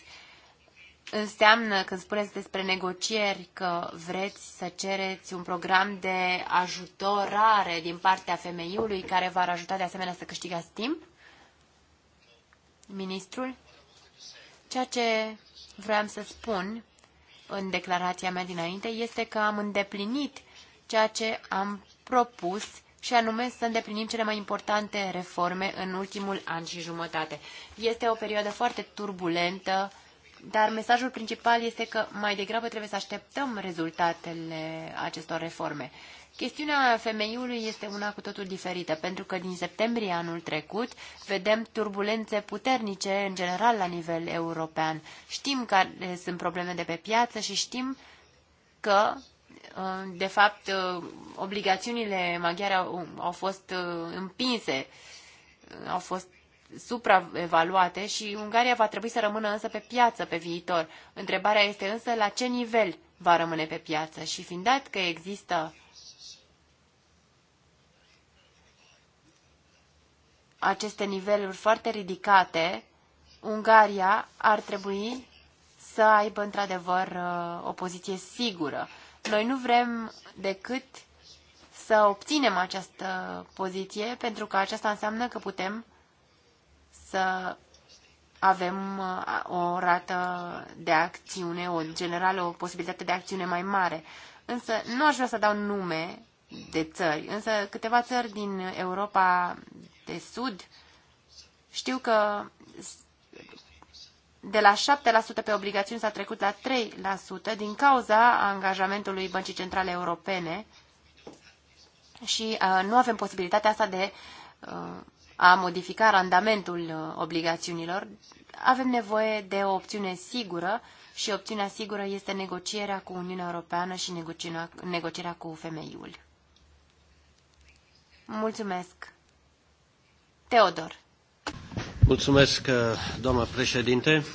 înseamnă când spuneți despre negocieri că vreți să cereți un program de ajutorare din partea femeiului care v-ar ajuta de asemenea să câștigați timp? Ministrul? Ceea ce vreau să spun în declarația mea dinainte este că am îndeplinit ceea ce am propus și anume să îndeplinim cele mai importante reforme în ultimul an și jumătate. Este o perioadă foarte turbulentă dar mesajul principal este că mai degrabă trebuie să așteptăm rezultatele acestor reforme. Chestiunea femeiului este una cu totul diferită, pentru că din septembrie anul trecut vedem turbulențe puternice în general la nivel european. Știm care sunt probleme de pe piață și știm că, uh, de fapt, uh, obligațiunile maghiare au, au fost uh, împinse, au fost supraevaluate și Ungaria va trebui să rămână însă pe piață pe viitor. Întrebarea este însă la ce nivel va rămâne pe piață și fiind dat că există aceste niveluri foarte ridicate, Ungaria ar trebui să aibă într-adevăr uh, o poziție sigură. Noi nu vrem decât să obținem această poziție, pentru că aceasta înseamnă că putem să avem uh, o rată de acțiune, o generală, o posibilitate de acțiune mai mare. Însă nu aș vrea să dau nume de țări, însă câteva țări din Europa de Sud știu că de la 7% pe obligațiuni s-a trecut la 3% din cauza angajamentului Băncii Centrale Europene și uh, nu avem posibilitatea asta de uh, a modifica randamentul uh, obligațiunilor, avem nevoie de o opțiune sigură și opțiunea sigură este negocierea cu Uniunea Europeană și negocierea cu femeiul. Mulțumesc. Teodor. Mulțumesc, uh, doamnă președinte.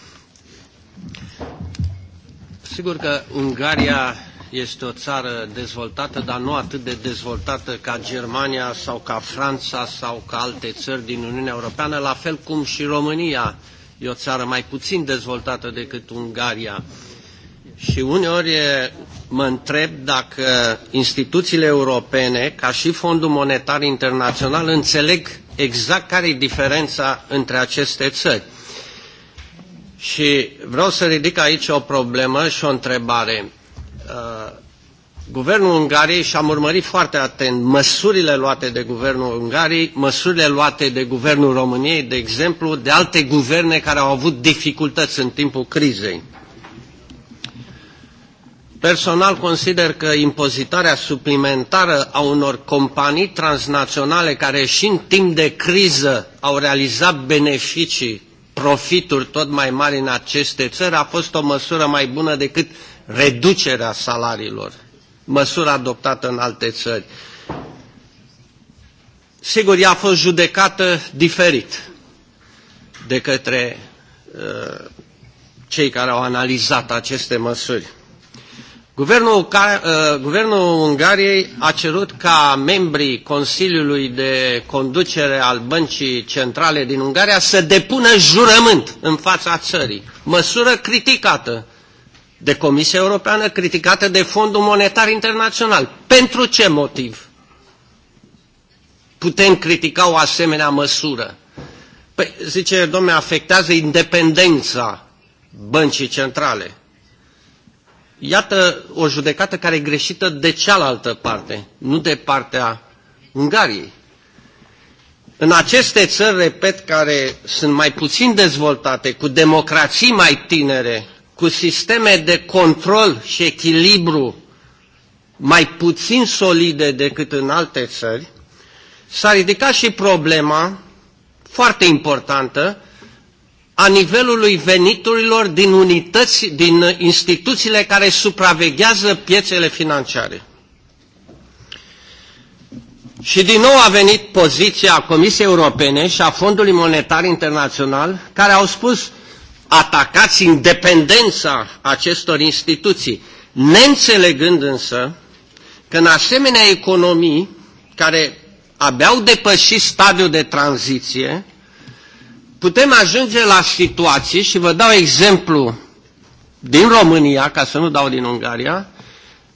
Sigur că Ungaria este o țară dezvoltată, dar nu atât de dezvoltată ca Germania sau ca Franța sau ca alte țări din Uniunea Europeană, la fel cum și România e o țară mai puțin dezvoltată decât Ungaria. Și uneori mă întreb dacă instituțiile europene, ca și Fondul Monetar Internațional, înțeleg exact care e diferența între aceste țări. Și vreau să ridic aici o problemă și o întrebare. Uh, guvernul Ungariei și am urmărit foarte atent măsurile luate de guvernul Ungariei, măsurile luate de guvernul României, de exemplu, de alte guverne care au avut dificultăți în timpul crizei. Personal consider că impozitarea suplimentară a unor companii transnaționale care și în timp de criză au realizat beneficii, profituri tot mai mari în aceste țări, a fost o măsură mai bună decât reducerea salariilor, măsură adoptată în alte țări. Sigur, ea a fost judecată diferit de către uh, cei care au analizat aceste măsuri. Guvernul, uh, Guvernul Ungariei a cerut ca membrii Consiliului de Conducere al Băncii Centrale din Ungaria să depună jurământ în fața țării, măsură criticată de Comisia Europeană, criticată de Fondul Monetar Internațional. Pentru ce motiv putem critica o asemenea măsură? Păi, zice, domne, afectează independența băncii centrale. Iată o judecată care e greșită de cealaltă parte, nu de partea Ungariei. În aceste țări, repet, care sunt mai puțin dezvoltate, cu democrații mai tinere, cu sisteme de control și echilibru mai puțin solide decât în alte țări, s-a ridicat și problema foarte importantă a nivelului veniturilor din unități, din instituțiile care supraveghează piețele financiare. Și din nou a venit poziția Comisiei Europene și a Fondului Monetar Internațional, care au spus atacați independența acestor instituții, neînțelegând însă că în asemenea economii care abia au depășit stadiul de tranziție, putem ajunge la situații, și vă dau exemplu din România, ca să nu dau din Ungaria,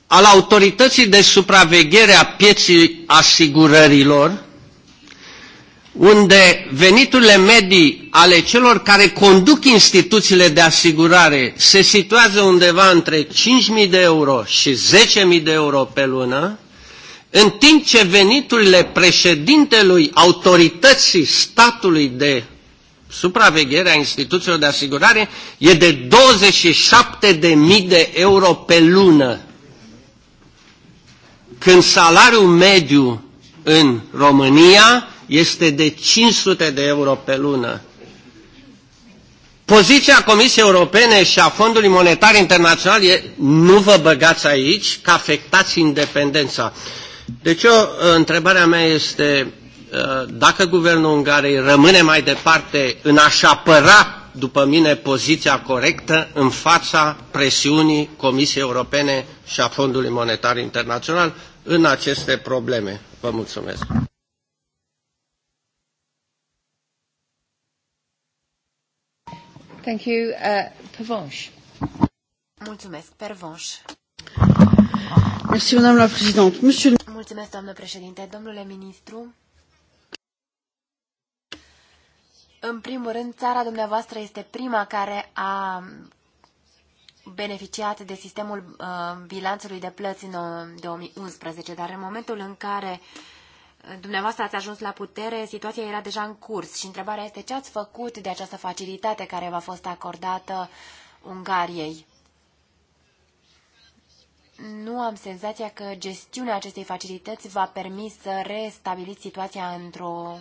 al autorității de supraveghere a pieții asigurărilor, unde veniturile medii ale celor care conduc instituțiile de asigurare se situează undeva între 5.000 de euro și 10.000 de euro pe lună, în timp ce veniturile președintelui autorității statului de supraveghere a instituțiilor de asigurare e de 27.000 de euro pe lună. Când salariul mediu în România este de 500 de euro pe lună. Poziția Comisiei Europene și a Fondului Monetar Internațional e nu vă băgați aici, că afectați independența. Deci eu, ă, întrebarea mea este ă, dacă guvernul Ungariei rămâne mai departe în a-și apăra, după mine, poziția corectă în fața presiunii Comisiei Europene și a Fondului Monetar Internațional în aceste probleme. Vă mulțumesc. Thank you, uh, Pervenche. Mulțumesc, Pervenș. Merci, Madame la Monsieur... Mulțumesc, doamnă președinte. Domnule ministru, în primul rând, țara dumneavoastră este prima care a beneficiat de sistemul uh, bilanțului de plăți în 2011, uh, dar în momentul în care uh, dumneavoastră ați ajuns la putere, situația era deja în curs și întrebarea este ce ați făcut de această facilitate care v-a fost acordată Ungariei? Nu am senzația că gestiunea acestei facilități va permis să restabiliți situația într-o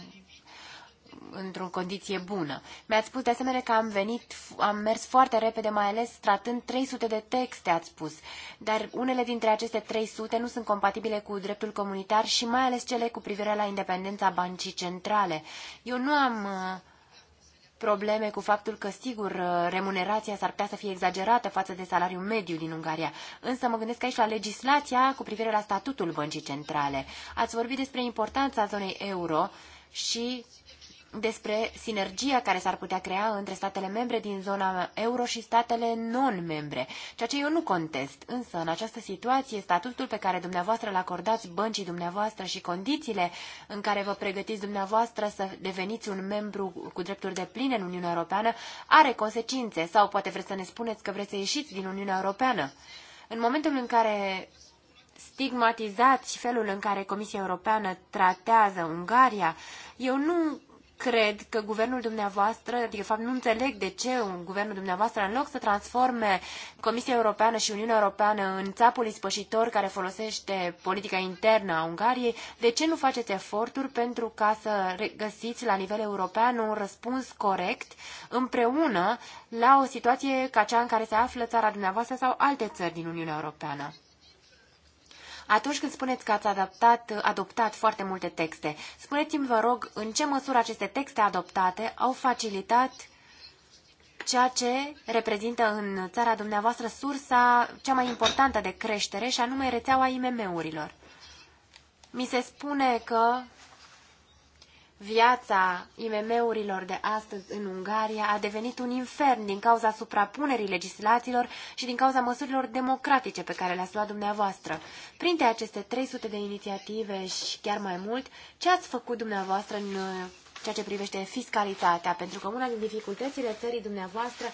într-o condiție bună. Mi-ați spus de asemenea că am venit, am mers foarte repede, mai ales tratând 300 de texte, ați spus, dar unele dintre aceste 300 nu sunt compatibile cu dreptul comunitar și mai ales cele cu privire la independența bancii centrale. Eu nu am uh, probleme cu faptul că, sigur, uh, remunerația s-ar putea să fie exagerată față de salariul mediu din Ungaria. Însă mă gândesc aici la legislația cu privire la statutul băncii centrale. Ați vorbit despre importanța zonei euro și despre sinergia care s-ar putea crea între statele membre din zona euro și statele non-membre, ceea ce eu nu contest. Însă, în această situație, statutul pe care dumneavoastră îl acordați băncii dumneavoastră și condițiile în care vă pregătiți dumneavoastră să deveniți un membru cu drepturi de pline în Uniunea Europeană are consecințe sau poate vreți să ne spuneți că vreți să ieșiți din Uniunea Europeană. În momentul în care stigmatizați felul în care Comisia Europeană tratează Ungaria, eu nu cred că guvernul dumneavoastră, de fapt nu înțeleg de ce un guvernul dumneavoastră, în loc să transforme Comisia Europeană și Uniunea Europeană în țapul ispășitor care folosește politica internă a Ungariei, de ce nu faceți eforturi pentru ca să găsiți la nivel european un răspuns corect împreună la o situație ca cea în care se află țara dumneavoastră sau alte țări din Uniunea Europeană? Atunci când spuneți că ați adaptat, adoptat foarte multe texte, spuneți-mi, vă rog, în ce măsură aceste texte adoptate au facilitat ceea ce reprezintă în țara dumneavoastră sursa cea mai importantă de creștere, și anume rețeaua IMM-urilor. Mi se spune că Viața IMM-urilor de astăzi în Ungaria a devenit un infern din cauza suprapunerii legislațiilor și din cauza măsurilor democratice pe care le-ați luat dumneavoastră. Printre aceste 300 de inițiative și chiar mai mult, ce ați făcut dumneavoastră în uh, ceea ce privește fiscalitatea? Pentru că una din dificultățile țării dumneavoastră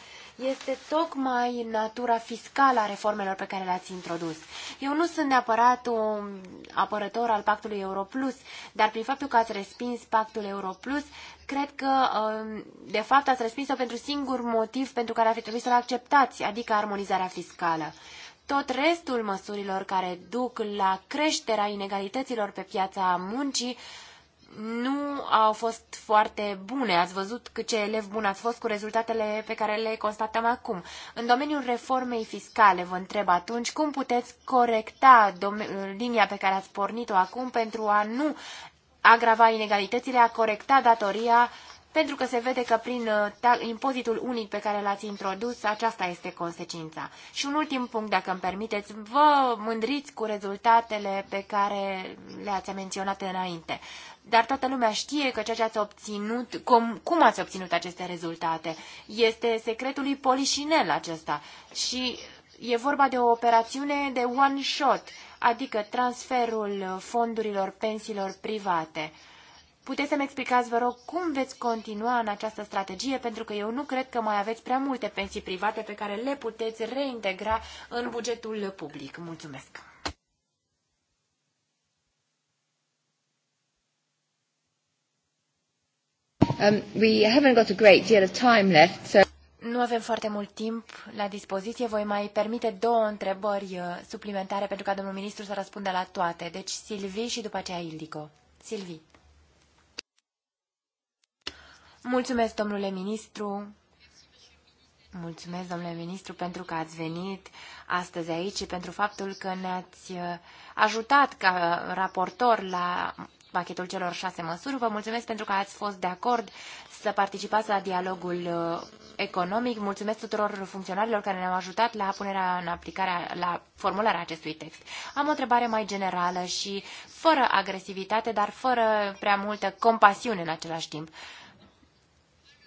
este tocmai natura fiscală a reformelor pe care le-ați introdus. Eu nu sunt neapărat un apărător al pactului Europlus, dar prin faptul că ați respins pactul Europlus, cred că, um, de fapt, ați respins-o pentru singur motiv pentru care ar fi trebuit să-l acceptați, adică armonizarea fiscală. Tot restul măsurilor care duc la creșterea inegalităților pe piața muncii nu au fost foarte bune. Ați văzut cât ce elev bun ați fost cu rezultatele pe care le constatăm acum. În domeniul reformei fiscale, vă întreb atunci, cum puteți corecta linia pe care ați pornit-o acum pentru a nu agrava inegalitățile, a corecta datoria pentru că se vede că prin uh, impozitul unic pe care l-ați introdus, aceasta este consecința. Și un ultim punct, dacă îmi permiteți, vă mândriți cu rezultatele pe care le-ați menționat înainte. Dar toată lumea știe că ceea ce ați obținut, cum, cum ați obținut aceste rezultate, este secretul lui Polișinel acesta. Și e vorba de o operațiune de one shot, adică transferul fondurilor pensiilor private Puteți să-mi explicați, vă rog, cum veți continua în această strategie, pentru că eu nu cred că mai aveți prea multe pensii private pe care le puteți reintegra în bugetul public. Mulțumesc! Um, we haven't got a great deal of time left, so... Nu avem foarte mult timp la dispoziție. Voi mai permite două întrebări uh, suplimentare pentru ca domnul ministru să răspundă la toate. Deci Silvi și după aceea Ildico. Silvi. Mulțumesc, domnule ministru. Mulțumesc, domnule ministru, pentru că ați venit astăzi aici și pentru faptul că ne-ați uh, ajutat ca raportor la pachetul celor șase măsuri. Vă mulțumesc pentru că ați fost de acord să participați la dialogul uh, economic. Mulțumesc tuturor funcționarilor care ne-au ajutat la punerea în aplicare, la formularea acestui text. Am o întrebare mai generală și fără agresivitate, dar fără prea multă compasiune în același timp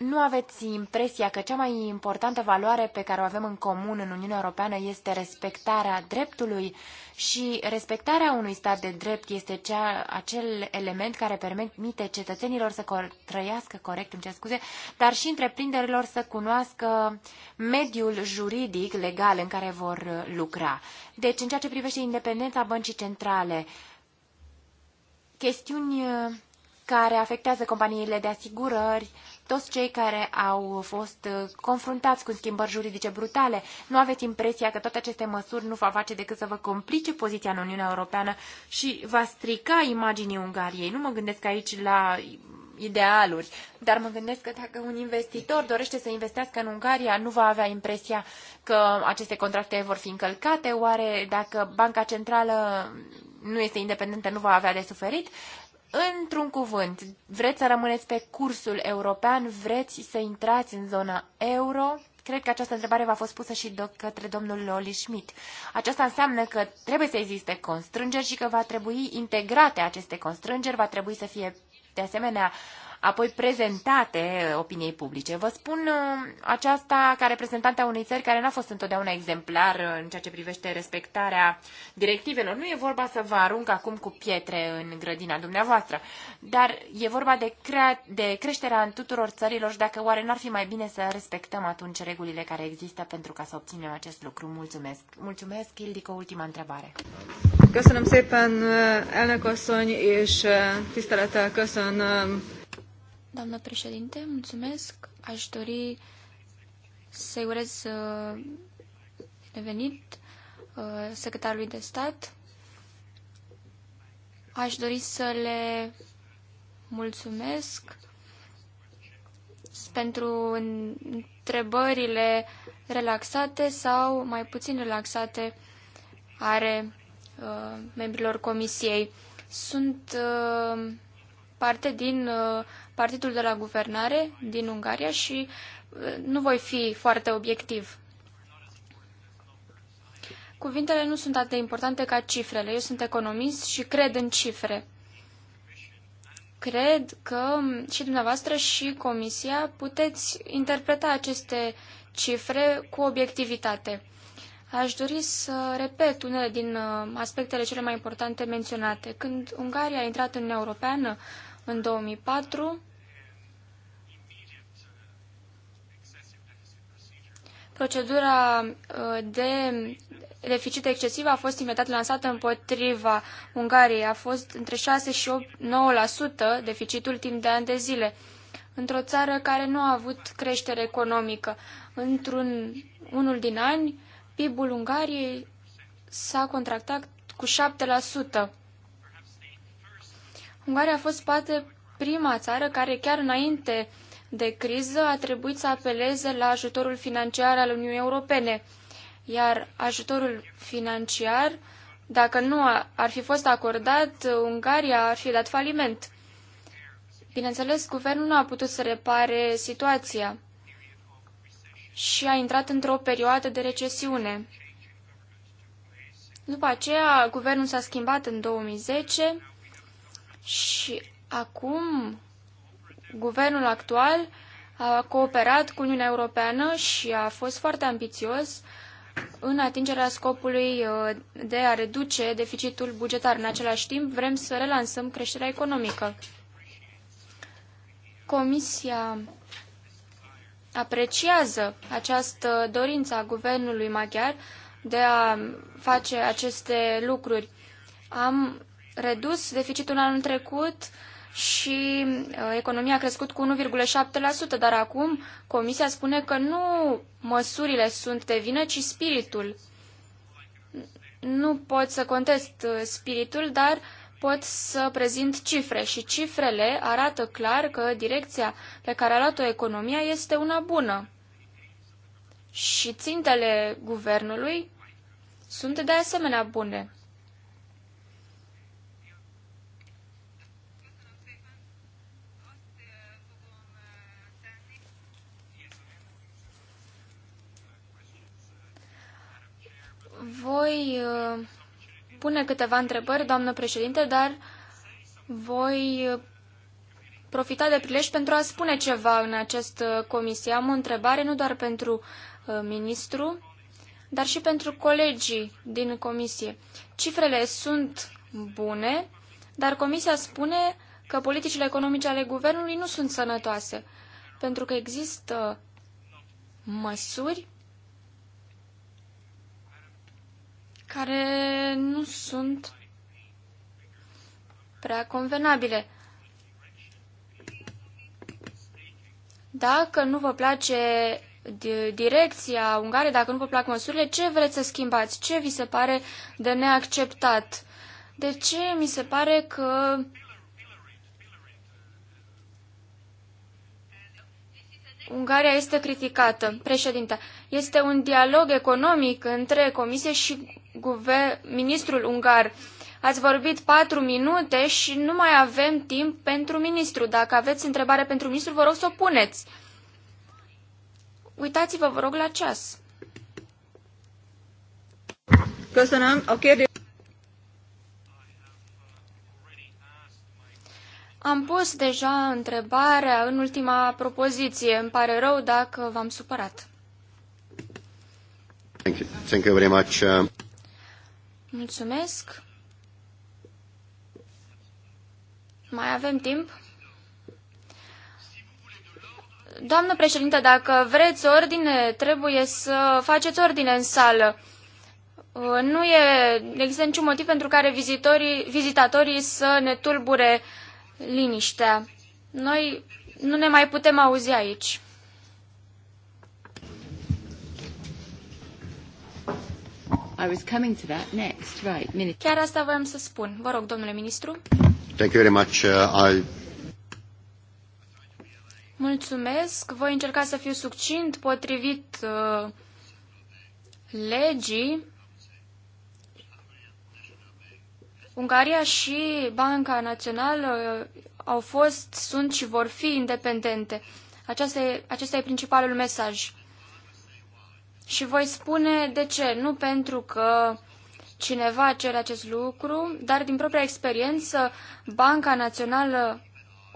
nu aveți impresia că cea mai importantă valoare pe care o avem în comun în Uniunea Europeană este respectarea dreptului și respectarea unui stat de drept este cea, acel element care permite cetățenilor să cor- trăiască corect, îmi cer scuze, dar și întreprinderilor să cunoască mediul juridic legal în care vor lucra. Deci, în ceea ce privește independența băncii centrale, chestiuni care afectează companiile de asigurări, toți cei care au fost uh, confruntați cu schimbări juridice brutale. Nu aveți impresia că toate aceste măsuri nu va face decât să vă complice poziția în Uniunea Europeană și va strica imaginii Ungariei. Nu mă gândesc aici la idealuri, dar mă gândesc că dacă un investitor dorește să investească în Ungaria, nu va avea impresia că aceste contracte vor fi încălcate, oare dacă Banca Centrală nu este independentă, nu va avea de suferit. Într-un cuvânt, vreți să rămâneți pe cursul european, vreți să intrați în zona euro? Cred că această întrebare va fost pusă și de către domnul Loli Schmidt. Aceasta înseamnă că trebuie să existe constrângeri și că va trebui integrate aceste constrângeri, va trebui să fie de asemenea uh, apoi prezentate opiniei publice. Vă spun uh, aceasta ca reprezentante a unei țări care n-a fost întotdeauna exemplar uh, în ceea ce privește respectarea directivelor. Nu e vorba să vă arunc acum cu pietre în grădina dumneavoastră, dar e vorba de, crea- de creșterea în tuturor țărilor și dacă oare n-ar fi mai bine să respectăm atunci regulile care există pentru ca să obținem acest lucru. Mulțumesc. Mulțumesc, Ildico, ultima întrebare. Köszönöm szépen, elnök asszony, és eh, tisztelettel köszönöm Doamnă președinte, mulțumesc. Aș dori să-i urez revenit uh, uh, secretarului de stat. Aș dori să le mulțumesc pentru întrebările relaxate sau mai puțin relaxate are uh, membrilor comisiei. Sunt uh, parte din uh, partidul de la guvernare din Ungaria și uh, nu voi fi foarte obiectiv. Cuvintele nu sunt atât de importante ca cifrele. Eu sunt economist și cred în cifre. Cred că și dumneavoastră și Comisia puteți interpreta aceste cifre cu obiectivitate. Aș dori să repet unele din uh, aspectele cele mai importante menționate. Când Ungaria a intrat în Uniunea Europeană, în 2004 procedura uh, de deficit excesiv a fost imediat lansată împotriva Ungariei. A fost între 6 și 8, 9% deficitul timp de ani de zile, într-o țară care nu a avut creștere economică. Într-un unul din ani, PIB-ul Ungariei s-a contractat cu 7%. Ungaria a fost poate prima țară care chiar înainte de criză a trebuit să apeleze la ajutorul financiar al Uniunii Europene. Iar ajutorul financiar, dacă nu ar fi fost acordat, Ungaria ar fi dat faliment. Bineînțeles, guvernul nu a putut să repare situația și a intrat într-o perioadă de recesiune. După aceea, guvernul s-a schimbat în 2010 și acum guvernul actual a cooperat cu Uniunea Europeană și a fost foarte ambițios în atingerea scopului uh, de a reduce deficitul bugetar. În același timp, vrem să relansăm creșterea economică. Comisia apreciază această dorință a guvernului maghiar de a face aceste lucruri. Am redus deficitul anul trecut și uh, economia a crescut cu 1,7%, dar acum Comisia spune că nu măsurile sunt de vină, ci spiritul. Nu pot să contest uh, spiritul, dar pot să prezint cifre și cifrele arată clar că direcția pe care a luat-o economia este una bună. Și țintele guvernului sunt de asemenea bune. Voi uh, pune câteva întrebări, doamnă președinte, dar voi uh, profita de prilej pentru a spune ceva în această comisie. Am o întrebare nu doar pentru uh, ministru, dar și pentru colegii din comisie. Cifrele sunt bune, dar comisia spune că politicile economice ale guvernului nu sunt sănătoase, pentru că există măsuri care nu sunt prea convenabile. Dacă nu vă place direcția Ungariei, dacă nu vă plac măsurile, ce vreți să schimbați? Ce vi se pare de neacceptat? De ce mi se pare că Ungaria este criticată. Președinte, este un dialog economic între Comisie și guver- ministrul ungar. Ați vorbit patru minute și nu mai avem timp pentru ministru. Dacă aveți întrebare pentru ministru, vă rog să o puneți. Uitați-vă, vă rog, la ceas. Am pus deja întrebarea în ultima propoziție. Îmi pare rău dacă v-am supărat. Thank you. Thank you very much. Uh, Mulțumesc. Mai avem timp? Doamnă președinte, dacă vreți ordine, trebuie să faceți ordine în sală. Uh, nu e, există niciun motiv pentru care vizitorii, vizitatorii să ne tulbure liniștea. Noi nu ne mai putem auzi aici. I was coming to that next. Right, minute. Chiar asta voiam să spun. Vă rog, domnule ministru. Thank you very much. Uh, I... Mulțumesc. Voi încerca să fiu succint potrivit uh, legii. Ungaria și Banca Națională uh, au fost, sunt și vor fi independente. Aceasta e, acesta e principalul mesaj. Și voi spune de ce. Nu pentru că cineva cere acest lucru, dar din propria experiență, Banca Națională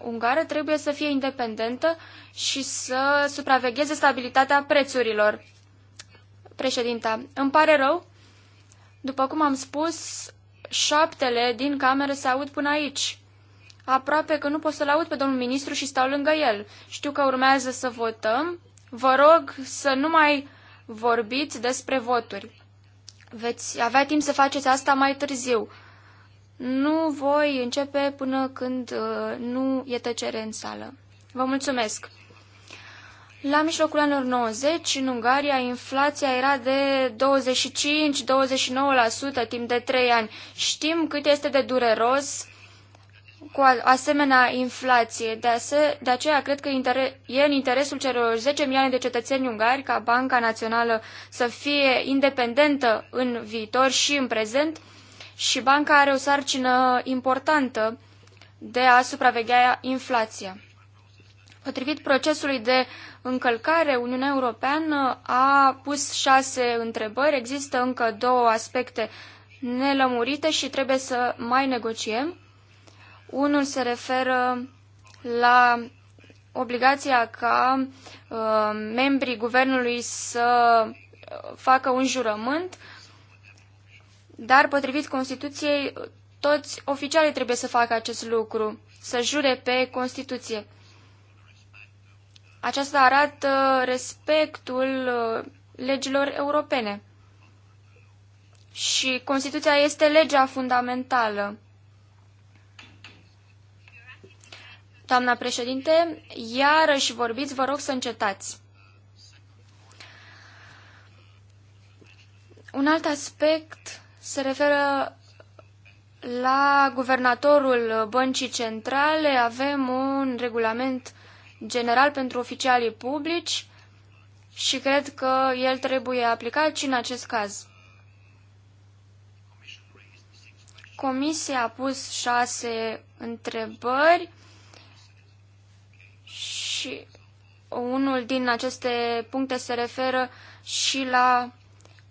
Ungară trebuie să fie independentă și să supravegheze stabilitatea prețurilor. Președinta, îmi pare rău. După cum am spus, șaptele din cameră se aud până aici. Aproape că nu pot să-l aud pe domnul ministru și stau lângă el. Știu că urmează să votăm. Vă rog să nu mai vorbiți despre voturi. Veți avea timp să faceți asta mai târziu. Nu voi începe până când uh, nu e tăcere în sală. Vă mulțumesc! La mijlocul anilor 90, în Ungaria, inflația era de 25-29% timp de 3 ani. Știm cât este de dureros cu asemenea inflație. De, ase- de aceea cred că e în interesul celor 10 milioane de cetățeni ungari ca Banca Națională să fie independentă în viitor și în prezent și banca are o sarcină importantă de a supraveghea inflația. Potrivit procesului de încălcare, Uniunea Europeană a pus șase întrebări. Există încă două aspecte nelămurite și trebuie să mai negociem. Unul se referă la obligația ca uh, membrii guvernului să facă un jurământ, dar potrivit Constituției, toți oficialii trebuie să facă acest lucru, să jure pe Constituție. Aceasta arată respectul uh, legilor europene. Și Constituția este legea fundamentală. Doamna președinte, iarăși vorbiți, vă rog să încetați. Un alt aspect se referă la guvernatorul băncii centrale. Avem un regulament general pentru oficialii publici și cred că el trebuie aplicat și în acest caz. Comisia a pus șase întrebări și unul din aceste puncte se referă și la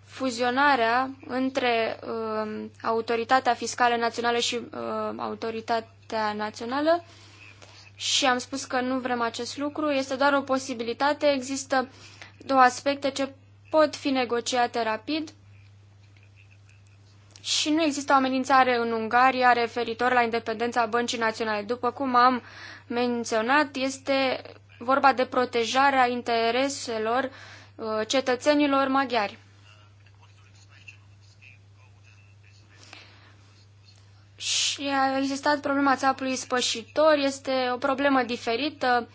fuzionarea între uh, Autoritatea Fiscală Națională și uh, Autoritatea Națională și am spus că nu vrem acest lucru. Este doar o posibilitate. Există două aspecte ce pot fi negociate rapid și nu există o amenințare în Ungaria referitor la independența Băncii Naționale. După cum am menționat, este vorba de protejarea intereselor uh, cetățenilor maghiari. Și a existat problema țapului spășitor, este o problemă diferită.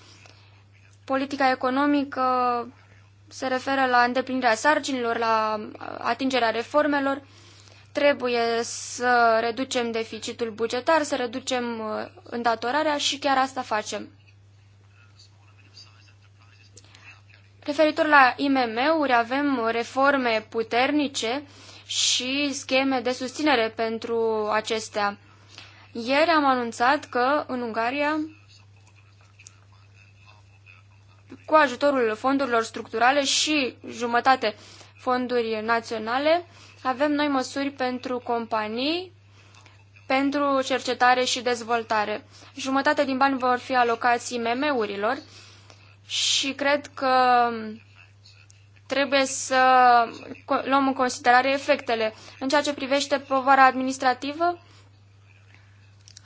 Politica economică se referă la îndeplinirea sarcinilor, la uh, atingerea reformelor. Trebuie să reducem deficitul bugetar, să reducem uh, îndatorarea și chiar asta facem. Referitor la IMM-uri, avem reforme puternice și scheme de susținere pentru acestea. Ieri am anunțat că în Ungaria, cu ajutorul fondurilor structurale și jumătate fonduri naționale, avem noi măsuri pentru companii, pentru cercetare și dezvoltare. Jumătate din bani vor fi alocați IMM-urilor, și cred că trebuie să luăm în considerare efectele. În ceea ce privește povara administrativă,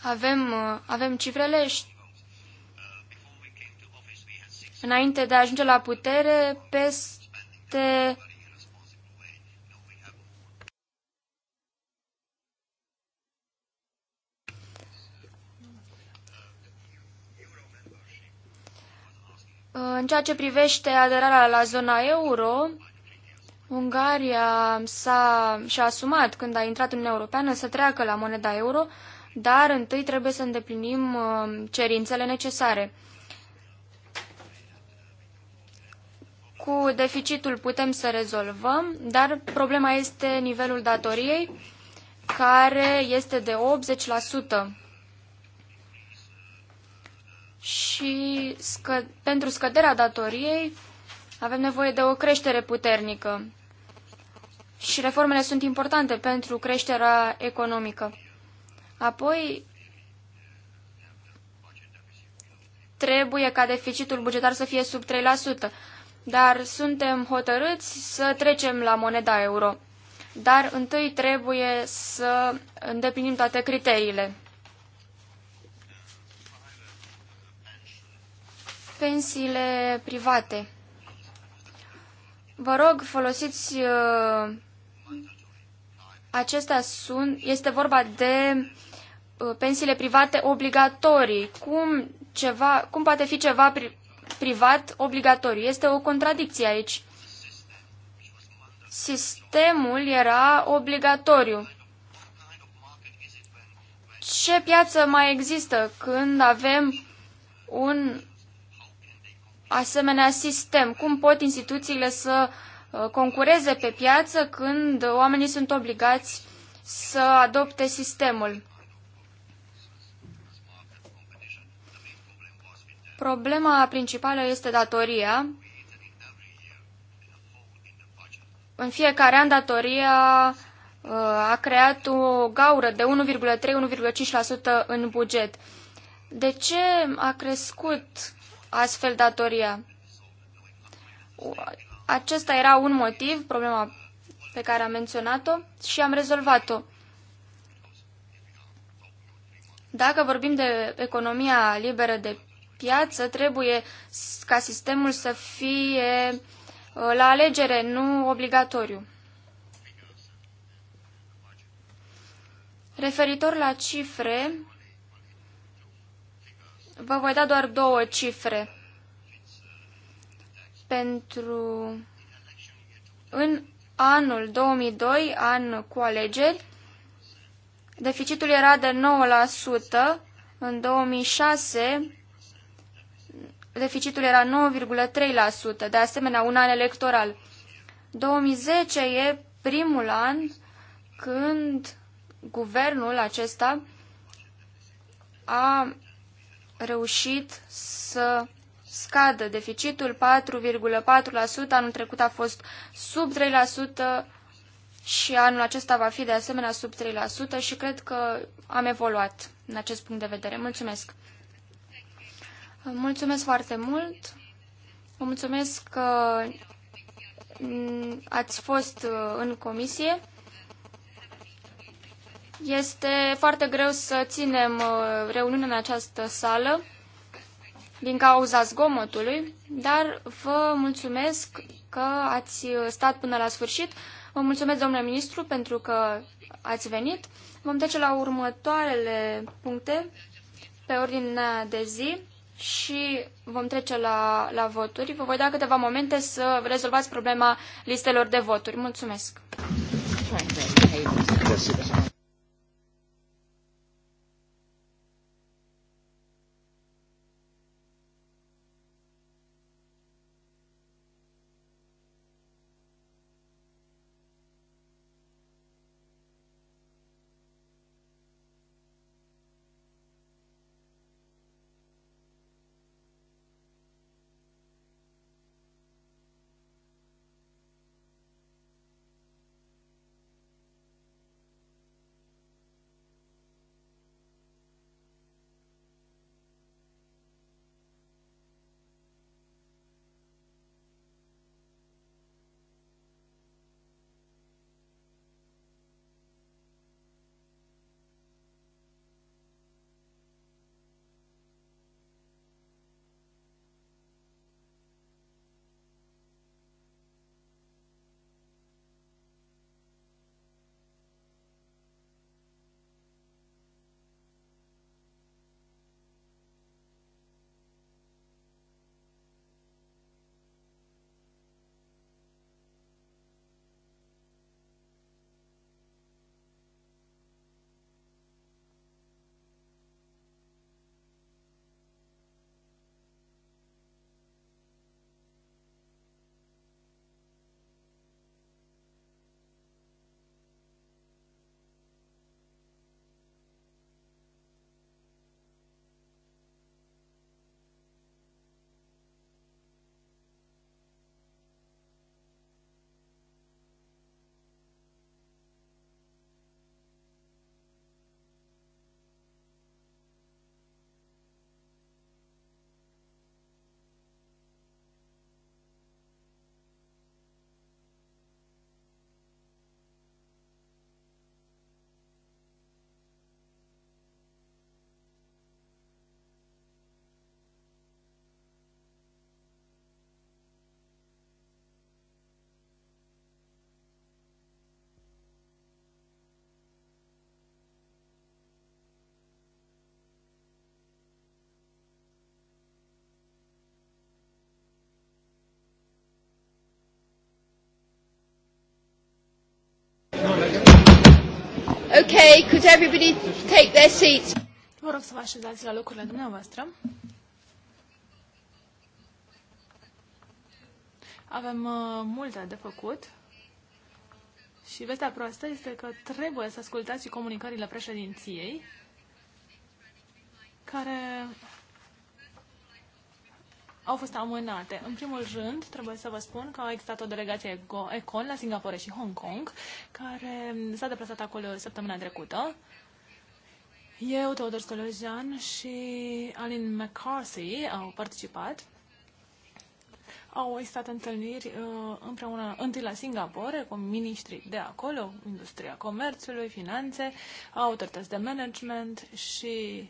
avem, avem cifrele. Înainte de a ajunge la putere, peste În ceea ce privește aderarea la zona euro, Ungaria s-a, și-a asumat când a intrat în Uniunea Europeană să treacă la moneda euro, dar întâi trebuie să îndeplinim uh, cerințele necesare. Cu deficitul putem să rezolvăm, dar problema este nivelul datoriei, care este de 80% și scă pentru scăderea datoriei avem nevoie de o creștere puternică. Și reformele sunt importante pentru creșterea economică. Apoi, trebuie ca deficitul bugetar să fie sub 3%, dar suntem hotărâți să trecem la moneda euro. Dar întâi trebuie să îndeplinim toate criteriile. pensiile private. Vă rog, folosiți uh, acestea sunt, este vorba de uh, pensiile private obligatorii. Cum, ceva, cum poate fi ceva pri, privat obligatoriu? Este o contradicție aici. Sistemul era obligatoriu. Ce piață mai există când avem un asemenea sistem? Cum pot instituțiile să uh, concureze pe piață când oamenii sunt obligați să adopte sistemul? Problema principală este datoria. În fiecare an datoria uh, a creat o gaură de 1,3-1,5% în buget. De ce a crescut astfel datoria. Acesta era un motiv, problema pe care am menționat-o și am rezolvat-o. Dacă vorbim de economia liberă de piață, trebuie ca sistemul să fie uh, la alegere, nu obligatoriu. Referitor la cifre, Vă voi da doar două cifre. Pentru în anul 2002, an cu alegeri, deficitul era de 9%, în 2006 deficitul era 9,3%, de asemenea un an electoral. 2010 e primul an când guvernul acesta a reușit să scadă deficitul 4,4%, anul trecut a fost sub 3% și anul acesta va fi de asemenea sub 3% și cred că am evoluat în acest punct de vedere. Mulțumesc! Mulțumesc foarte mult! mulțumesc că ați fost uh, în comisie. Este foarte greu să ținem uh, reuniune în această sală din cauza zgomotului, dar vă mulțumesc că ați stat până la sfârșit. Vă mulțumesc, domnule ministru, pentru că ați venit. Vom trece la următoarele puncte pe ordinea de zi și vom trece la, la voturi. Vă voi da câteva momente să rezolvați problema listelor de voturi. Mulțumesc! Okay, could everybody take their seats? Vă rog să vă așezați la locurile dumneavoastră. Avem uh, multe de făcut. Și vestea proastă este că trebuie să ascultați comunicările președinției, care au fost amânate. În primul rând, trebuie să vă spun că a existat o delegație ECON la Singapore și Hong Kong, care s-a deplasat acolo săptămâna trecută. Eu, Teodor Stolojan și Alin McCarthy au participat. Au existat întâlniri uh, împreună, întâi la Singapore, cu miniștri de acolo, industria comerțului, finanțe, autorități de management și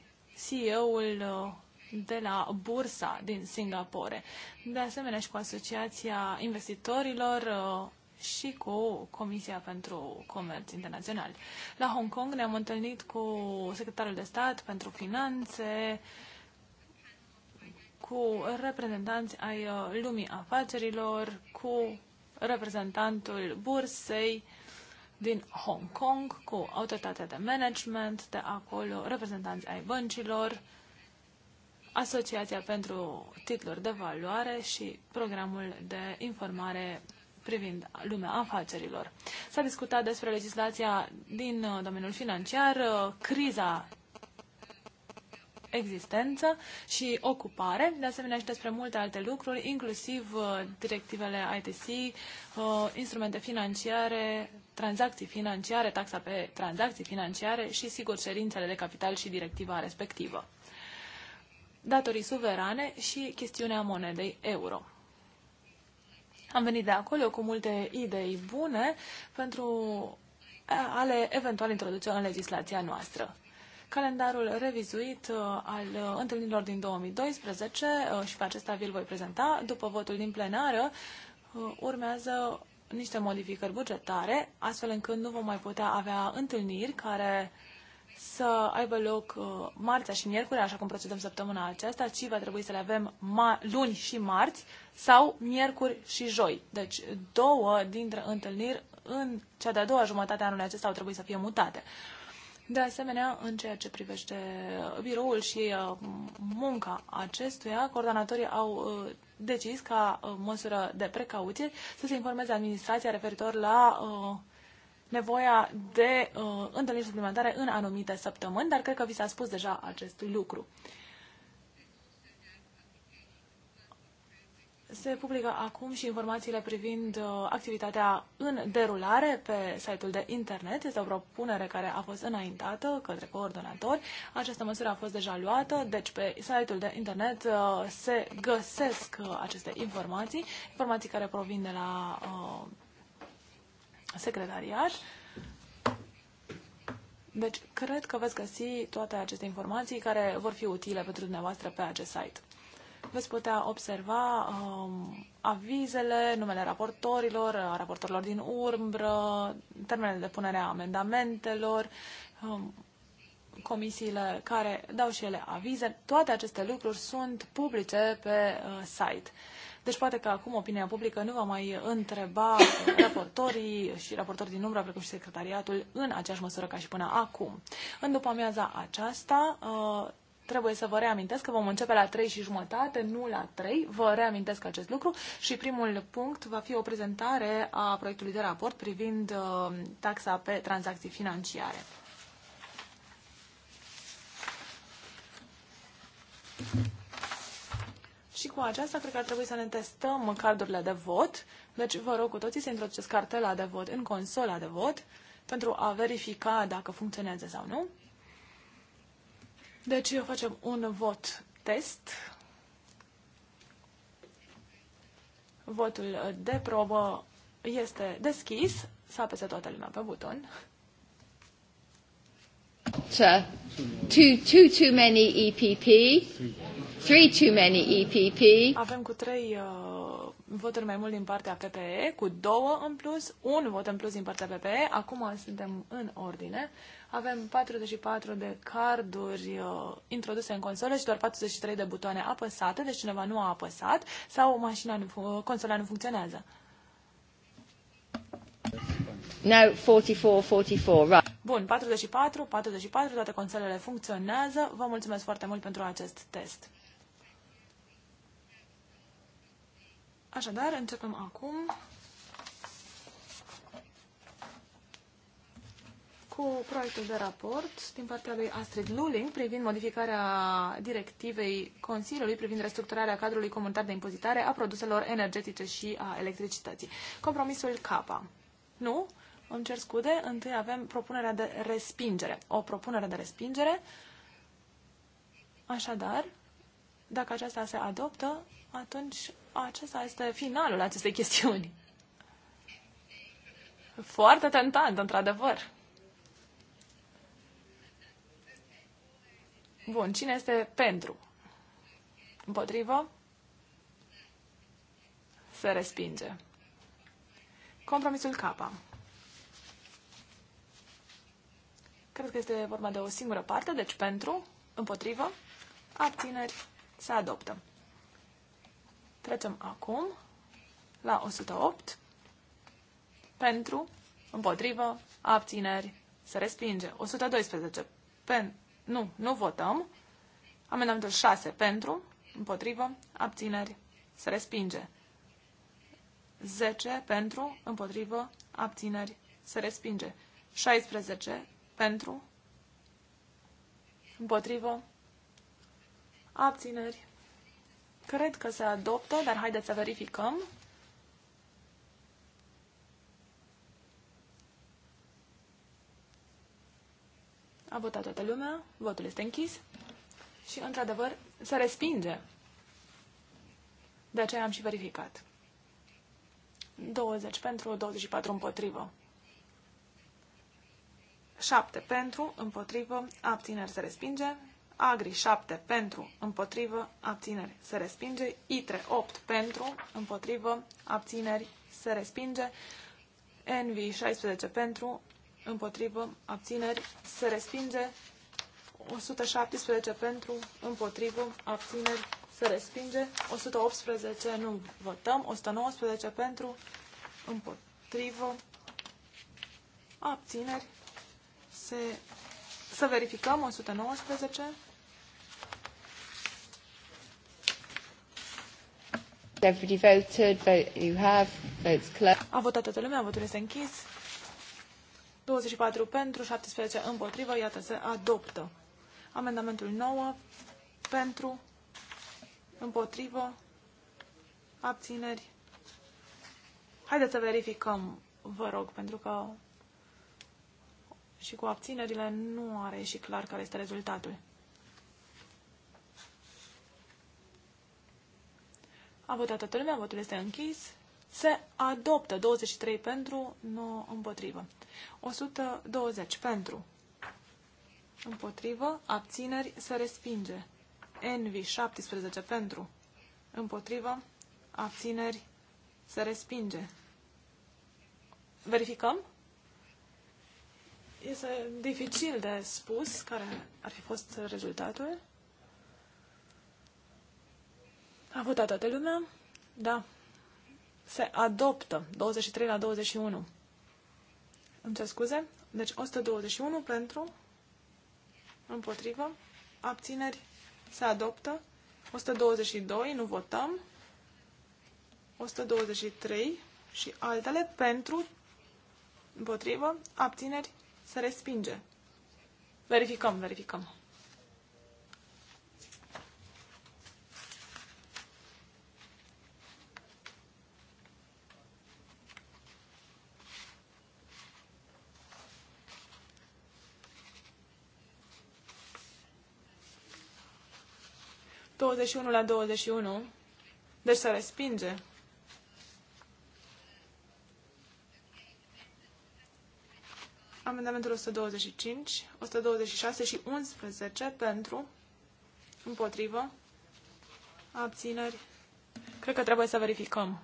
CEO-ul uh, de la bursa din Singapore. De asemenea și cu Asociația Investitorilor uh, și cu Comisia pentru Comerț Internațional. La Hong Kong ne-am întâlnit cu secretarul de stat pentru finanțe, cu reprezentanți ai uh, lumii afacerilor, cu reprezentantul bursei din Hong Kong, cu autoritatea de management de acolo, reprezentanți ai băncilor, Asociația pentru titluri de valoare și programul de informare privind lumea afacerilor. S-a discutat despre legislația din uh, domeniul financiar, uh, criza existență și ocupare, de asemenea și despre multe alte lucruri, inclusiv uh, directivele ITC, instrumente financiare, tranzacții financiare, taxa pe tranzacții financiare și, sigur, cerințele de capital și directiva respectivă datorii suverane și chestiunea monedei euro. Am venit de acolo cu multe idei bune pentru ale eventual introduce în legislația noastră. Calendarul revizuit uh, al întâlnirilor din 2012 uh, și pe acesta vi-l voi prezenta după votul din plenară uh, urmează niște modificări bugetare, astfel încât nu vom mai putea avea întâlniri care uh, să aibă loc uh, marțea și miercurea, așa cum procedăm săptămâna aceasta, ci va trebui să le avem luni și marți sau miercuri și joi. Deci două dintre întâlniri în cea de-a doua jumătate a anului acesta au trebuit să fie mutate. De asemenea, în ceea ce privește biroul și uh, munca acestuia, coordonatorii au uh, decis ca măsură de precauție să se informeze administrația referitor la uh, nevoia de uh, întâlniri suplimentare în anumite săptămâni, dar cred că vi s-a spus deja acest lucru. Se publică acum și informațiile privind uh, activitatea în derulare pe site-ul de internet. Este o propunere care a fost înaintată către coordonatori. Această măsură a fost deja luată, deci pe site-ul de internet uh, se găsesc uh, aceste informații, informații care provin de la uh, secretariat. Deci, cred că veți găsi toate aceste informații care vor fi utile pentru dumneavoastră pe acest site. Veți putea observa um, avizele, numele raportorilor, raportorilor din urmă, termenele de punere a amendamentelor, um, comisiile care dau și ele avize. Toate aceste lucruri sunt publice pe uh, site. Deci poate că acum opinia publică nu va mai întreba raportorii și raportorii din umbra, precum și secretariatul, în aceeași măsură ca și până acum. În după amiaza aceasta, uh, trebuie să vă reamintesc că vom începe la 3 și jumătate, nu la 3. Vă reamintesc acest lucru și primul punct va fi o prezentare a proiectului de raport privind uh, taxa pe tranzacții financiare. Thank you. Și cu aceasta cred că ar trebui să ne testăm cardurile de vot. Deci vă rog cu toții să introduceți cartela de vot în consola de vot pentru a verifica dacă funcționează sau nu. Deci eu facem un vot test. Votul de probă este deschis. Să apese toată lumea pe buton. Too too, too many EPP. Three too many EPP. Avem cu trei uh, voturi mai mult din partea PPE, cu două în plus, un vot în plus din partea PPE. Acum suntem în ordine. Avem 44 de carduri uh, introduse în consolă și doar 43 de butoane apăsate, deci cineva nu a apăsat sau mașina nu, consola nu funcționează. No, 44, 44, right. Bun, 44, 44, toate consolele funcționează. Vă mulțumesc foarte mult pentru acest test. Așadar, începem acum cu proiectul de raport din partea lui Astrid Luling privind modificarea directivei Consiliului privind restructurarea cadrului comunitar de impozitare a produselor energetice și a electricității. Compromisul CAPA. Nu? Îmi cer scude. Întâi avem propunerea de respingere. O propunere de respingere. Așadar, dacă aceasta se adoptă, atunci acesta este finalul acestei chestiuni. Foarte tentant, într-adevăr. Bun, cine este pentru? Împotrivă? Se respinge. Compromisul K. Cred că este vorba de o singură parte, deci pentru, împotrivă, abțineri, se adoptă. Trecem acum la 108. Pentru, împotrivă, abțineri, se respinge. 112. Pen, nu, nu votăm. Amendamentul 6. Pentru, împotrivă, abțineri, se respinge. 10. Pentru, împotrivă, abțineri, se respinge. 16. Pentru, împotrivă, abțineri, Cred că se adoptă, dar haideți să verificăm. A votat toată lumea, votul este închis și, într-adevăr, se respinge. De aceea am și verificat. 20 pentru, 24 împotrivă. 7 pentru, împotrivă, abțineri se respinge, Agri 7 pentru, împotrivă, abțineri, se respinge. ITRE 8 pentru, împotrivă, abțineri, se respinge. NV 16 pentru, împotrivă, abțineri, se respinge. 117 pentru, împotrivă, abțineri, se respinge. 118 nu votăm. 119 pentru, împotrivă, abțineri, se... Să verificăm 119. Everybody voted, vote you have, votes closed. A votat toată lumea, votul este închis. 24 pentru, 17 împotrivă, iată, se adoptă. Amendamentul 9 pentru, împotrivă, abțineri. Haideți să verificăm, vă rog, pentru că și cu abținerile nu are și clar care este rezultatul. A votat toată lumea, votul este închis. Se adoptă 23 pentru, nu împotrivă. 120 pentru, împotrivă, abțineri, se respinge. Envi 17 pentru, împotrivă, abțineri, se respinge. Verificăm? Este dificil de spus care ar fi fost rezultatul. A votat toată lumea? Da. Se adoptă. 23 la 21. Îmi cer scuze. Deci 121 pentru, împotrivă, abțineri, se adoptă. 122, nu votăm. 123 și altele pentru, împotrivă, abțineri, se respinge. Verificăm, verificăm. 21 la 21. Deci se respinge. Amendamentul 125, 126 și 11 pentru, împotrivă, abțineri. Cred că trebuie să verificăm.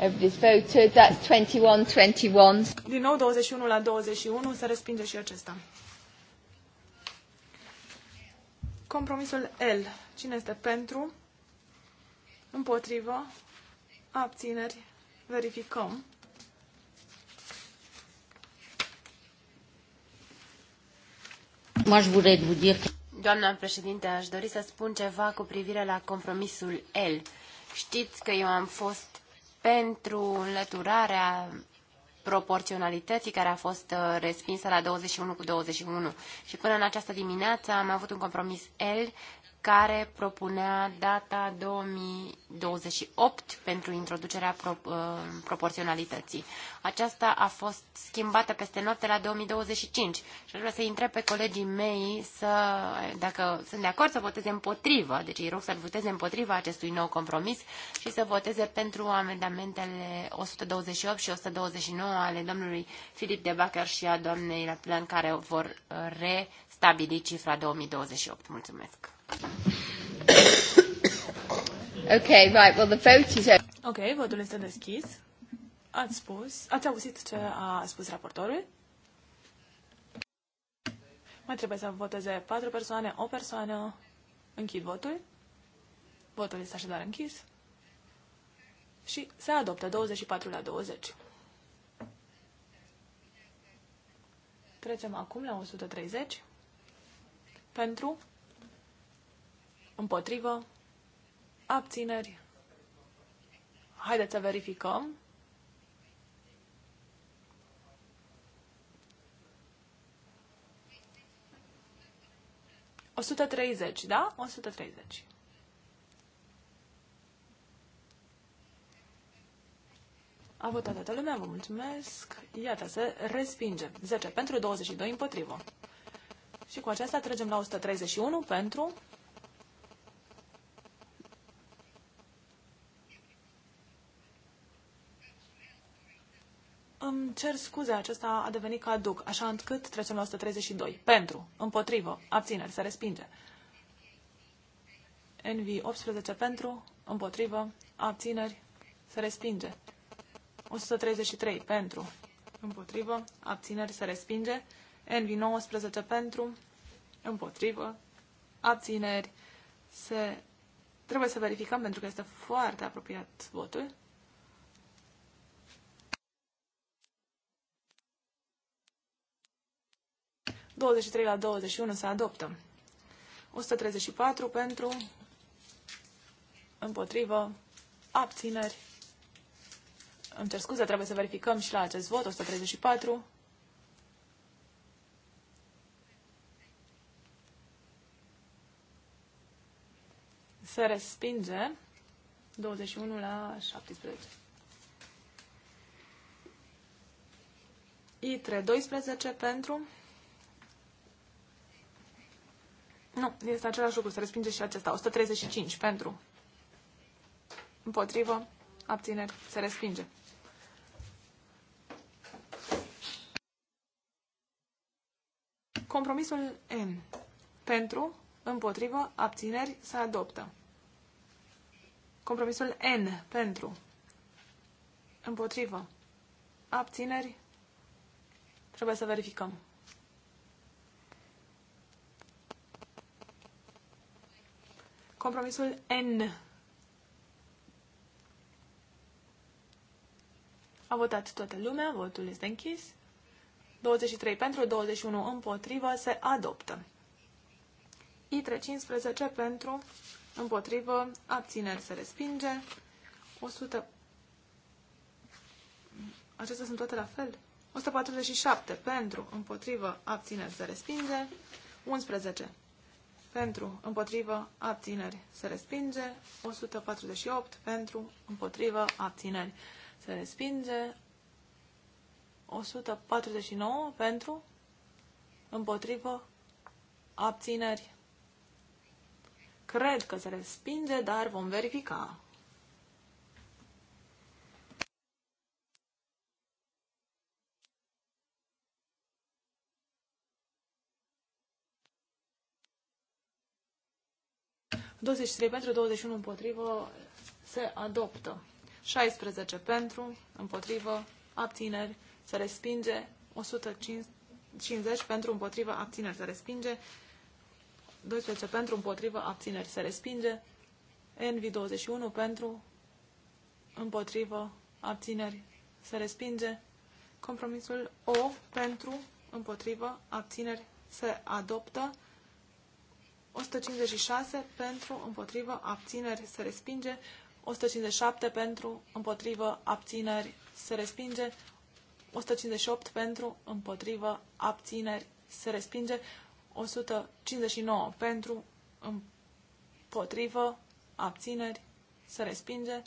Everybody's voted. That's 21, 21. Din nou 21 la 21 se respinge și acesta. Compromisul L. Cine este pentru? Împotrivă? Abțineri? Verificăm. Moi, je Doamna președinte, aș dori să spun ceva cu privire la compromisul L. Știți că eu am fost pentru înlăturarea proporționalității care a fost uh, respinsă la 21 cu 21. Și până în această dimineață am avut un compromis L care propunea data 2028 pentru introducerea pro, uh, proporționalității. Aceasta a fost schimbată peste noapte la 2025 și aș vrea să întreb pe colegii mei să, dacă sunt de acord să voteze împotrivă, deci îi rog să-l voteze împotriva acestui nou compromis și să voteze pentru amendamentele 128 și 129 ale domnului Filip de Bacher și a doamnei Laplan care vor restabili cifra 2028. Mulțumesc! Okay, right, well the vote is Ok, votul este deschis. Ați spus, ați auzit ce a spus raportorul? Mai trebuie să voteze patru persoane, o persoană. Închid votul. Votul este așadar închis. Și se adoptă 24 la 20. Trecem acum la 130. Pentru, Împotrivă? Abțineri? Haideți să verificăm. O sută treizeci, da? O sută treizeci. A votat toată lumea, vă mulțumesc. Iată, se respinge. 10 pentru, 22 împotrivă. Și cu aceasta trecem la 131 pentru, îmi cer scuze, acesta a devenit caduc, așa încât trecem la 132. Pentru, împotrivă, abțineri, se respinge. NV 18 pentru, împotrivă, abțineri, se respinge. 133 pentru, împotrivă, abțineri, se respinge. NV 19 pentru, împotrivă, abțineri, se... Trebuie să verificăm pentru că este foarte apropiat votul. 23 la 21 se adoptă. 134 pentru, împotrivă, abțineri. Îmi cer scuze, trebuie să verificăm și la acest vot, 134. Se respinge 21 la 17. ITRE 12 pentru Nu, este același lucru, se respinge și acesta. 135 pentru. Împotrivă, abțineri, se respinge. Compromisul N. Pentru, împotrivă, abțineri, se adoptă. Compromisul N. Pentru, împotrivă, abțineri, trebuie să verificăm. Compromisul N. A votat toată lumea, votul este închis. 23 pentru, 21 împotrivă, se adoptă. I315 pentru, împotrivă, abțineri se respinge. 100... Acestea sunt toate la fel. 147 pentru, împotrivă, abțineri se respinge. 11 pentru, împotrivă, abțineri, se respinge. 148 pentru, împotrivă, abțineri, se respinge. 149 pentru, împotrivă, abțineri. Cred că se respinge, dar vom verifica. 23 pentru, 21 împotrivă, se adoptă. 16 pentru, împotrivă, abțineri, se respinge. 150 pentru, împotrivă, abțineri, se respinge. 12 pentru, împotrivă, abțineri, se respinge. Envi 21 pentru, împotrivă, abțineri, se respinge. Compromisul O pentru, împotrivă, abțineri, se adoptă. 156 pentru, împotrivă, abțineri, se respinge. 157 pentru, împotrivă, abțineri, se respinge. 158 pentru, împotrivă, abțineri, se respinge. 159 pentru, împotrivă, abțineri, se respinge.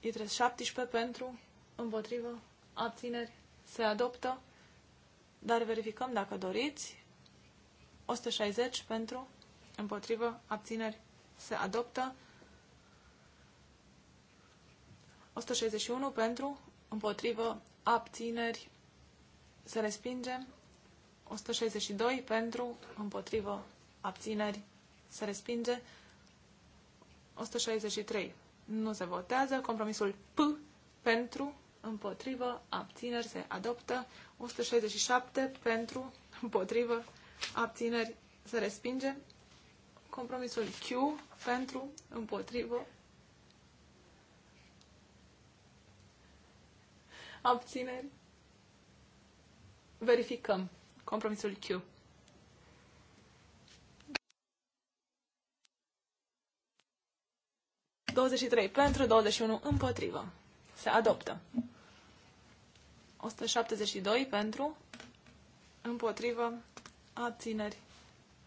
Itre 17 pentru, împotrivă, abțineri, se adoptă. Dar verificăm dacă doriți. 160 pentru, împotrivă, abțineri, se adoptă. 161 pentru, împotrivă, abțineri, se respinge. 162 pentru, împotrivă, abțineri, se respinge. 163 nu se votează. Compromisul P pentru, împotrivă, abțineri, se adoptă. 167 pentru, împotrivă, abțineri, se respinge. Compromisul Q pentru, împotrivă, abțineri. Verificăm compromisul Q. ...23 pentru, 21 împotrivă. Se adoptă. 172 pentru, împotrivă, abțineri,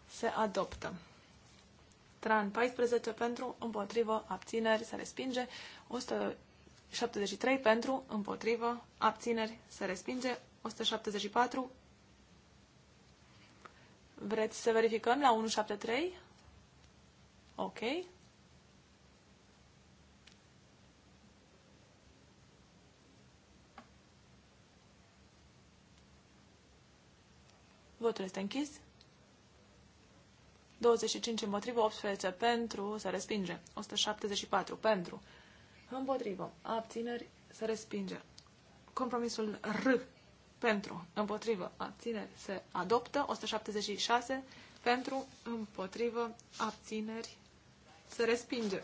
se adoptă. Tran 14 pentru, împotrivă, abțineri, se respinge. 173 pentru, împotrivă, abțineri, se respinge. 174. Vreți să verificăm la 173? Ok. Votul este închis. 25 împotrivă, 18 pentru, se respinge. 174 pentru, împotrivă, abțineri, se respinge. Compromisul R pentru, împotrivă, abțineri, se adoptă. 176 pentru, împotrivă, abțineri, se respinge.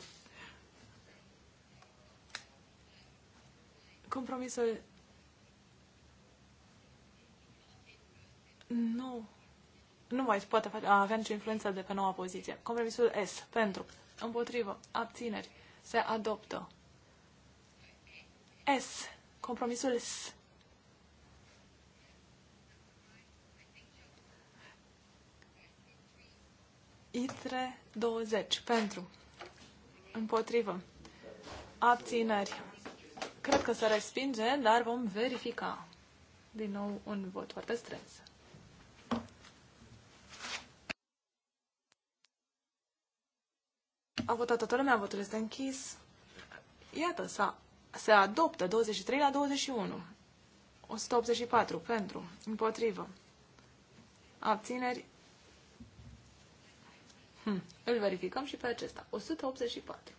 Compromisul nu, nu mai poate face, avea nicio influență de pe noua poziție. Compromisul S. Pentru. Împotrivă. Abțineri. Se adoptă. S. Compromisul S. ITRE 20. Pentru. Împotrivă. Abțineri. Cred că se respinge, dar vom verifica. Din nou un vot foarte strâns. A votat toată lumea, votul este închis. Iată, s-a, se adoptă 23 la 21. 184 pentru, împotrivă. Abțineri. Hm. Îl verificăm și pe acesta. 184.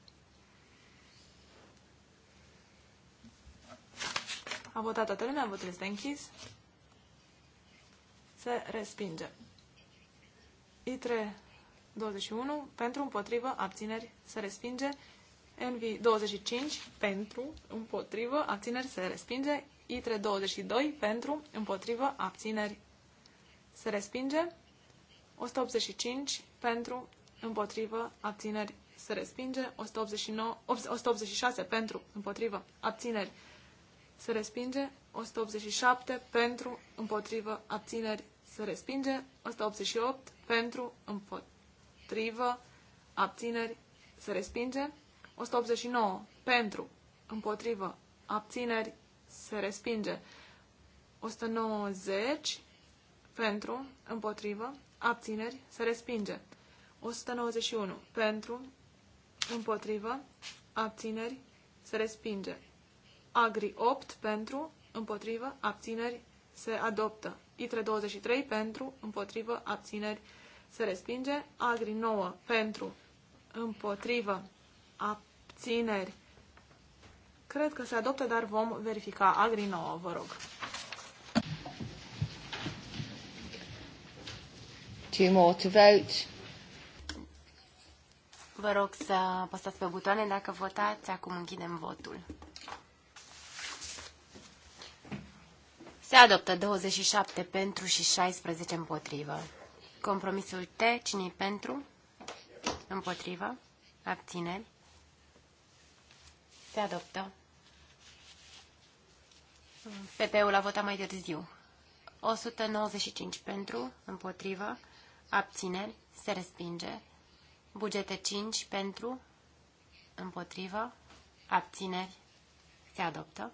A votat toată lumea, votul este închis. Se respinge. i 21 pentru, împotrivă, abțineri, se respinge. NV 25 pentru, împotrivă, abțineri, se respinge. ITRE 22 pentru, împotrivă, abțineri, se respinge. 185 pentru, împotrivă, abțineri, se respinge. 189, 186 pentru, împotrivă, abțineri, se respinge. 187 pentru, împotrivă, abțineri, se respinge. 188 pentru, împotrivă împotrivă, abțineri, se respinge. 189 pentru, împotrivă, abțineri, se respinge. 190 pentru, împotrivă, abțineri, se respinge. 191 pentru, împotrivă, abțineri, se respinge. Agri 8 pentru, împotrivă, abțineri, se adoptă. ITRE 23 pentru, împotrivă, abțineri, se se respinge. Agri 9 pentru, împotrivă, abțineri. Cred că se adoptă, dar vom verifica. Agri 9, vă rog. Two more to vote. Vă rog să apăsați pe butoane dacă votați. Acum închidem votul. Se adoptă 27 pentru și 16 împotrivă. Compromisul T, cine pentru? Împotrivă. Abțineri. Se adoptă. PP-ul a votat mai târziu. 195 pentru, împotrivă, abțineri, se respinge. Bugete 5 pentru, împotrivă, abțineri, se adoptă.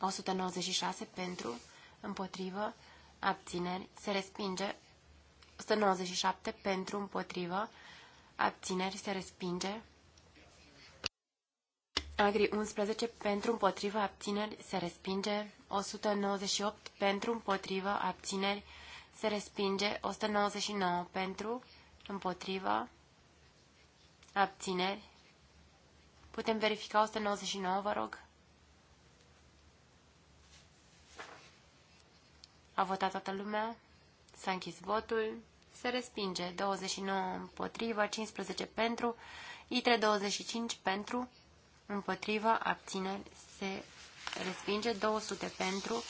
196 pentru, împotrivă, abțineri, se respinge. 197 pentru, împotrivă, abțineri, se respinge. Agri 11 pentru, împotrivă, abțineri, se respinge. 198 pentru, împotrivă, abțineri, se respinge. 199 pentru, împotrivă, abțineri. Putem verifica 199, vă rog? A votat toată lumea? S-a închis votul. Se respinge 29 împotrivă, 15 pentru, ITRE 25 pentru, împotrivă, abțineri, se respinge 200 pentru,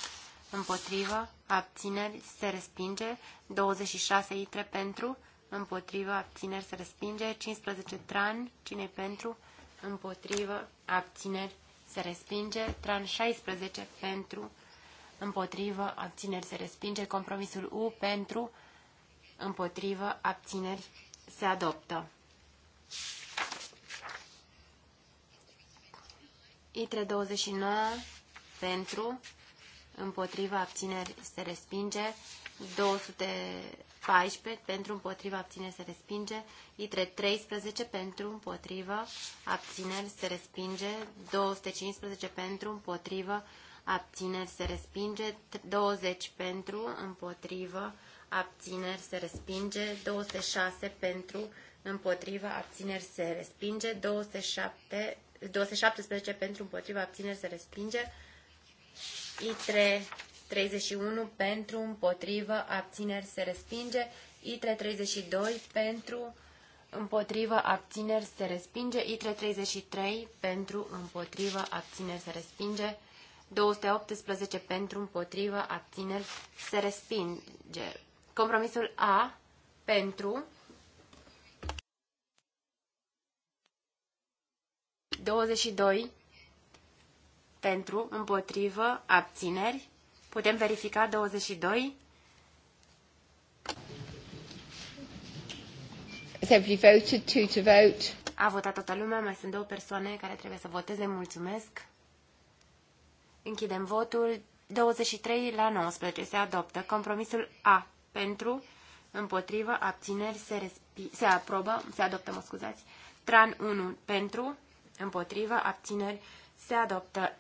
împotrivă, abțineri, se respinge 26 ITRE pentru, împotrivă, abțineri, se respinge 15 TRAN, cine pentru, împotrivă, abțineri, se respinge TRAN 16 pentru, împotrivă, abțineri se respinge. Compromisul U pentru, împotrivă, abțineri se adoptă. ITRE 29 pentru, împotriva abțineri se respinge, 214 pentru împotriva abțineri se respinge, ITRE 13 pentru împotriva abțineri se respinge, 215 pentru împotriva abțineri se respinge, 20 pentru, împotrivă, abțineri se respinge, 26 pentru, împotrivă, abțineri se respinge, 27, 217 pentru, împotrivă, abțineri se respinge, I3 31 pentru, împotrivă, abțineri se respinge, I3 32 pentru, împotrivă, abțineri se respinge, I3 33 pentru, împotrivă, abțineri se respinge, 218 pentru, împotrivă, abțineri, se respinge. Compromisul A pentru 22 pentru, împotrivă, abțineri. Putem verifica 22. Simply voted, two to vote. A votat toată lumea, mai sunt două persoane care trebuie să voteze, mulțumesc. Închidem votul. 23 la 19 se adoptă. Compromisul A pentru, împotrivă, abțineri se, se aprobă, se adoptă, mă scuzați. Tran 1 pentru, împotrivă, abțineri se adoptă.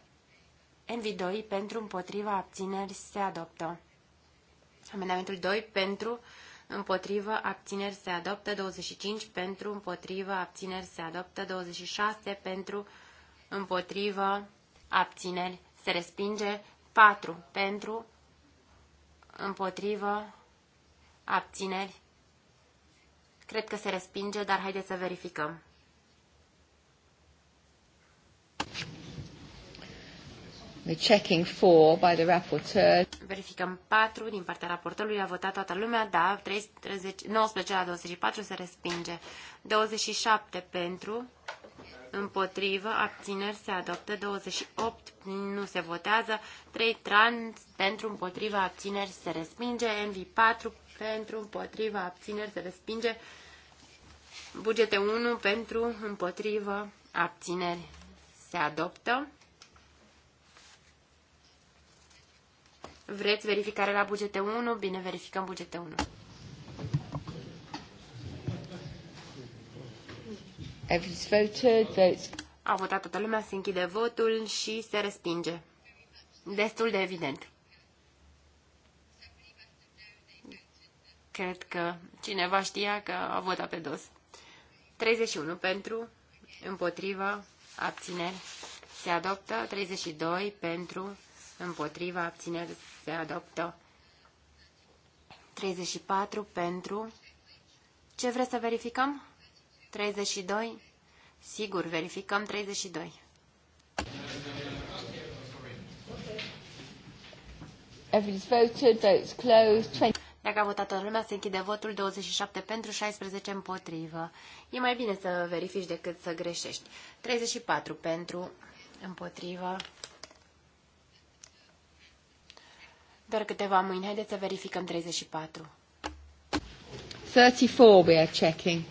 NV2 pentru, împotrivă, abțineri se adoptă. Amendamentul 2 pentru, împotrivă, abțineri se adoptă. 25 pentru, împotrivă, abțineri se adoptă. 26 pentru, împotrivă, abțineri se respinge, 4 pentru, împotrivă, abțineri. Cred că se respinge, dar haideți să verificăm. We're checking four by the rapporteur. Verificăm 4 din partea raportorului. A votat toată lumea. Da, 13, 19 la 24 se respinge. 27 pentru, împotrivă, abțineri se adoptă, 28 nu se votează, 3 trans pentru împotrivă, abțineri se respinge, MV4 pentru împotrivă, abțineri se respinge, bugete 1 pentru împotrivă, abțineri se adoptă. Vreți verificare la bugete 1? Bine, verificăm bugete 1. A votat toată lumea, se închide votul și se respinge. Destul de evident. Cred că cineva știa că a votat pe dos. 31 pentru, împotriva, abțineri, se adoptă. 32 pentru, împotriva, abțineri, se adoptă. 34 pentru. Ce vreți să verificăm? 32? Sigur, verificăm 32. votes closed. 20... Dacă a votat toată lumea, se închide votul 27 pentru, 16 împotrivă. E mai bine să verifici decât să greșești. 34 pentru, împotrivă. Doar câteva mâini. Haideți să verificăm 34. 34 we are checking.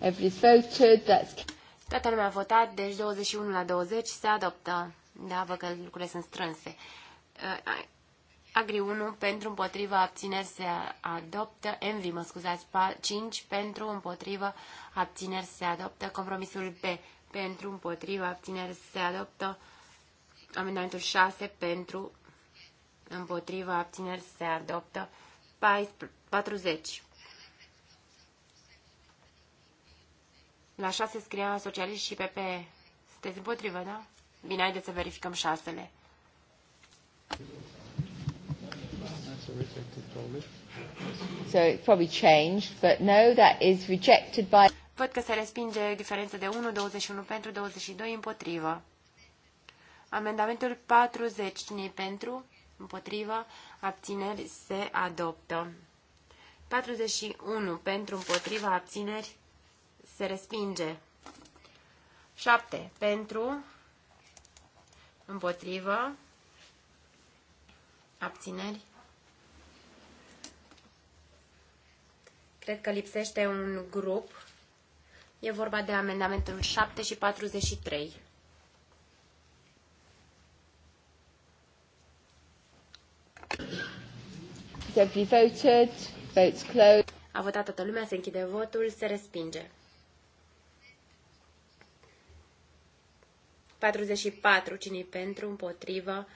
Every that's... Toată lumea a votat, deci 21 la 20 se adoptă. Da, văd că lucrurile sunt strânse. Uh, Agri 1 pentru împotriva abțineri se adoptă. Envi, mă scuzați, 5 pentru împotriva abțineri se adoptă. Compromisul B pentru împotriva abțineri se adoptă. Amendamentul 6 pentru împotriva abțineri se adoptă. 40 La șase scria socialist și PP. Sunteți împotrivă, da? Bine, haideți să verificăm șasele. So it probably changed, but no, that is rejected by... Văd că se respinge diferența de 1, 21 pentru, 22 împotrivă. Amendamentul 40, cine pentru? Împotrivă, abțineri se adoptă. 41 pentru, împotriva, abțineri se respinge. 7. Pentru, împotrivă, abțineri. Cred că lipsește un grup. E vorba de amendamentul 7 și 43. Have voted? Votes closed. A votat toată lumea, se închide votul, se respinge. 44. cine pentru, împotrivă,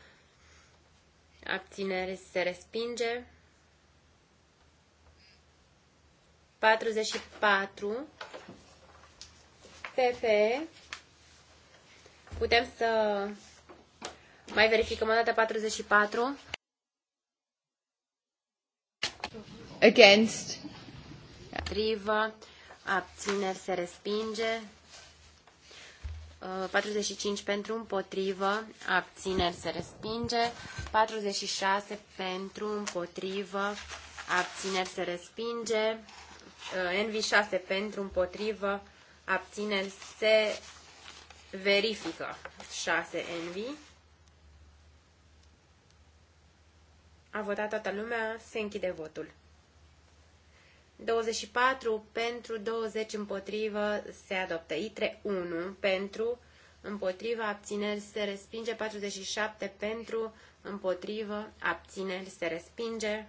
abținere se respinge. 44. PP. Putem să mai verificăm o dată 44. Against. Triva, abține, se respinge. 45 pentru împotrivă, abțineri se respinge, 46 pentru împotrivă, abțineri se respinge, uh, NV6 pentru împotrivă, abțineri se verifică, 6 NV. A votat toată lumea, se închide votul. 24 pentru, 20 împotrivă, se adoptă. ITRE 1 pentru, împotrivă, abțineri, se respinge. 47 pentru, împotrivă, abțineri, se respinge.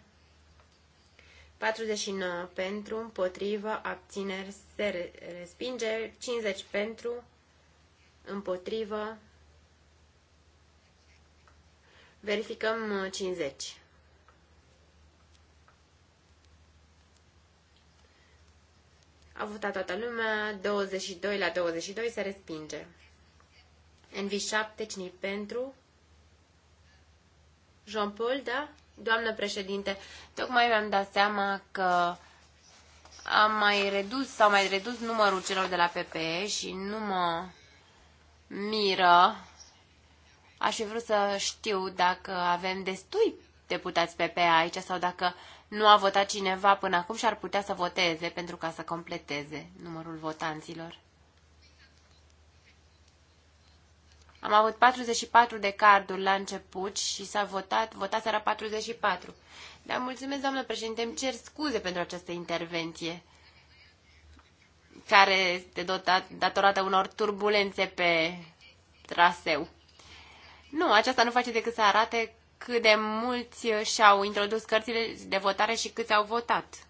49 pentru, împotrivă, abțineri, se respinge. 50 pentru, împotrivă. Verificăm 50. Uh, A votat toată lumea, 22 la 22 se respinge. NV7, cine pentru? Jean-Paul, da? Doamnă președinte, tocmai mi-am dat seama că am mai redus sau mai redus numărul celor de la PPE și nu mă miră. Aș fi vrut să știu dacă avem destui deputați PPE aici sau dacă nu a votat cineva până acum și ar putea să voteze pentru ca să completeze numărul votanților. Am avut 44 de carduri la început și s-a votat, votat era 44. Dar mulțumesc, doamnă președinte, îmi cer scuze pentru această intervenție care este dotat, datorată unor turbulențe pe traseu. Nu, aceasta nu face decât să arate cât de mulți și-au introdus cărțile de votare și câți au votat.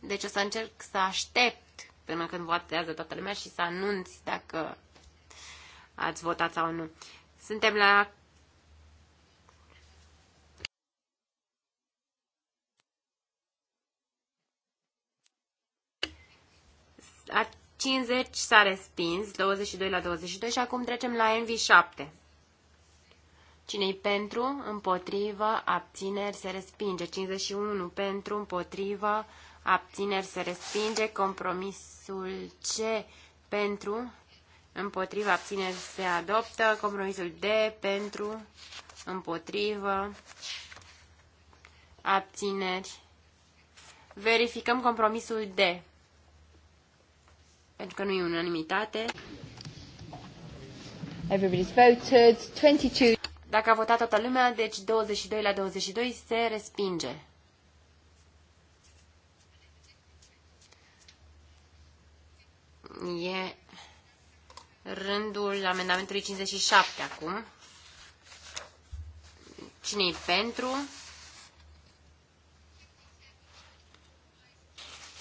Deci o să încerc să aștept până când votează toată lumea și să anunț dacă ați votat sau nu. Suntem la A 50 s-a respins, 22 la 22 și acum trecem la NV7. Cine-i pentru, împotrivă, abțineri, se respinge. 51 pentru, împotrivă, abțineri, se respinge. Compromisul C pentru, împotrivă, abțineri, se adoptă. Compromisul D pentru, împotrivă, abțineri. Verificăm compromisul D. Pentru că nu e unanimitate. Everybody's voted. 22. Dacă a votat toată lumea, deci 22 la 22 se respinge. E rândul amendamentului 57 acum. Cine-i pentru?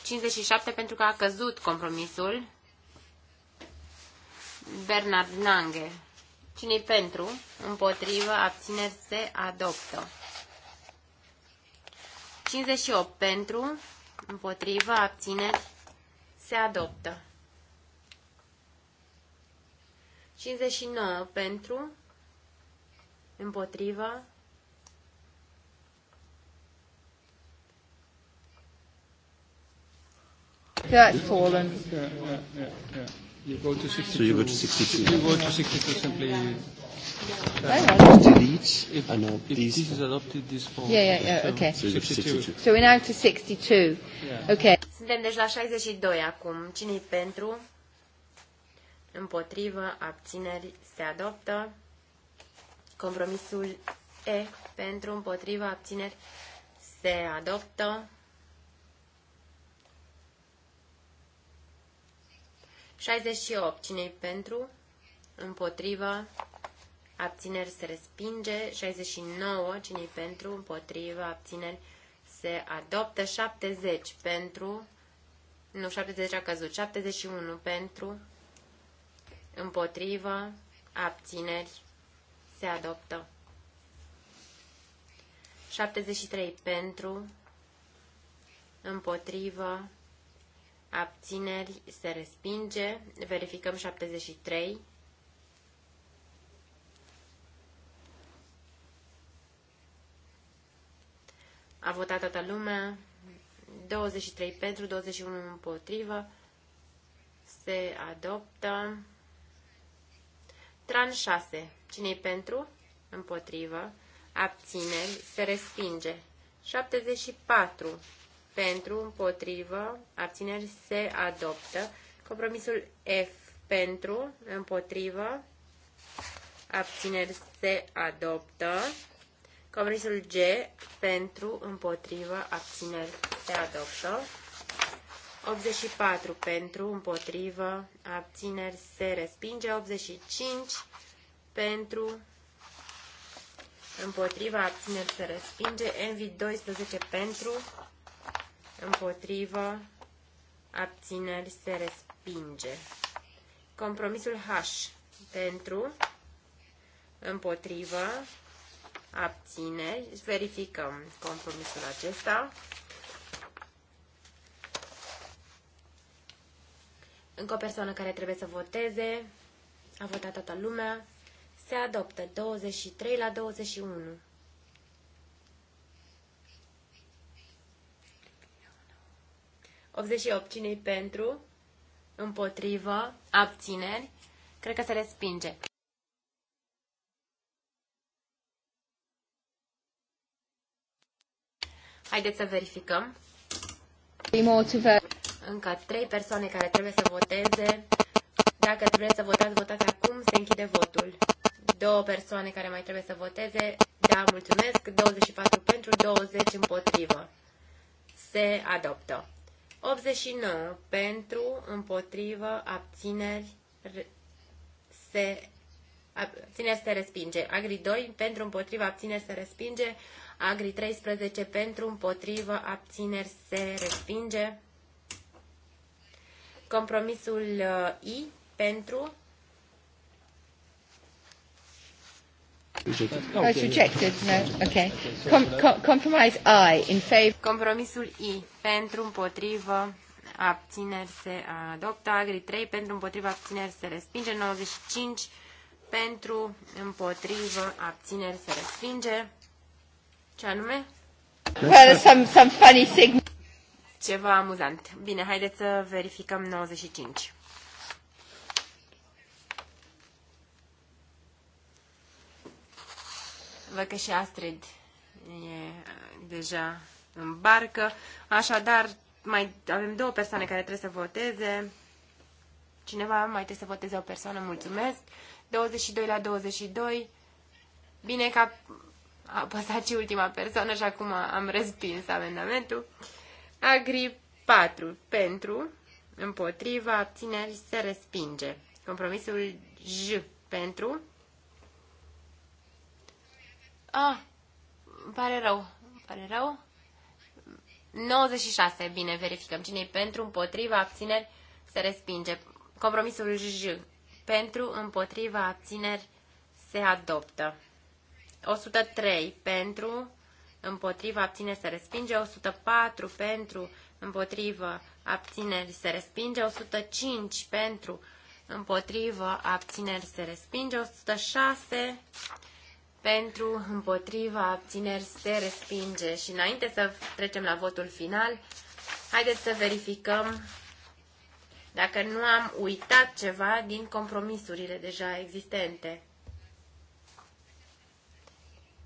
57 pentru că a căzut compromisul. Bernard Nange cine pentru? Împotrivă, abțineri, se adoptă. 58 pentru, împotrivă, abțineri, se adoptă. 59 pentru, împotrivă, That's fallen. Yeah, yeah, yeah, yeah. You go to 62. So you go to 62. You go to 62 simply. Yeah. Uh, If, uh, if these. this is adopted, this form. Yeah, yeah, yeah, okay. So, 62. so we're now to 62. Yeah. Okay. Suntem deci la 62 acum. Cine-i pentru? Împotrivă, abțineri, se adoptă. Compromisul E pentru, împotrivă, abțineri, se adoptă. 68. Cine-i pentru? Împotrivă. Abțineri se respinge. 69. Cine-i pentru? Împotrivă. Abțineri se adoptă. 70. Pentru. Nu, 70 a căzut. 71. Pentru. Împotrivă. Abțineri se adoptă. 73. Pentru. Împotrivă abțineri, se respinge. Verificăm 73. A votat toată lumea. 23 pentru, 21 împotrivă. Se adoptă. Tran 6. Cine-i pentru? Împotrivă. Abțineri. Se respinge. 74 pentru, împotrivă, abțineri se adoptă. Compromisul F pentru, împotrivă, abțineri se adoptă. Compromisul G pentru, împotrivă, abțineri se adoptă. 84 pentru, împotrivă, abțineri se respinge. 85 pentru, împotriva, abțineri se respinge. Envi 12 pentru, împotrivă, abțineri, se respinge. Compromisul H pentru, împotrivă, abțineri. Verificăm compromisul acesta. Încă o persoană care trebuie să voteze, a votat toată lumea, se adoptă 23 la 21. 88. cine pentru? Împotrivă. Abțineri. Cred că se respinge. Haideți să verificăm. Încă trei persoane care trebuie să voteze. Dacă trebuie să votați, votați acum, se închide votul. Două persoane care mai trebuie să voteze. Da, mulțumesc. 24 pentru, 20 împotrivă. Se adoptă. 89 pentru, împotrivă, abțineri, se, abține, se respinge. Agri 2 pentru, împotrivă, abțineri se respinge. Agri 13 pentru, împotrivă, abțineri se respinge. Compromisul uh, I pentru, Compromisul I pentru împotrivă abțineri se adoptă. Agri 3 pentru împotrivă abțineri se respinge. 95 pentru împotrivă abțineri se respinge. Ce anume? Well, some, some funny thing. Ceva amuzant. Bine, haideți să verificăm 95. Văd că și Astrid e uh, deja în barcă. Așadar, mai avem două persoane care trebuie să voteze. Cineva mai trebuie să voteze o persoană, mulțumesc. 22 la 22. Bine că a apăsat și ultima persoană și acum am respins amendamentul. Agri 4 pentru, împotriva, abțineri, se respinge. Compromisul J pentru, Ah, pare rău, pare rău. 96, bine, verificăm cine pentru, împotriva, abțineri, se respinge. Compromisul J, pentru, împotriva, abțineri, se adoptă. 103, pentru, împotriva, abțineri, se respinge. 104, pentru, împotriva abțineri, se respinge. 105, pentru, împotriva abțineri, se respinge. 106, pentru, împotriva, abțineri, se respinge. Și înainte să trecem la votul final, haideți să verificăm dacă nu am uitat ceva din compromisurile deja existente.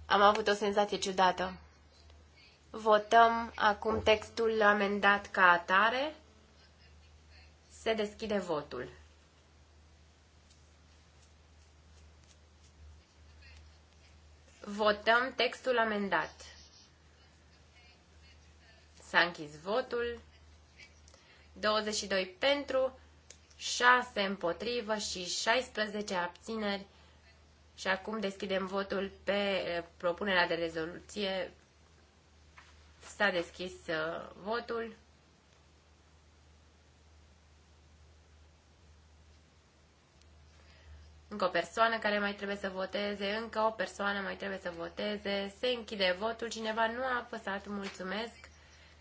Am avut o senzație ciudată. Votăm acum textul amendat ca atare. Se deschide votul. Votăm textul amendat. S-a închis votul. 22 pentru, 6 împotrivă și 16 abțineri. Și acum deschidem votul pe eh, propunerea de rezoluție. S-a deschis eh, votul. încă o persoană care mai trebuie să voteze, încă o persoană mai trebuie să voteze, se închide votul, cineva nu a apăsat, mulțumesc,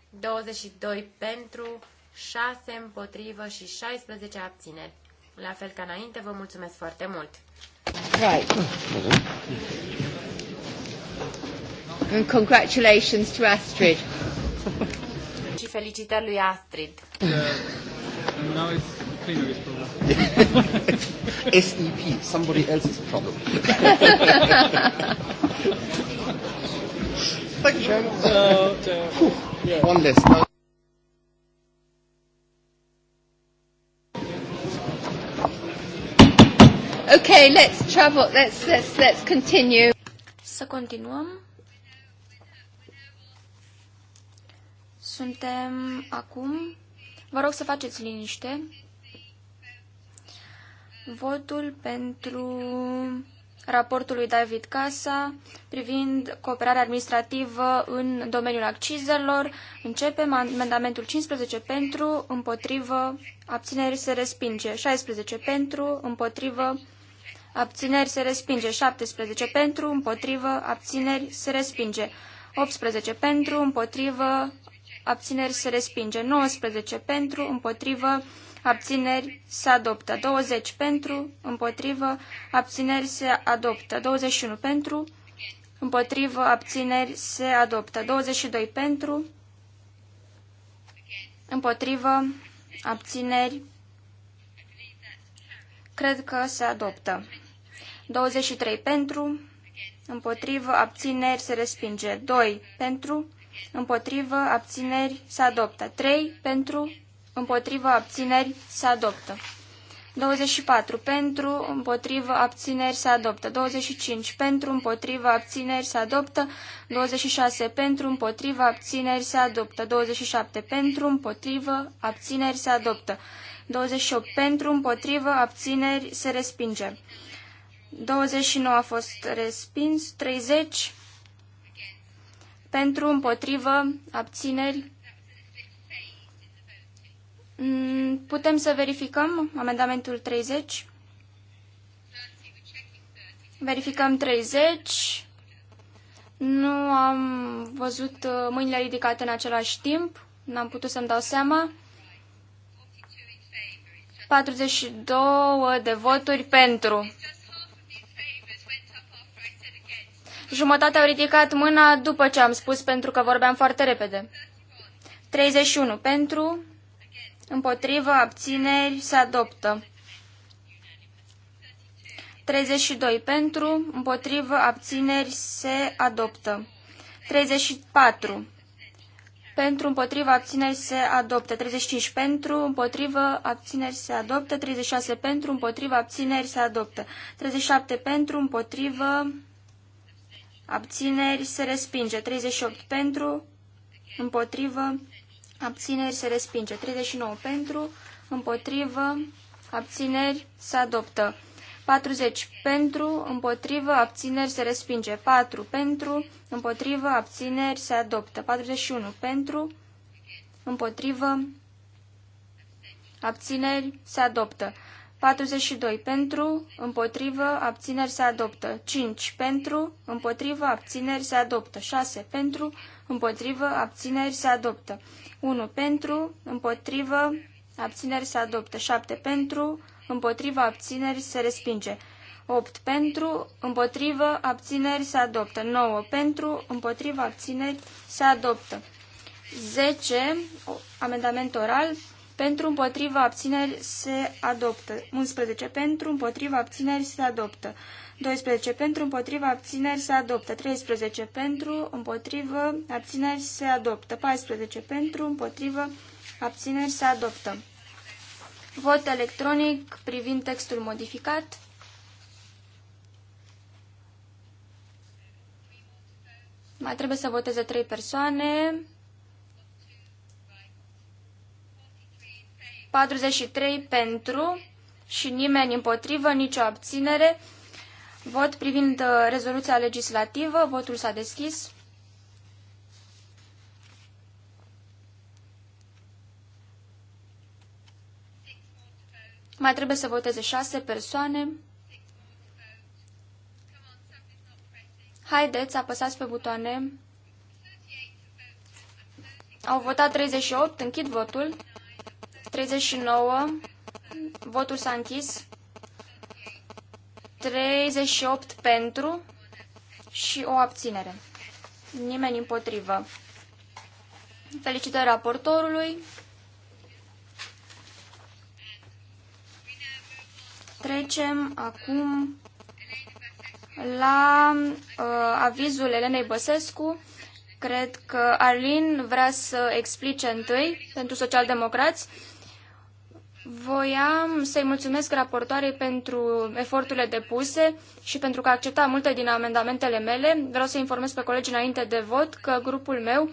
22 pentru, 6 împotrivă și 16 abțineri. La fel ca înainte, vă mulțumesc foarte mult! Right. And congratulations to Astrid. și felicitări lui Astrid. Uh, now it's problem. SEP, somebody else's problem. Thank you, so, uh, yeah. One less. Okay, let's travel. Let's let's let's continue. Să continuăm. Suntem acum. Vă rog să faceți liniște votul pentru raportul lui David Casa privind cooperarea administrativă în domeniul accizelor. Începem amendamentul 15 pentru, împotrivă, abțineri se respinge, 16 pentru, împotrivă, abțineri se respinge, 17 pentru, împotrivă, abțineri se respinge, 18 pentru, împotrivă, abțineri se respinge, 19 pentru, împotrivă, abțineri, se adoptă. 20 pentru, împotrivă, abțineri, se adoptă. 21 pentru, împotrivă, abțineri, se adoptă. 22 pentru, împotrivă, abțineri, cred că se adoptă. 23 pentru, împotrivă, abțineri, se respinge. 2 pentru, împotrivă, abțineri, se adoptă. 3 pentru, împotrivă, abțineri, se adoptă. 24. Pentru, împotrivă, abțineri, se adoptă. 25. Pentru, împotrivă, abțineri, se adoptă. 26. Pentru, împotrivă, abțineri, se adoptă. 27. Pentru, împotrivă, abțineri, se adoptă. 28. Pentru, împotrivă, abțineri, se respinge. 29 a fost respins. 30. Pentru, împotrivă, abțineri, Mm, putem să verificăm amendamentul 30? Verificăm 30. Nu am văzut uh, mâinile ridicate în același timp. N-am putut să-mi dau seama. 42 de voturi pentru. Jumătatea au ridicat mâna după ce am spus pentru că vorbeam foarte repede. 31 pentru, Împotrivă, abțineri, se adoptă. 32 pentru, împotrivă, abțineri, se adoptă. 34 pentru, împotrivă, abțineri, se adoptă. 35 pentru, împotrivă, abțineri, se adoptă. 36 pentru, împotrivă, abțineri, se adoptă. 37 pentru, împotrivă, abțineri, se respinge. 38 pentru, împotrivă, abțineri se respinge. 39 pentru, împotrivă, abțineri se adoptă. 40 pentru, împotrivă, abțineri se respinge. 4 pentru, împotrivă, abțineri se adoptă. 41 pentru, împotrivă, abțineri se adoptă. 42 pentru, împotrivă, abțineri se adoptă. 5 pentru, împotrivă, abțineri se adoptă. 6 pentru, împotrivă, abțineri se adoptă. 1 pentru, împotrivă, abțineri se adoptă. 7 pentru, împotrivă, abțineri se respinge. 8 pentru, împotrivă, abțineri se adoptă. 9 pentru, împotrivă, abțineri se adoptă. 10, amendament oral, pentru, împotrivă, abțineri se adoptă. 11 pentru, împotrivă, abțineri se adoptă. 12 pentru, împotriva, abțineri, se adoptă. 13 pentru, împotrivă, abțineri, se adoptă. 14 pentru, împotrivă, abțineri, se adoptă. Vot electronic privind textul modificat. Mai trebuie să voteze 3 persoane. 43 pentru și nimeni împotrivă, nicio abținere. Vot privind uh, rezoluția legislativă. Votul s-a deschis. Mai trebuie să voteze șase persoane. Haideți, apăsați pe butoane. Au votat 38, închid votul. 39, votul s-a închis. 38 pentru și o abținere. Nimeni împotrivă. Felicitări raportorului. Trecem acum la uh, avizul Elenei Băsescu. Cred că Arlin vrea să explice întâi pentru socialdemocrați. Uh, Voiam să-i mulțumesc raportoarei pentru eforturile depuse și pentru că a acceptat multe din amendamentele mele. Vreau să informez pe colegi înainte de vot că grupul meu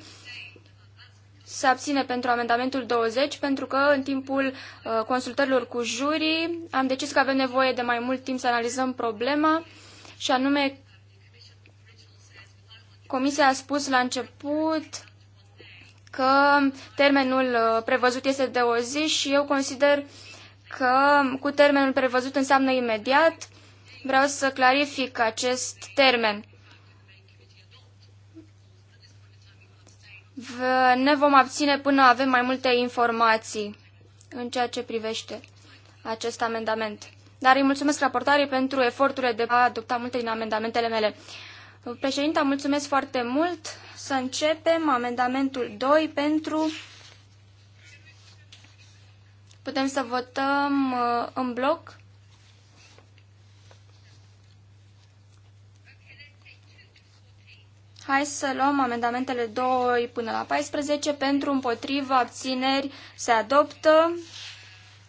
se abține pentru amendamentul 20 pentru că în timpul uh, consultărilor cu jurii am decis că avem nevoie de mai mult timp să analizăm problema și anume Comisia a spus la început că termenul uh, prevăzut este de o zi și eu consider că cu termenul prevăzut înseamnă imediat. Vreau să clarific acest termen. Ne vom abține până avem mai multe informații în ceea ce privește acest amendament. Dar îi mulțumesc raportarii pentru eforturile de a adopta multe din amendamentele mele. Președinta, mulțumesc foarte mult. Să începem amendamentul 2 pentru... Putem să votăm uh, în bloc? Hai să luăm amendamentele 2 până la 14 pentru împotriva abțineri se adoptă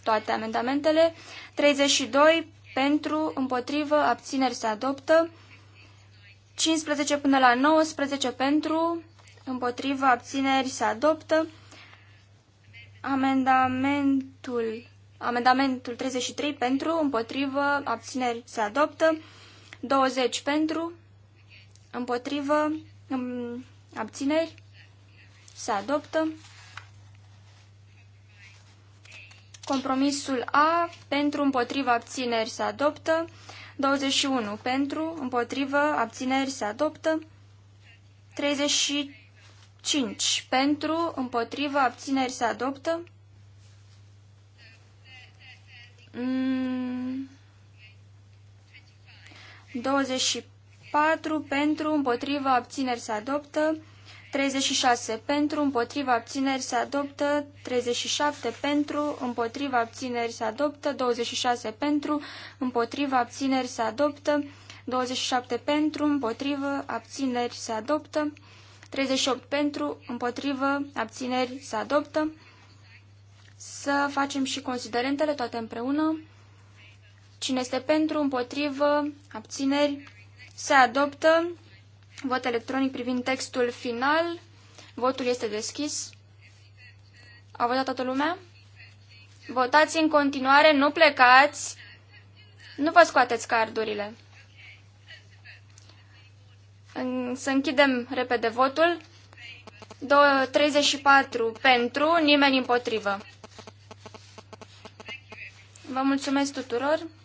toate amendamentele. 32 pentru împotrivă abțineri se adoptă. 15 până la 19 pentru, împotriva abțineri se adoptă. Amendamentul, amendamentul 33 pentru, împotrivă, abțineri se adoptă. 20 pentru, împotrivă, abțineri se adoptă. Compromisul A pentru împotriva abțineri se adoptă. 21 pentru, împotrivă, abțineri se adoptă. 35 pentru, împotrivă, abțineri se adoptă. Mm. 24 pentru, împotrivă, abțineri se adoptă. 36 pentru, împotriva abțineri se adoptă, 37 pentru, împotriva abțineri se adoptă, 26 pentru, împotriva abțineri se adoptă, 27 pentru, împotriva abțineri se adoptă, 38 pentru, împotriva abțineri se adoptă. Să facem și considerentele toate împreună. Cine este pentru, împotrivă, abțineri, se adoptă. Vot electronic privind textul final. Votul este deschis. A votat toată lumea? Votați în continuare, nu plecați. Nu vă scoateți cardurile. Să închidem repede votul. 34 pentru, nimeni împotrivă. Vă mulțumesc tuturor.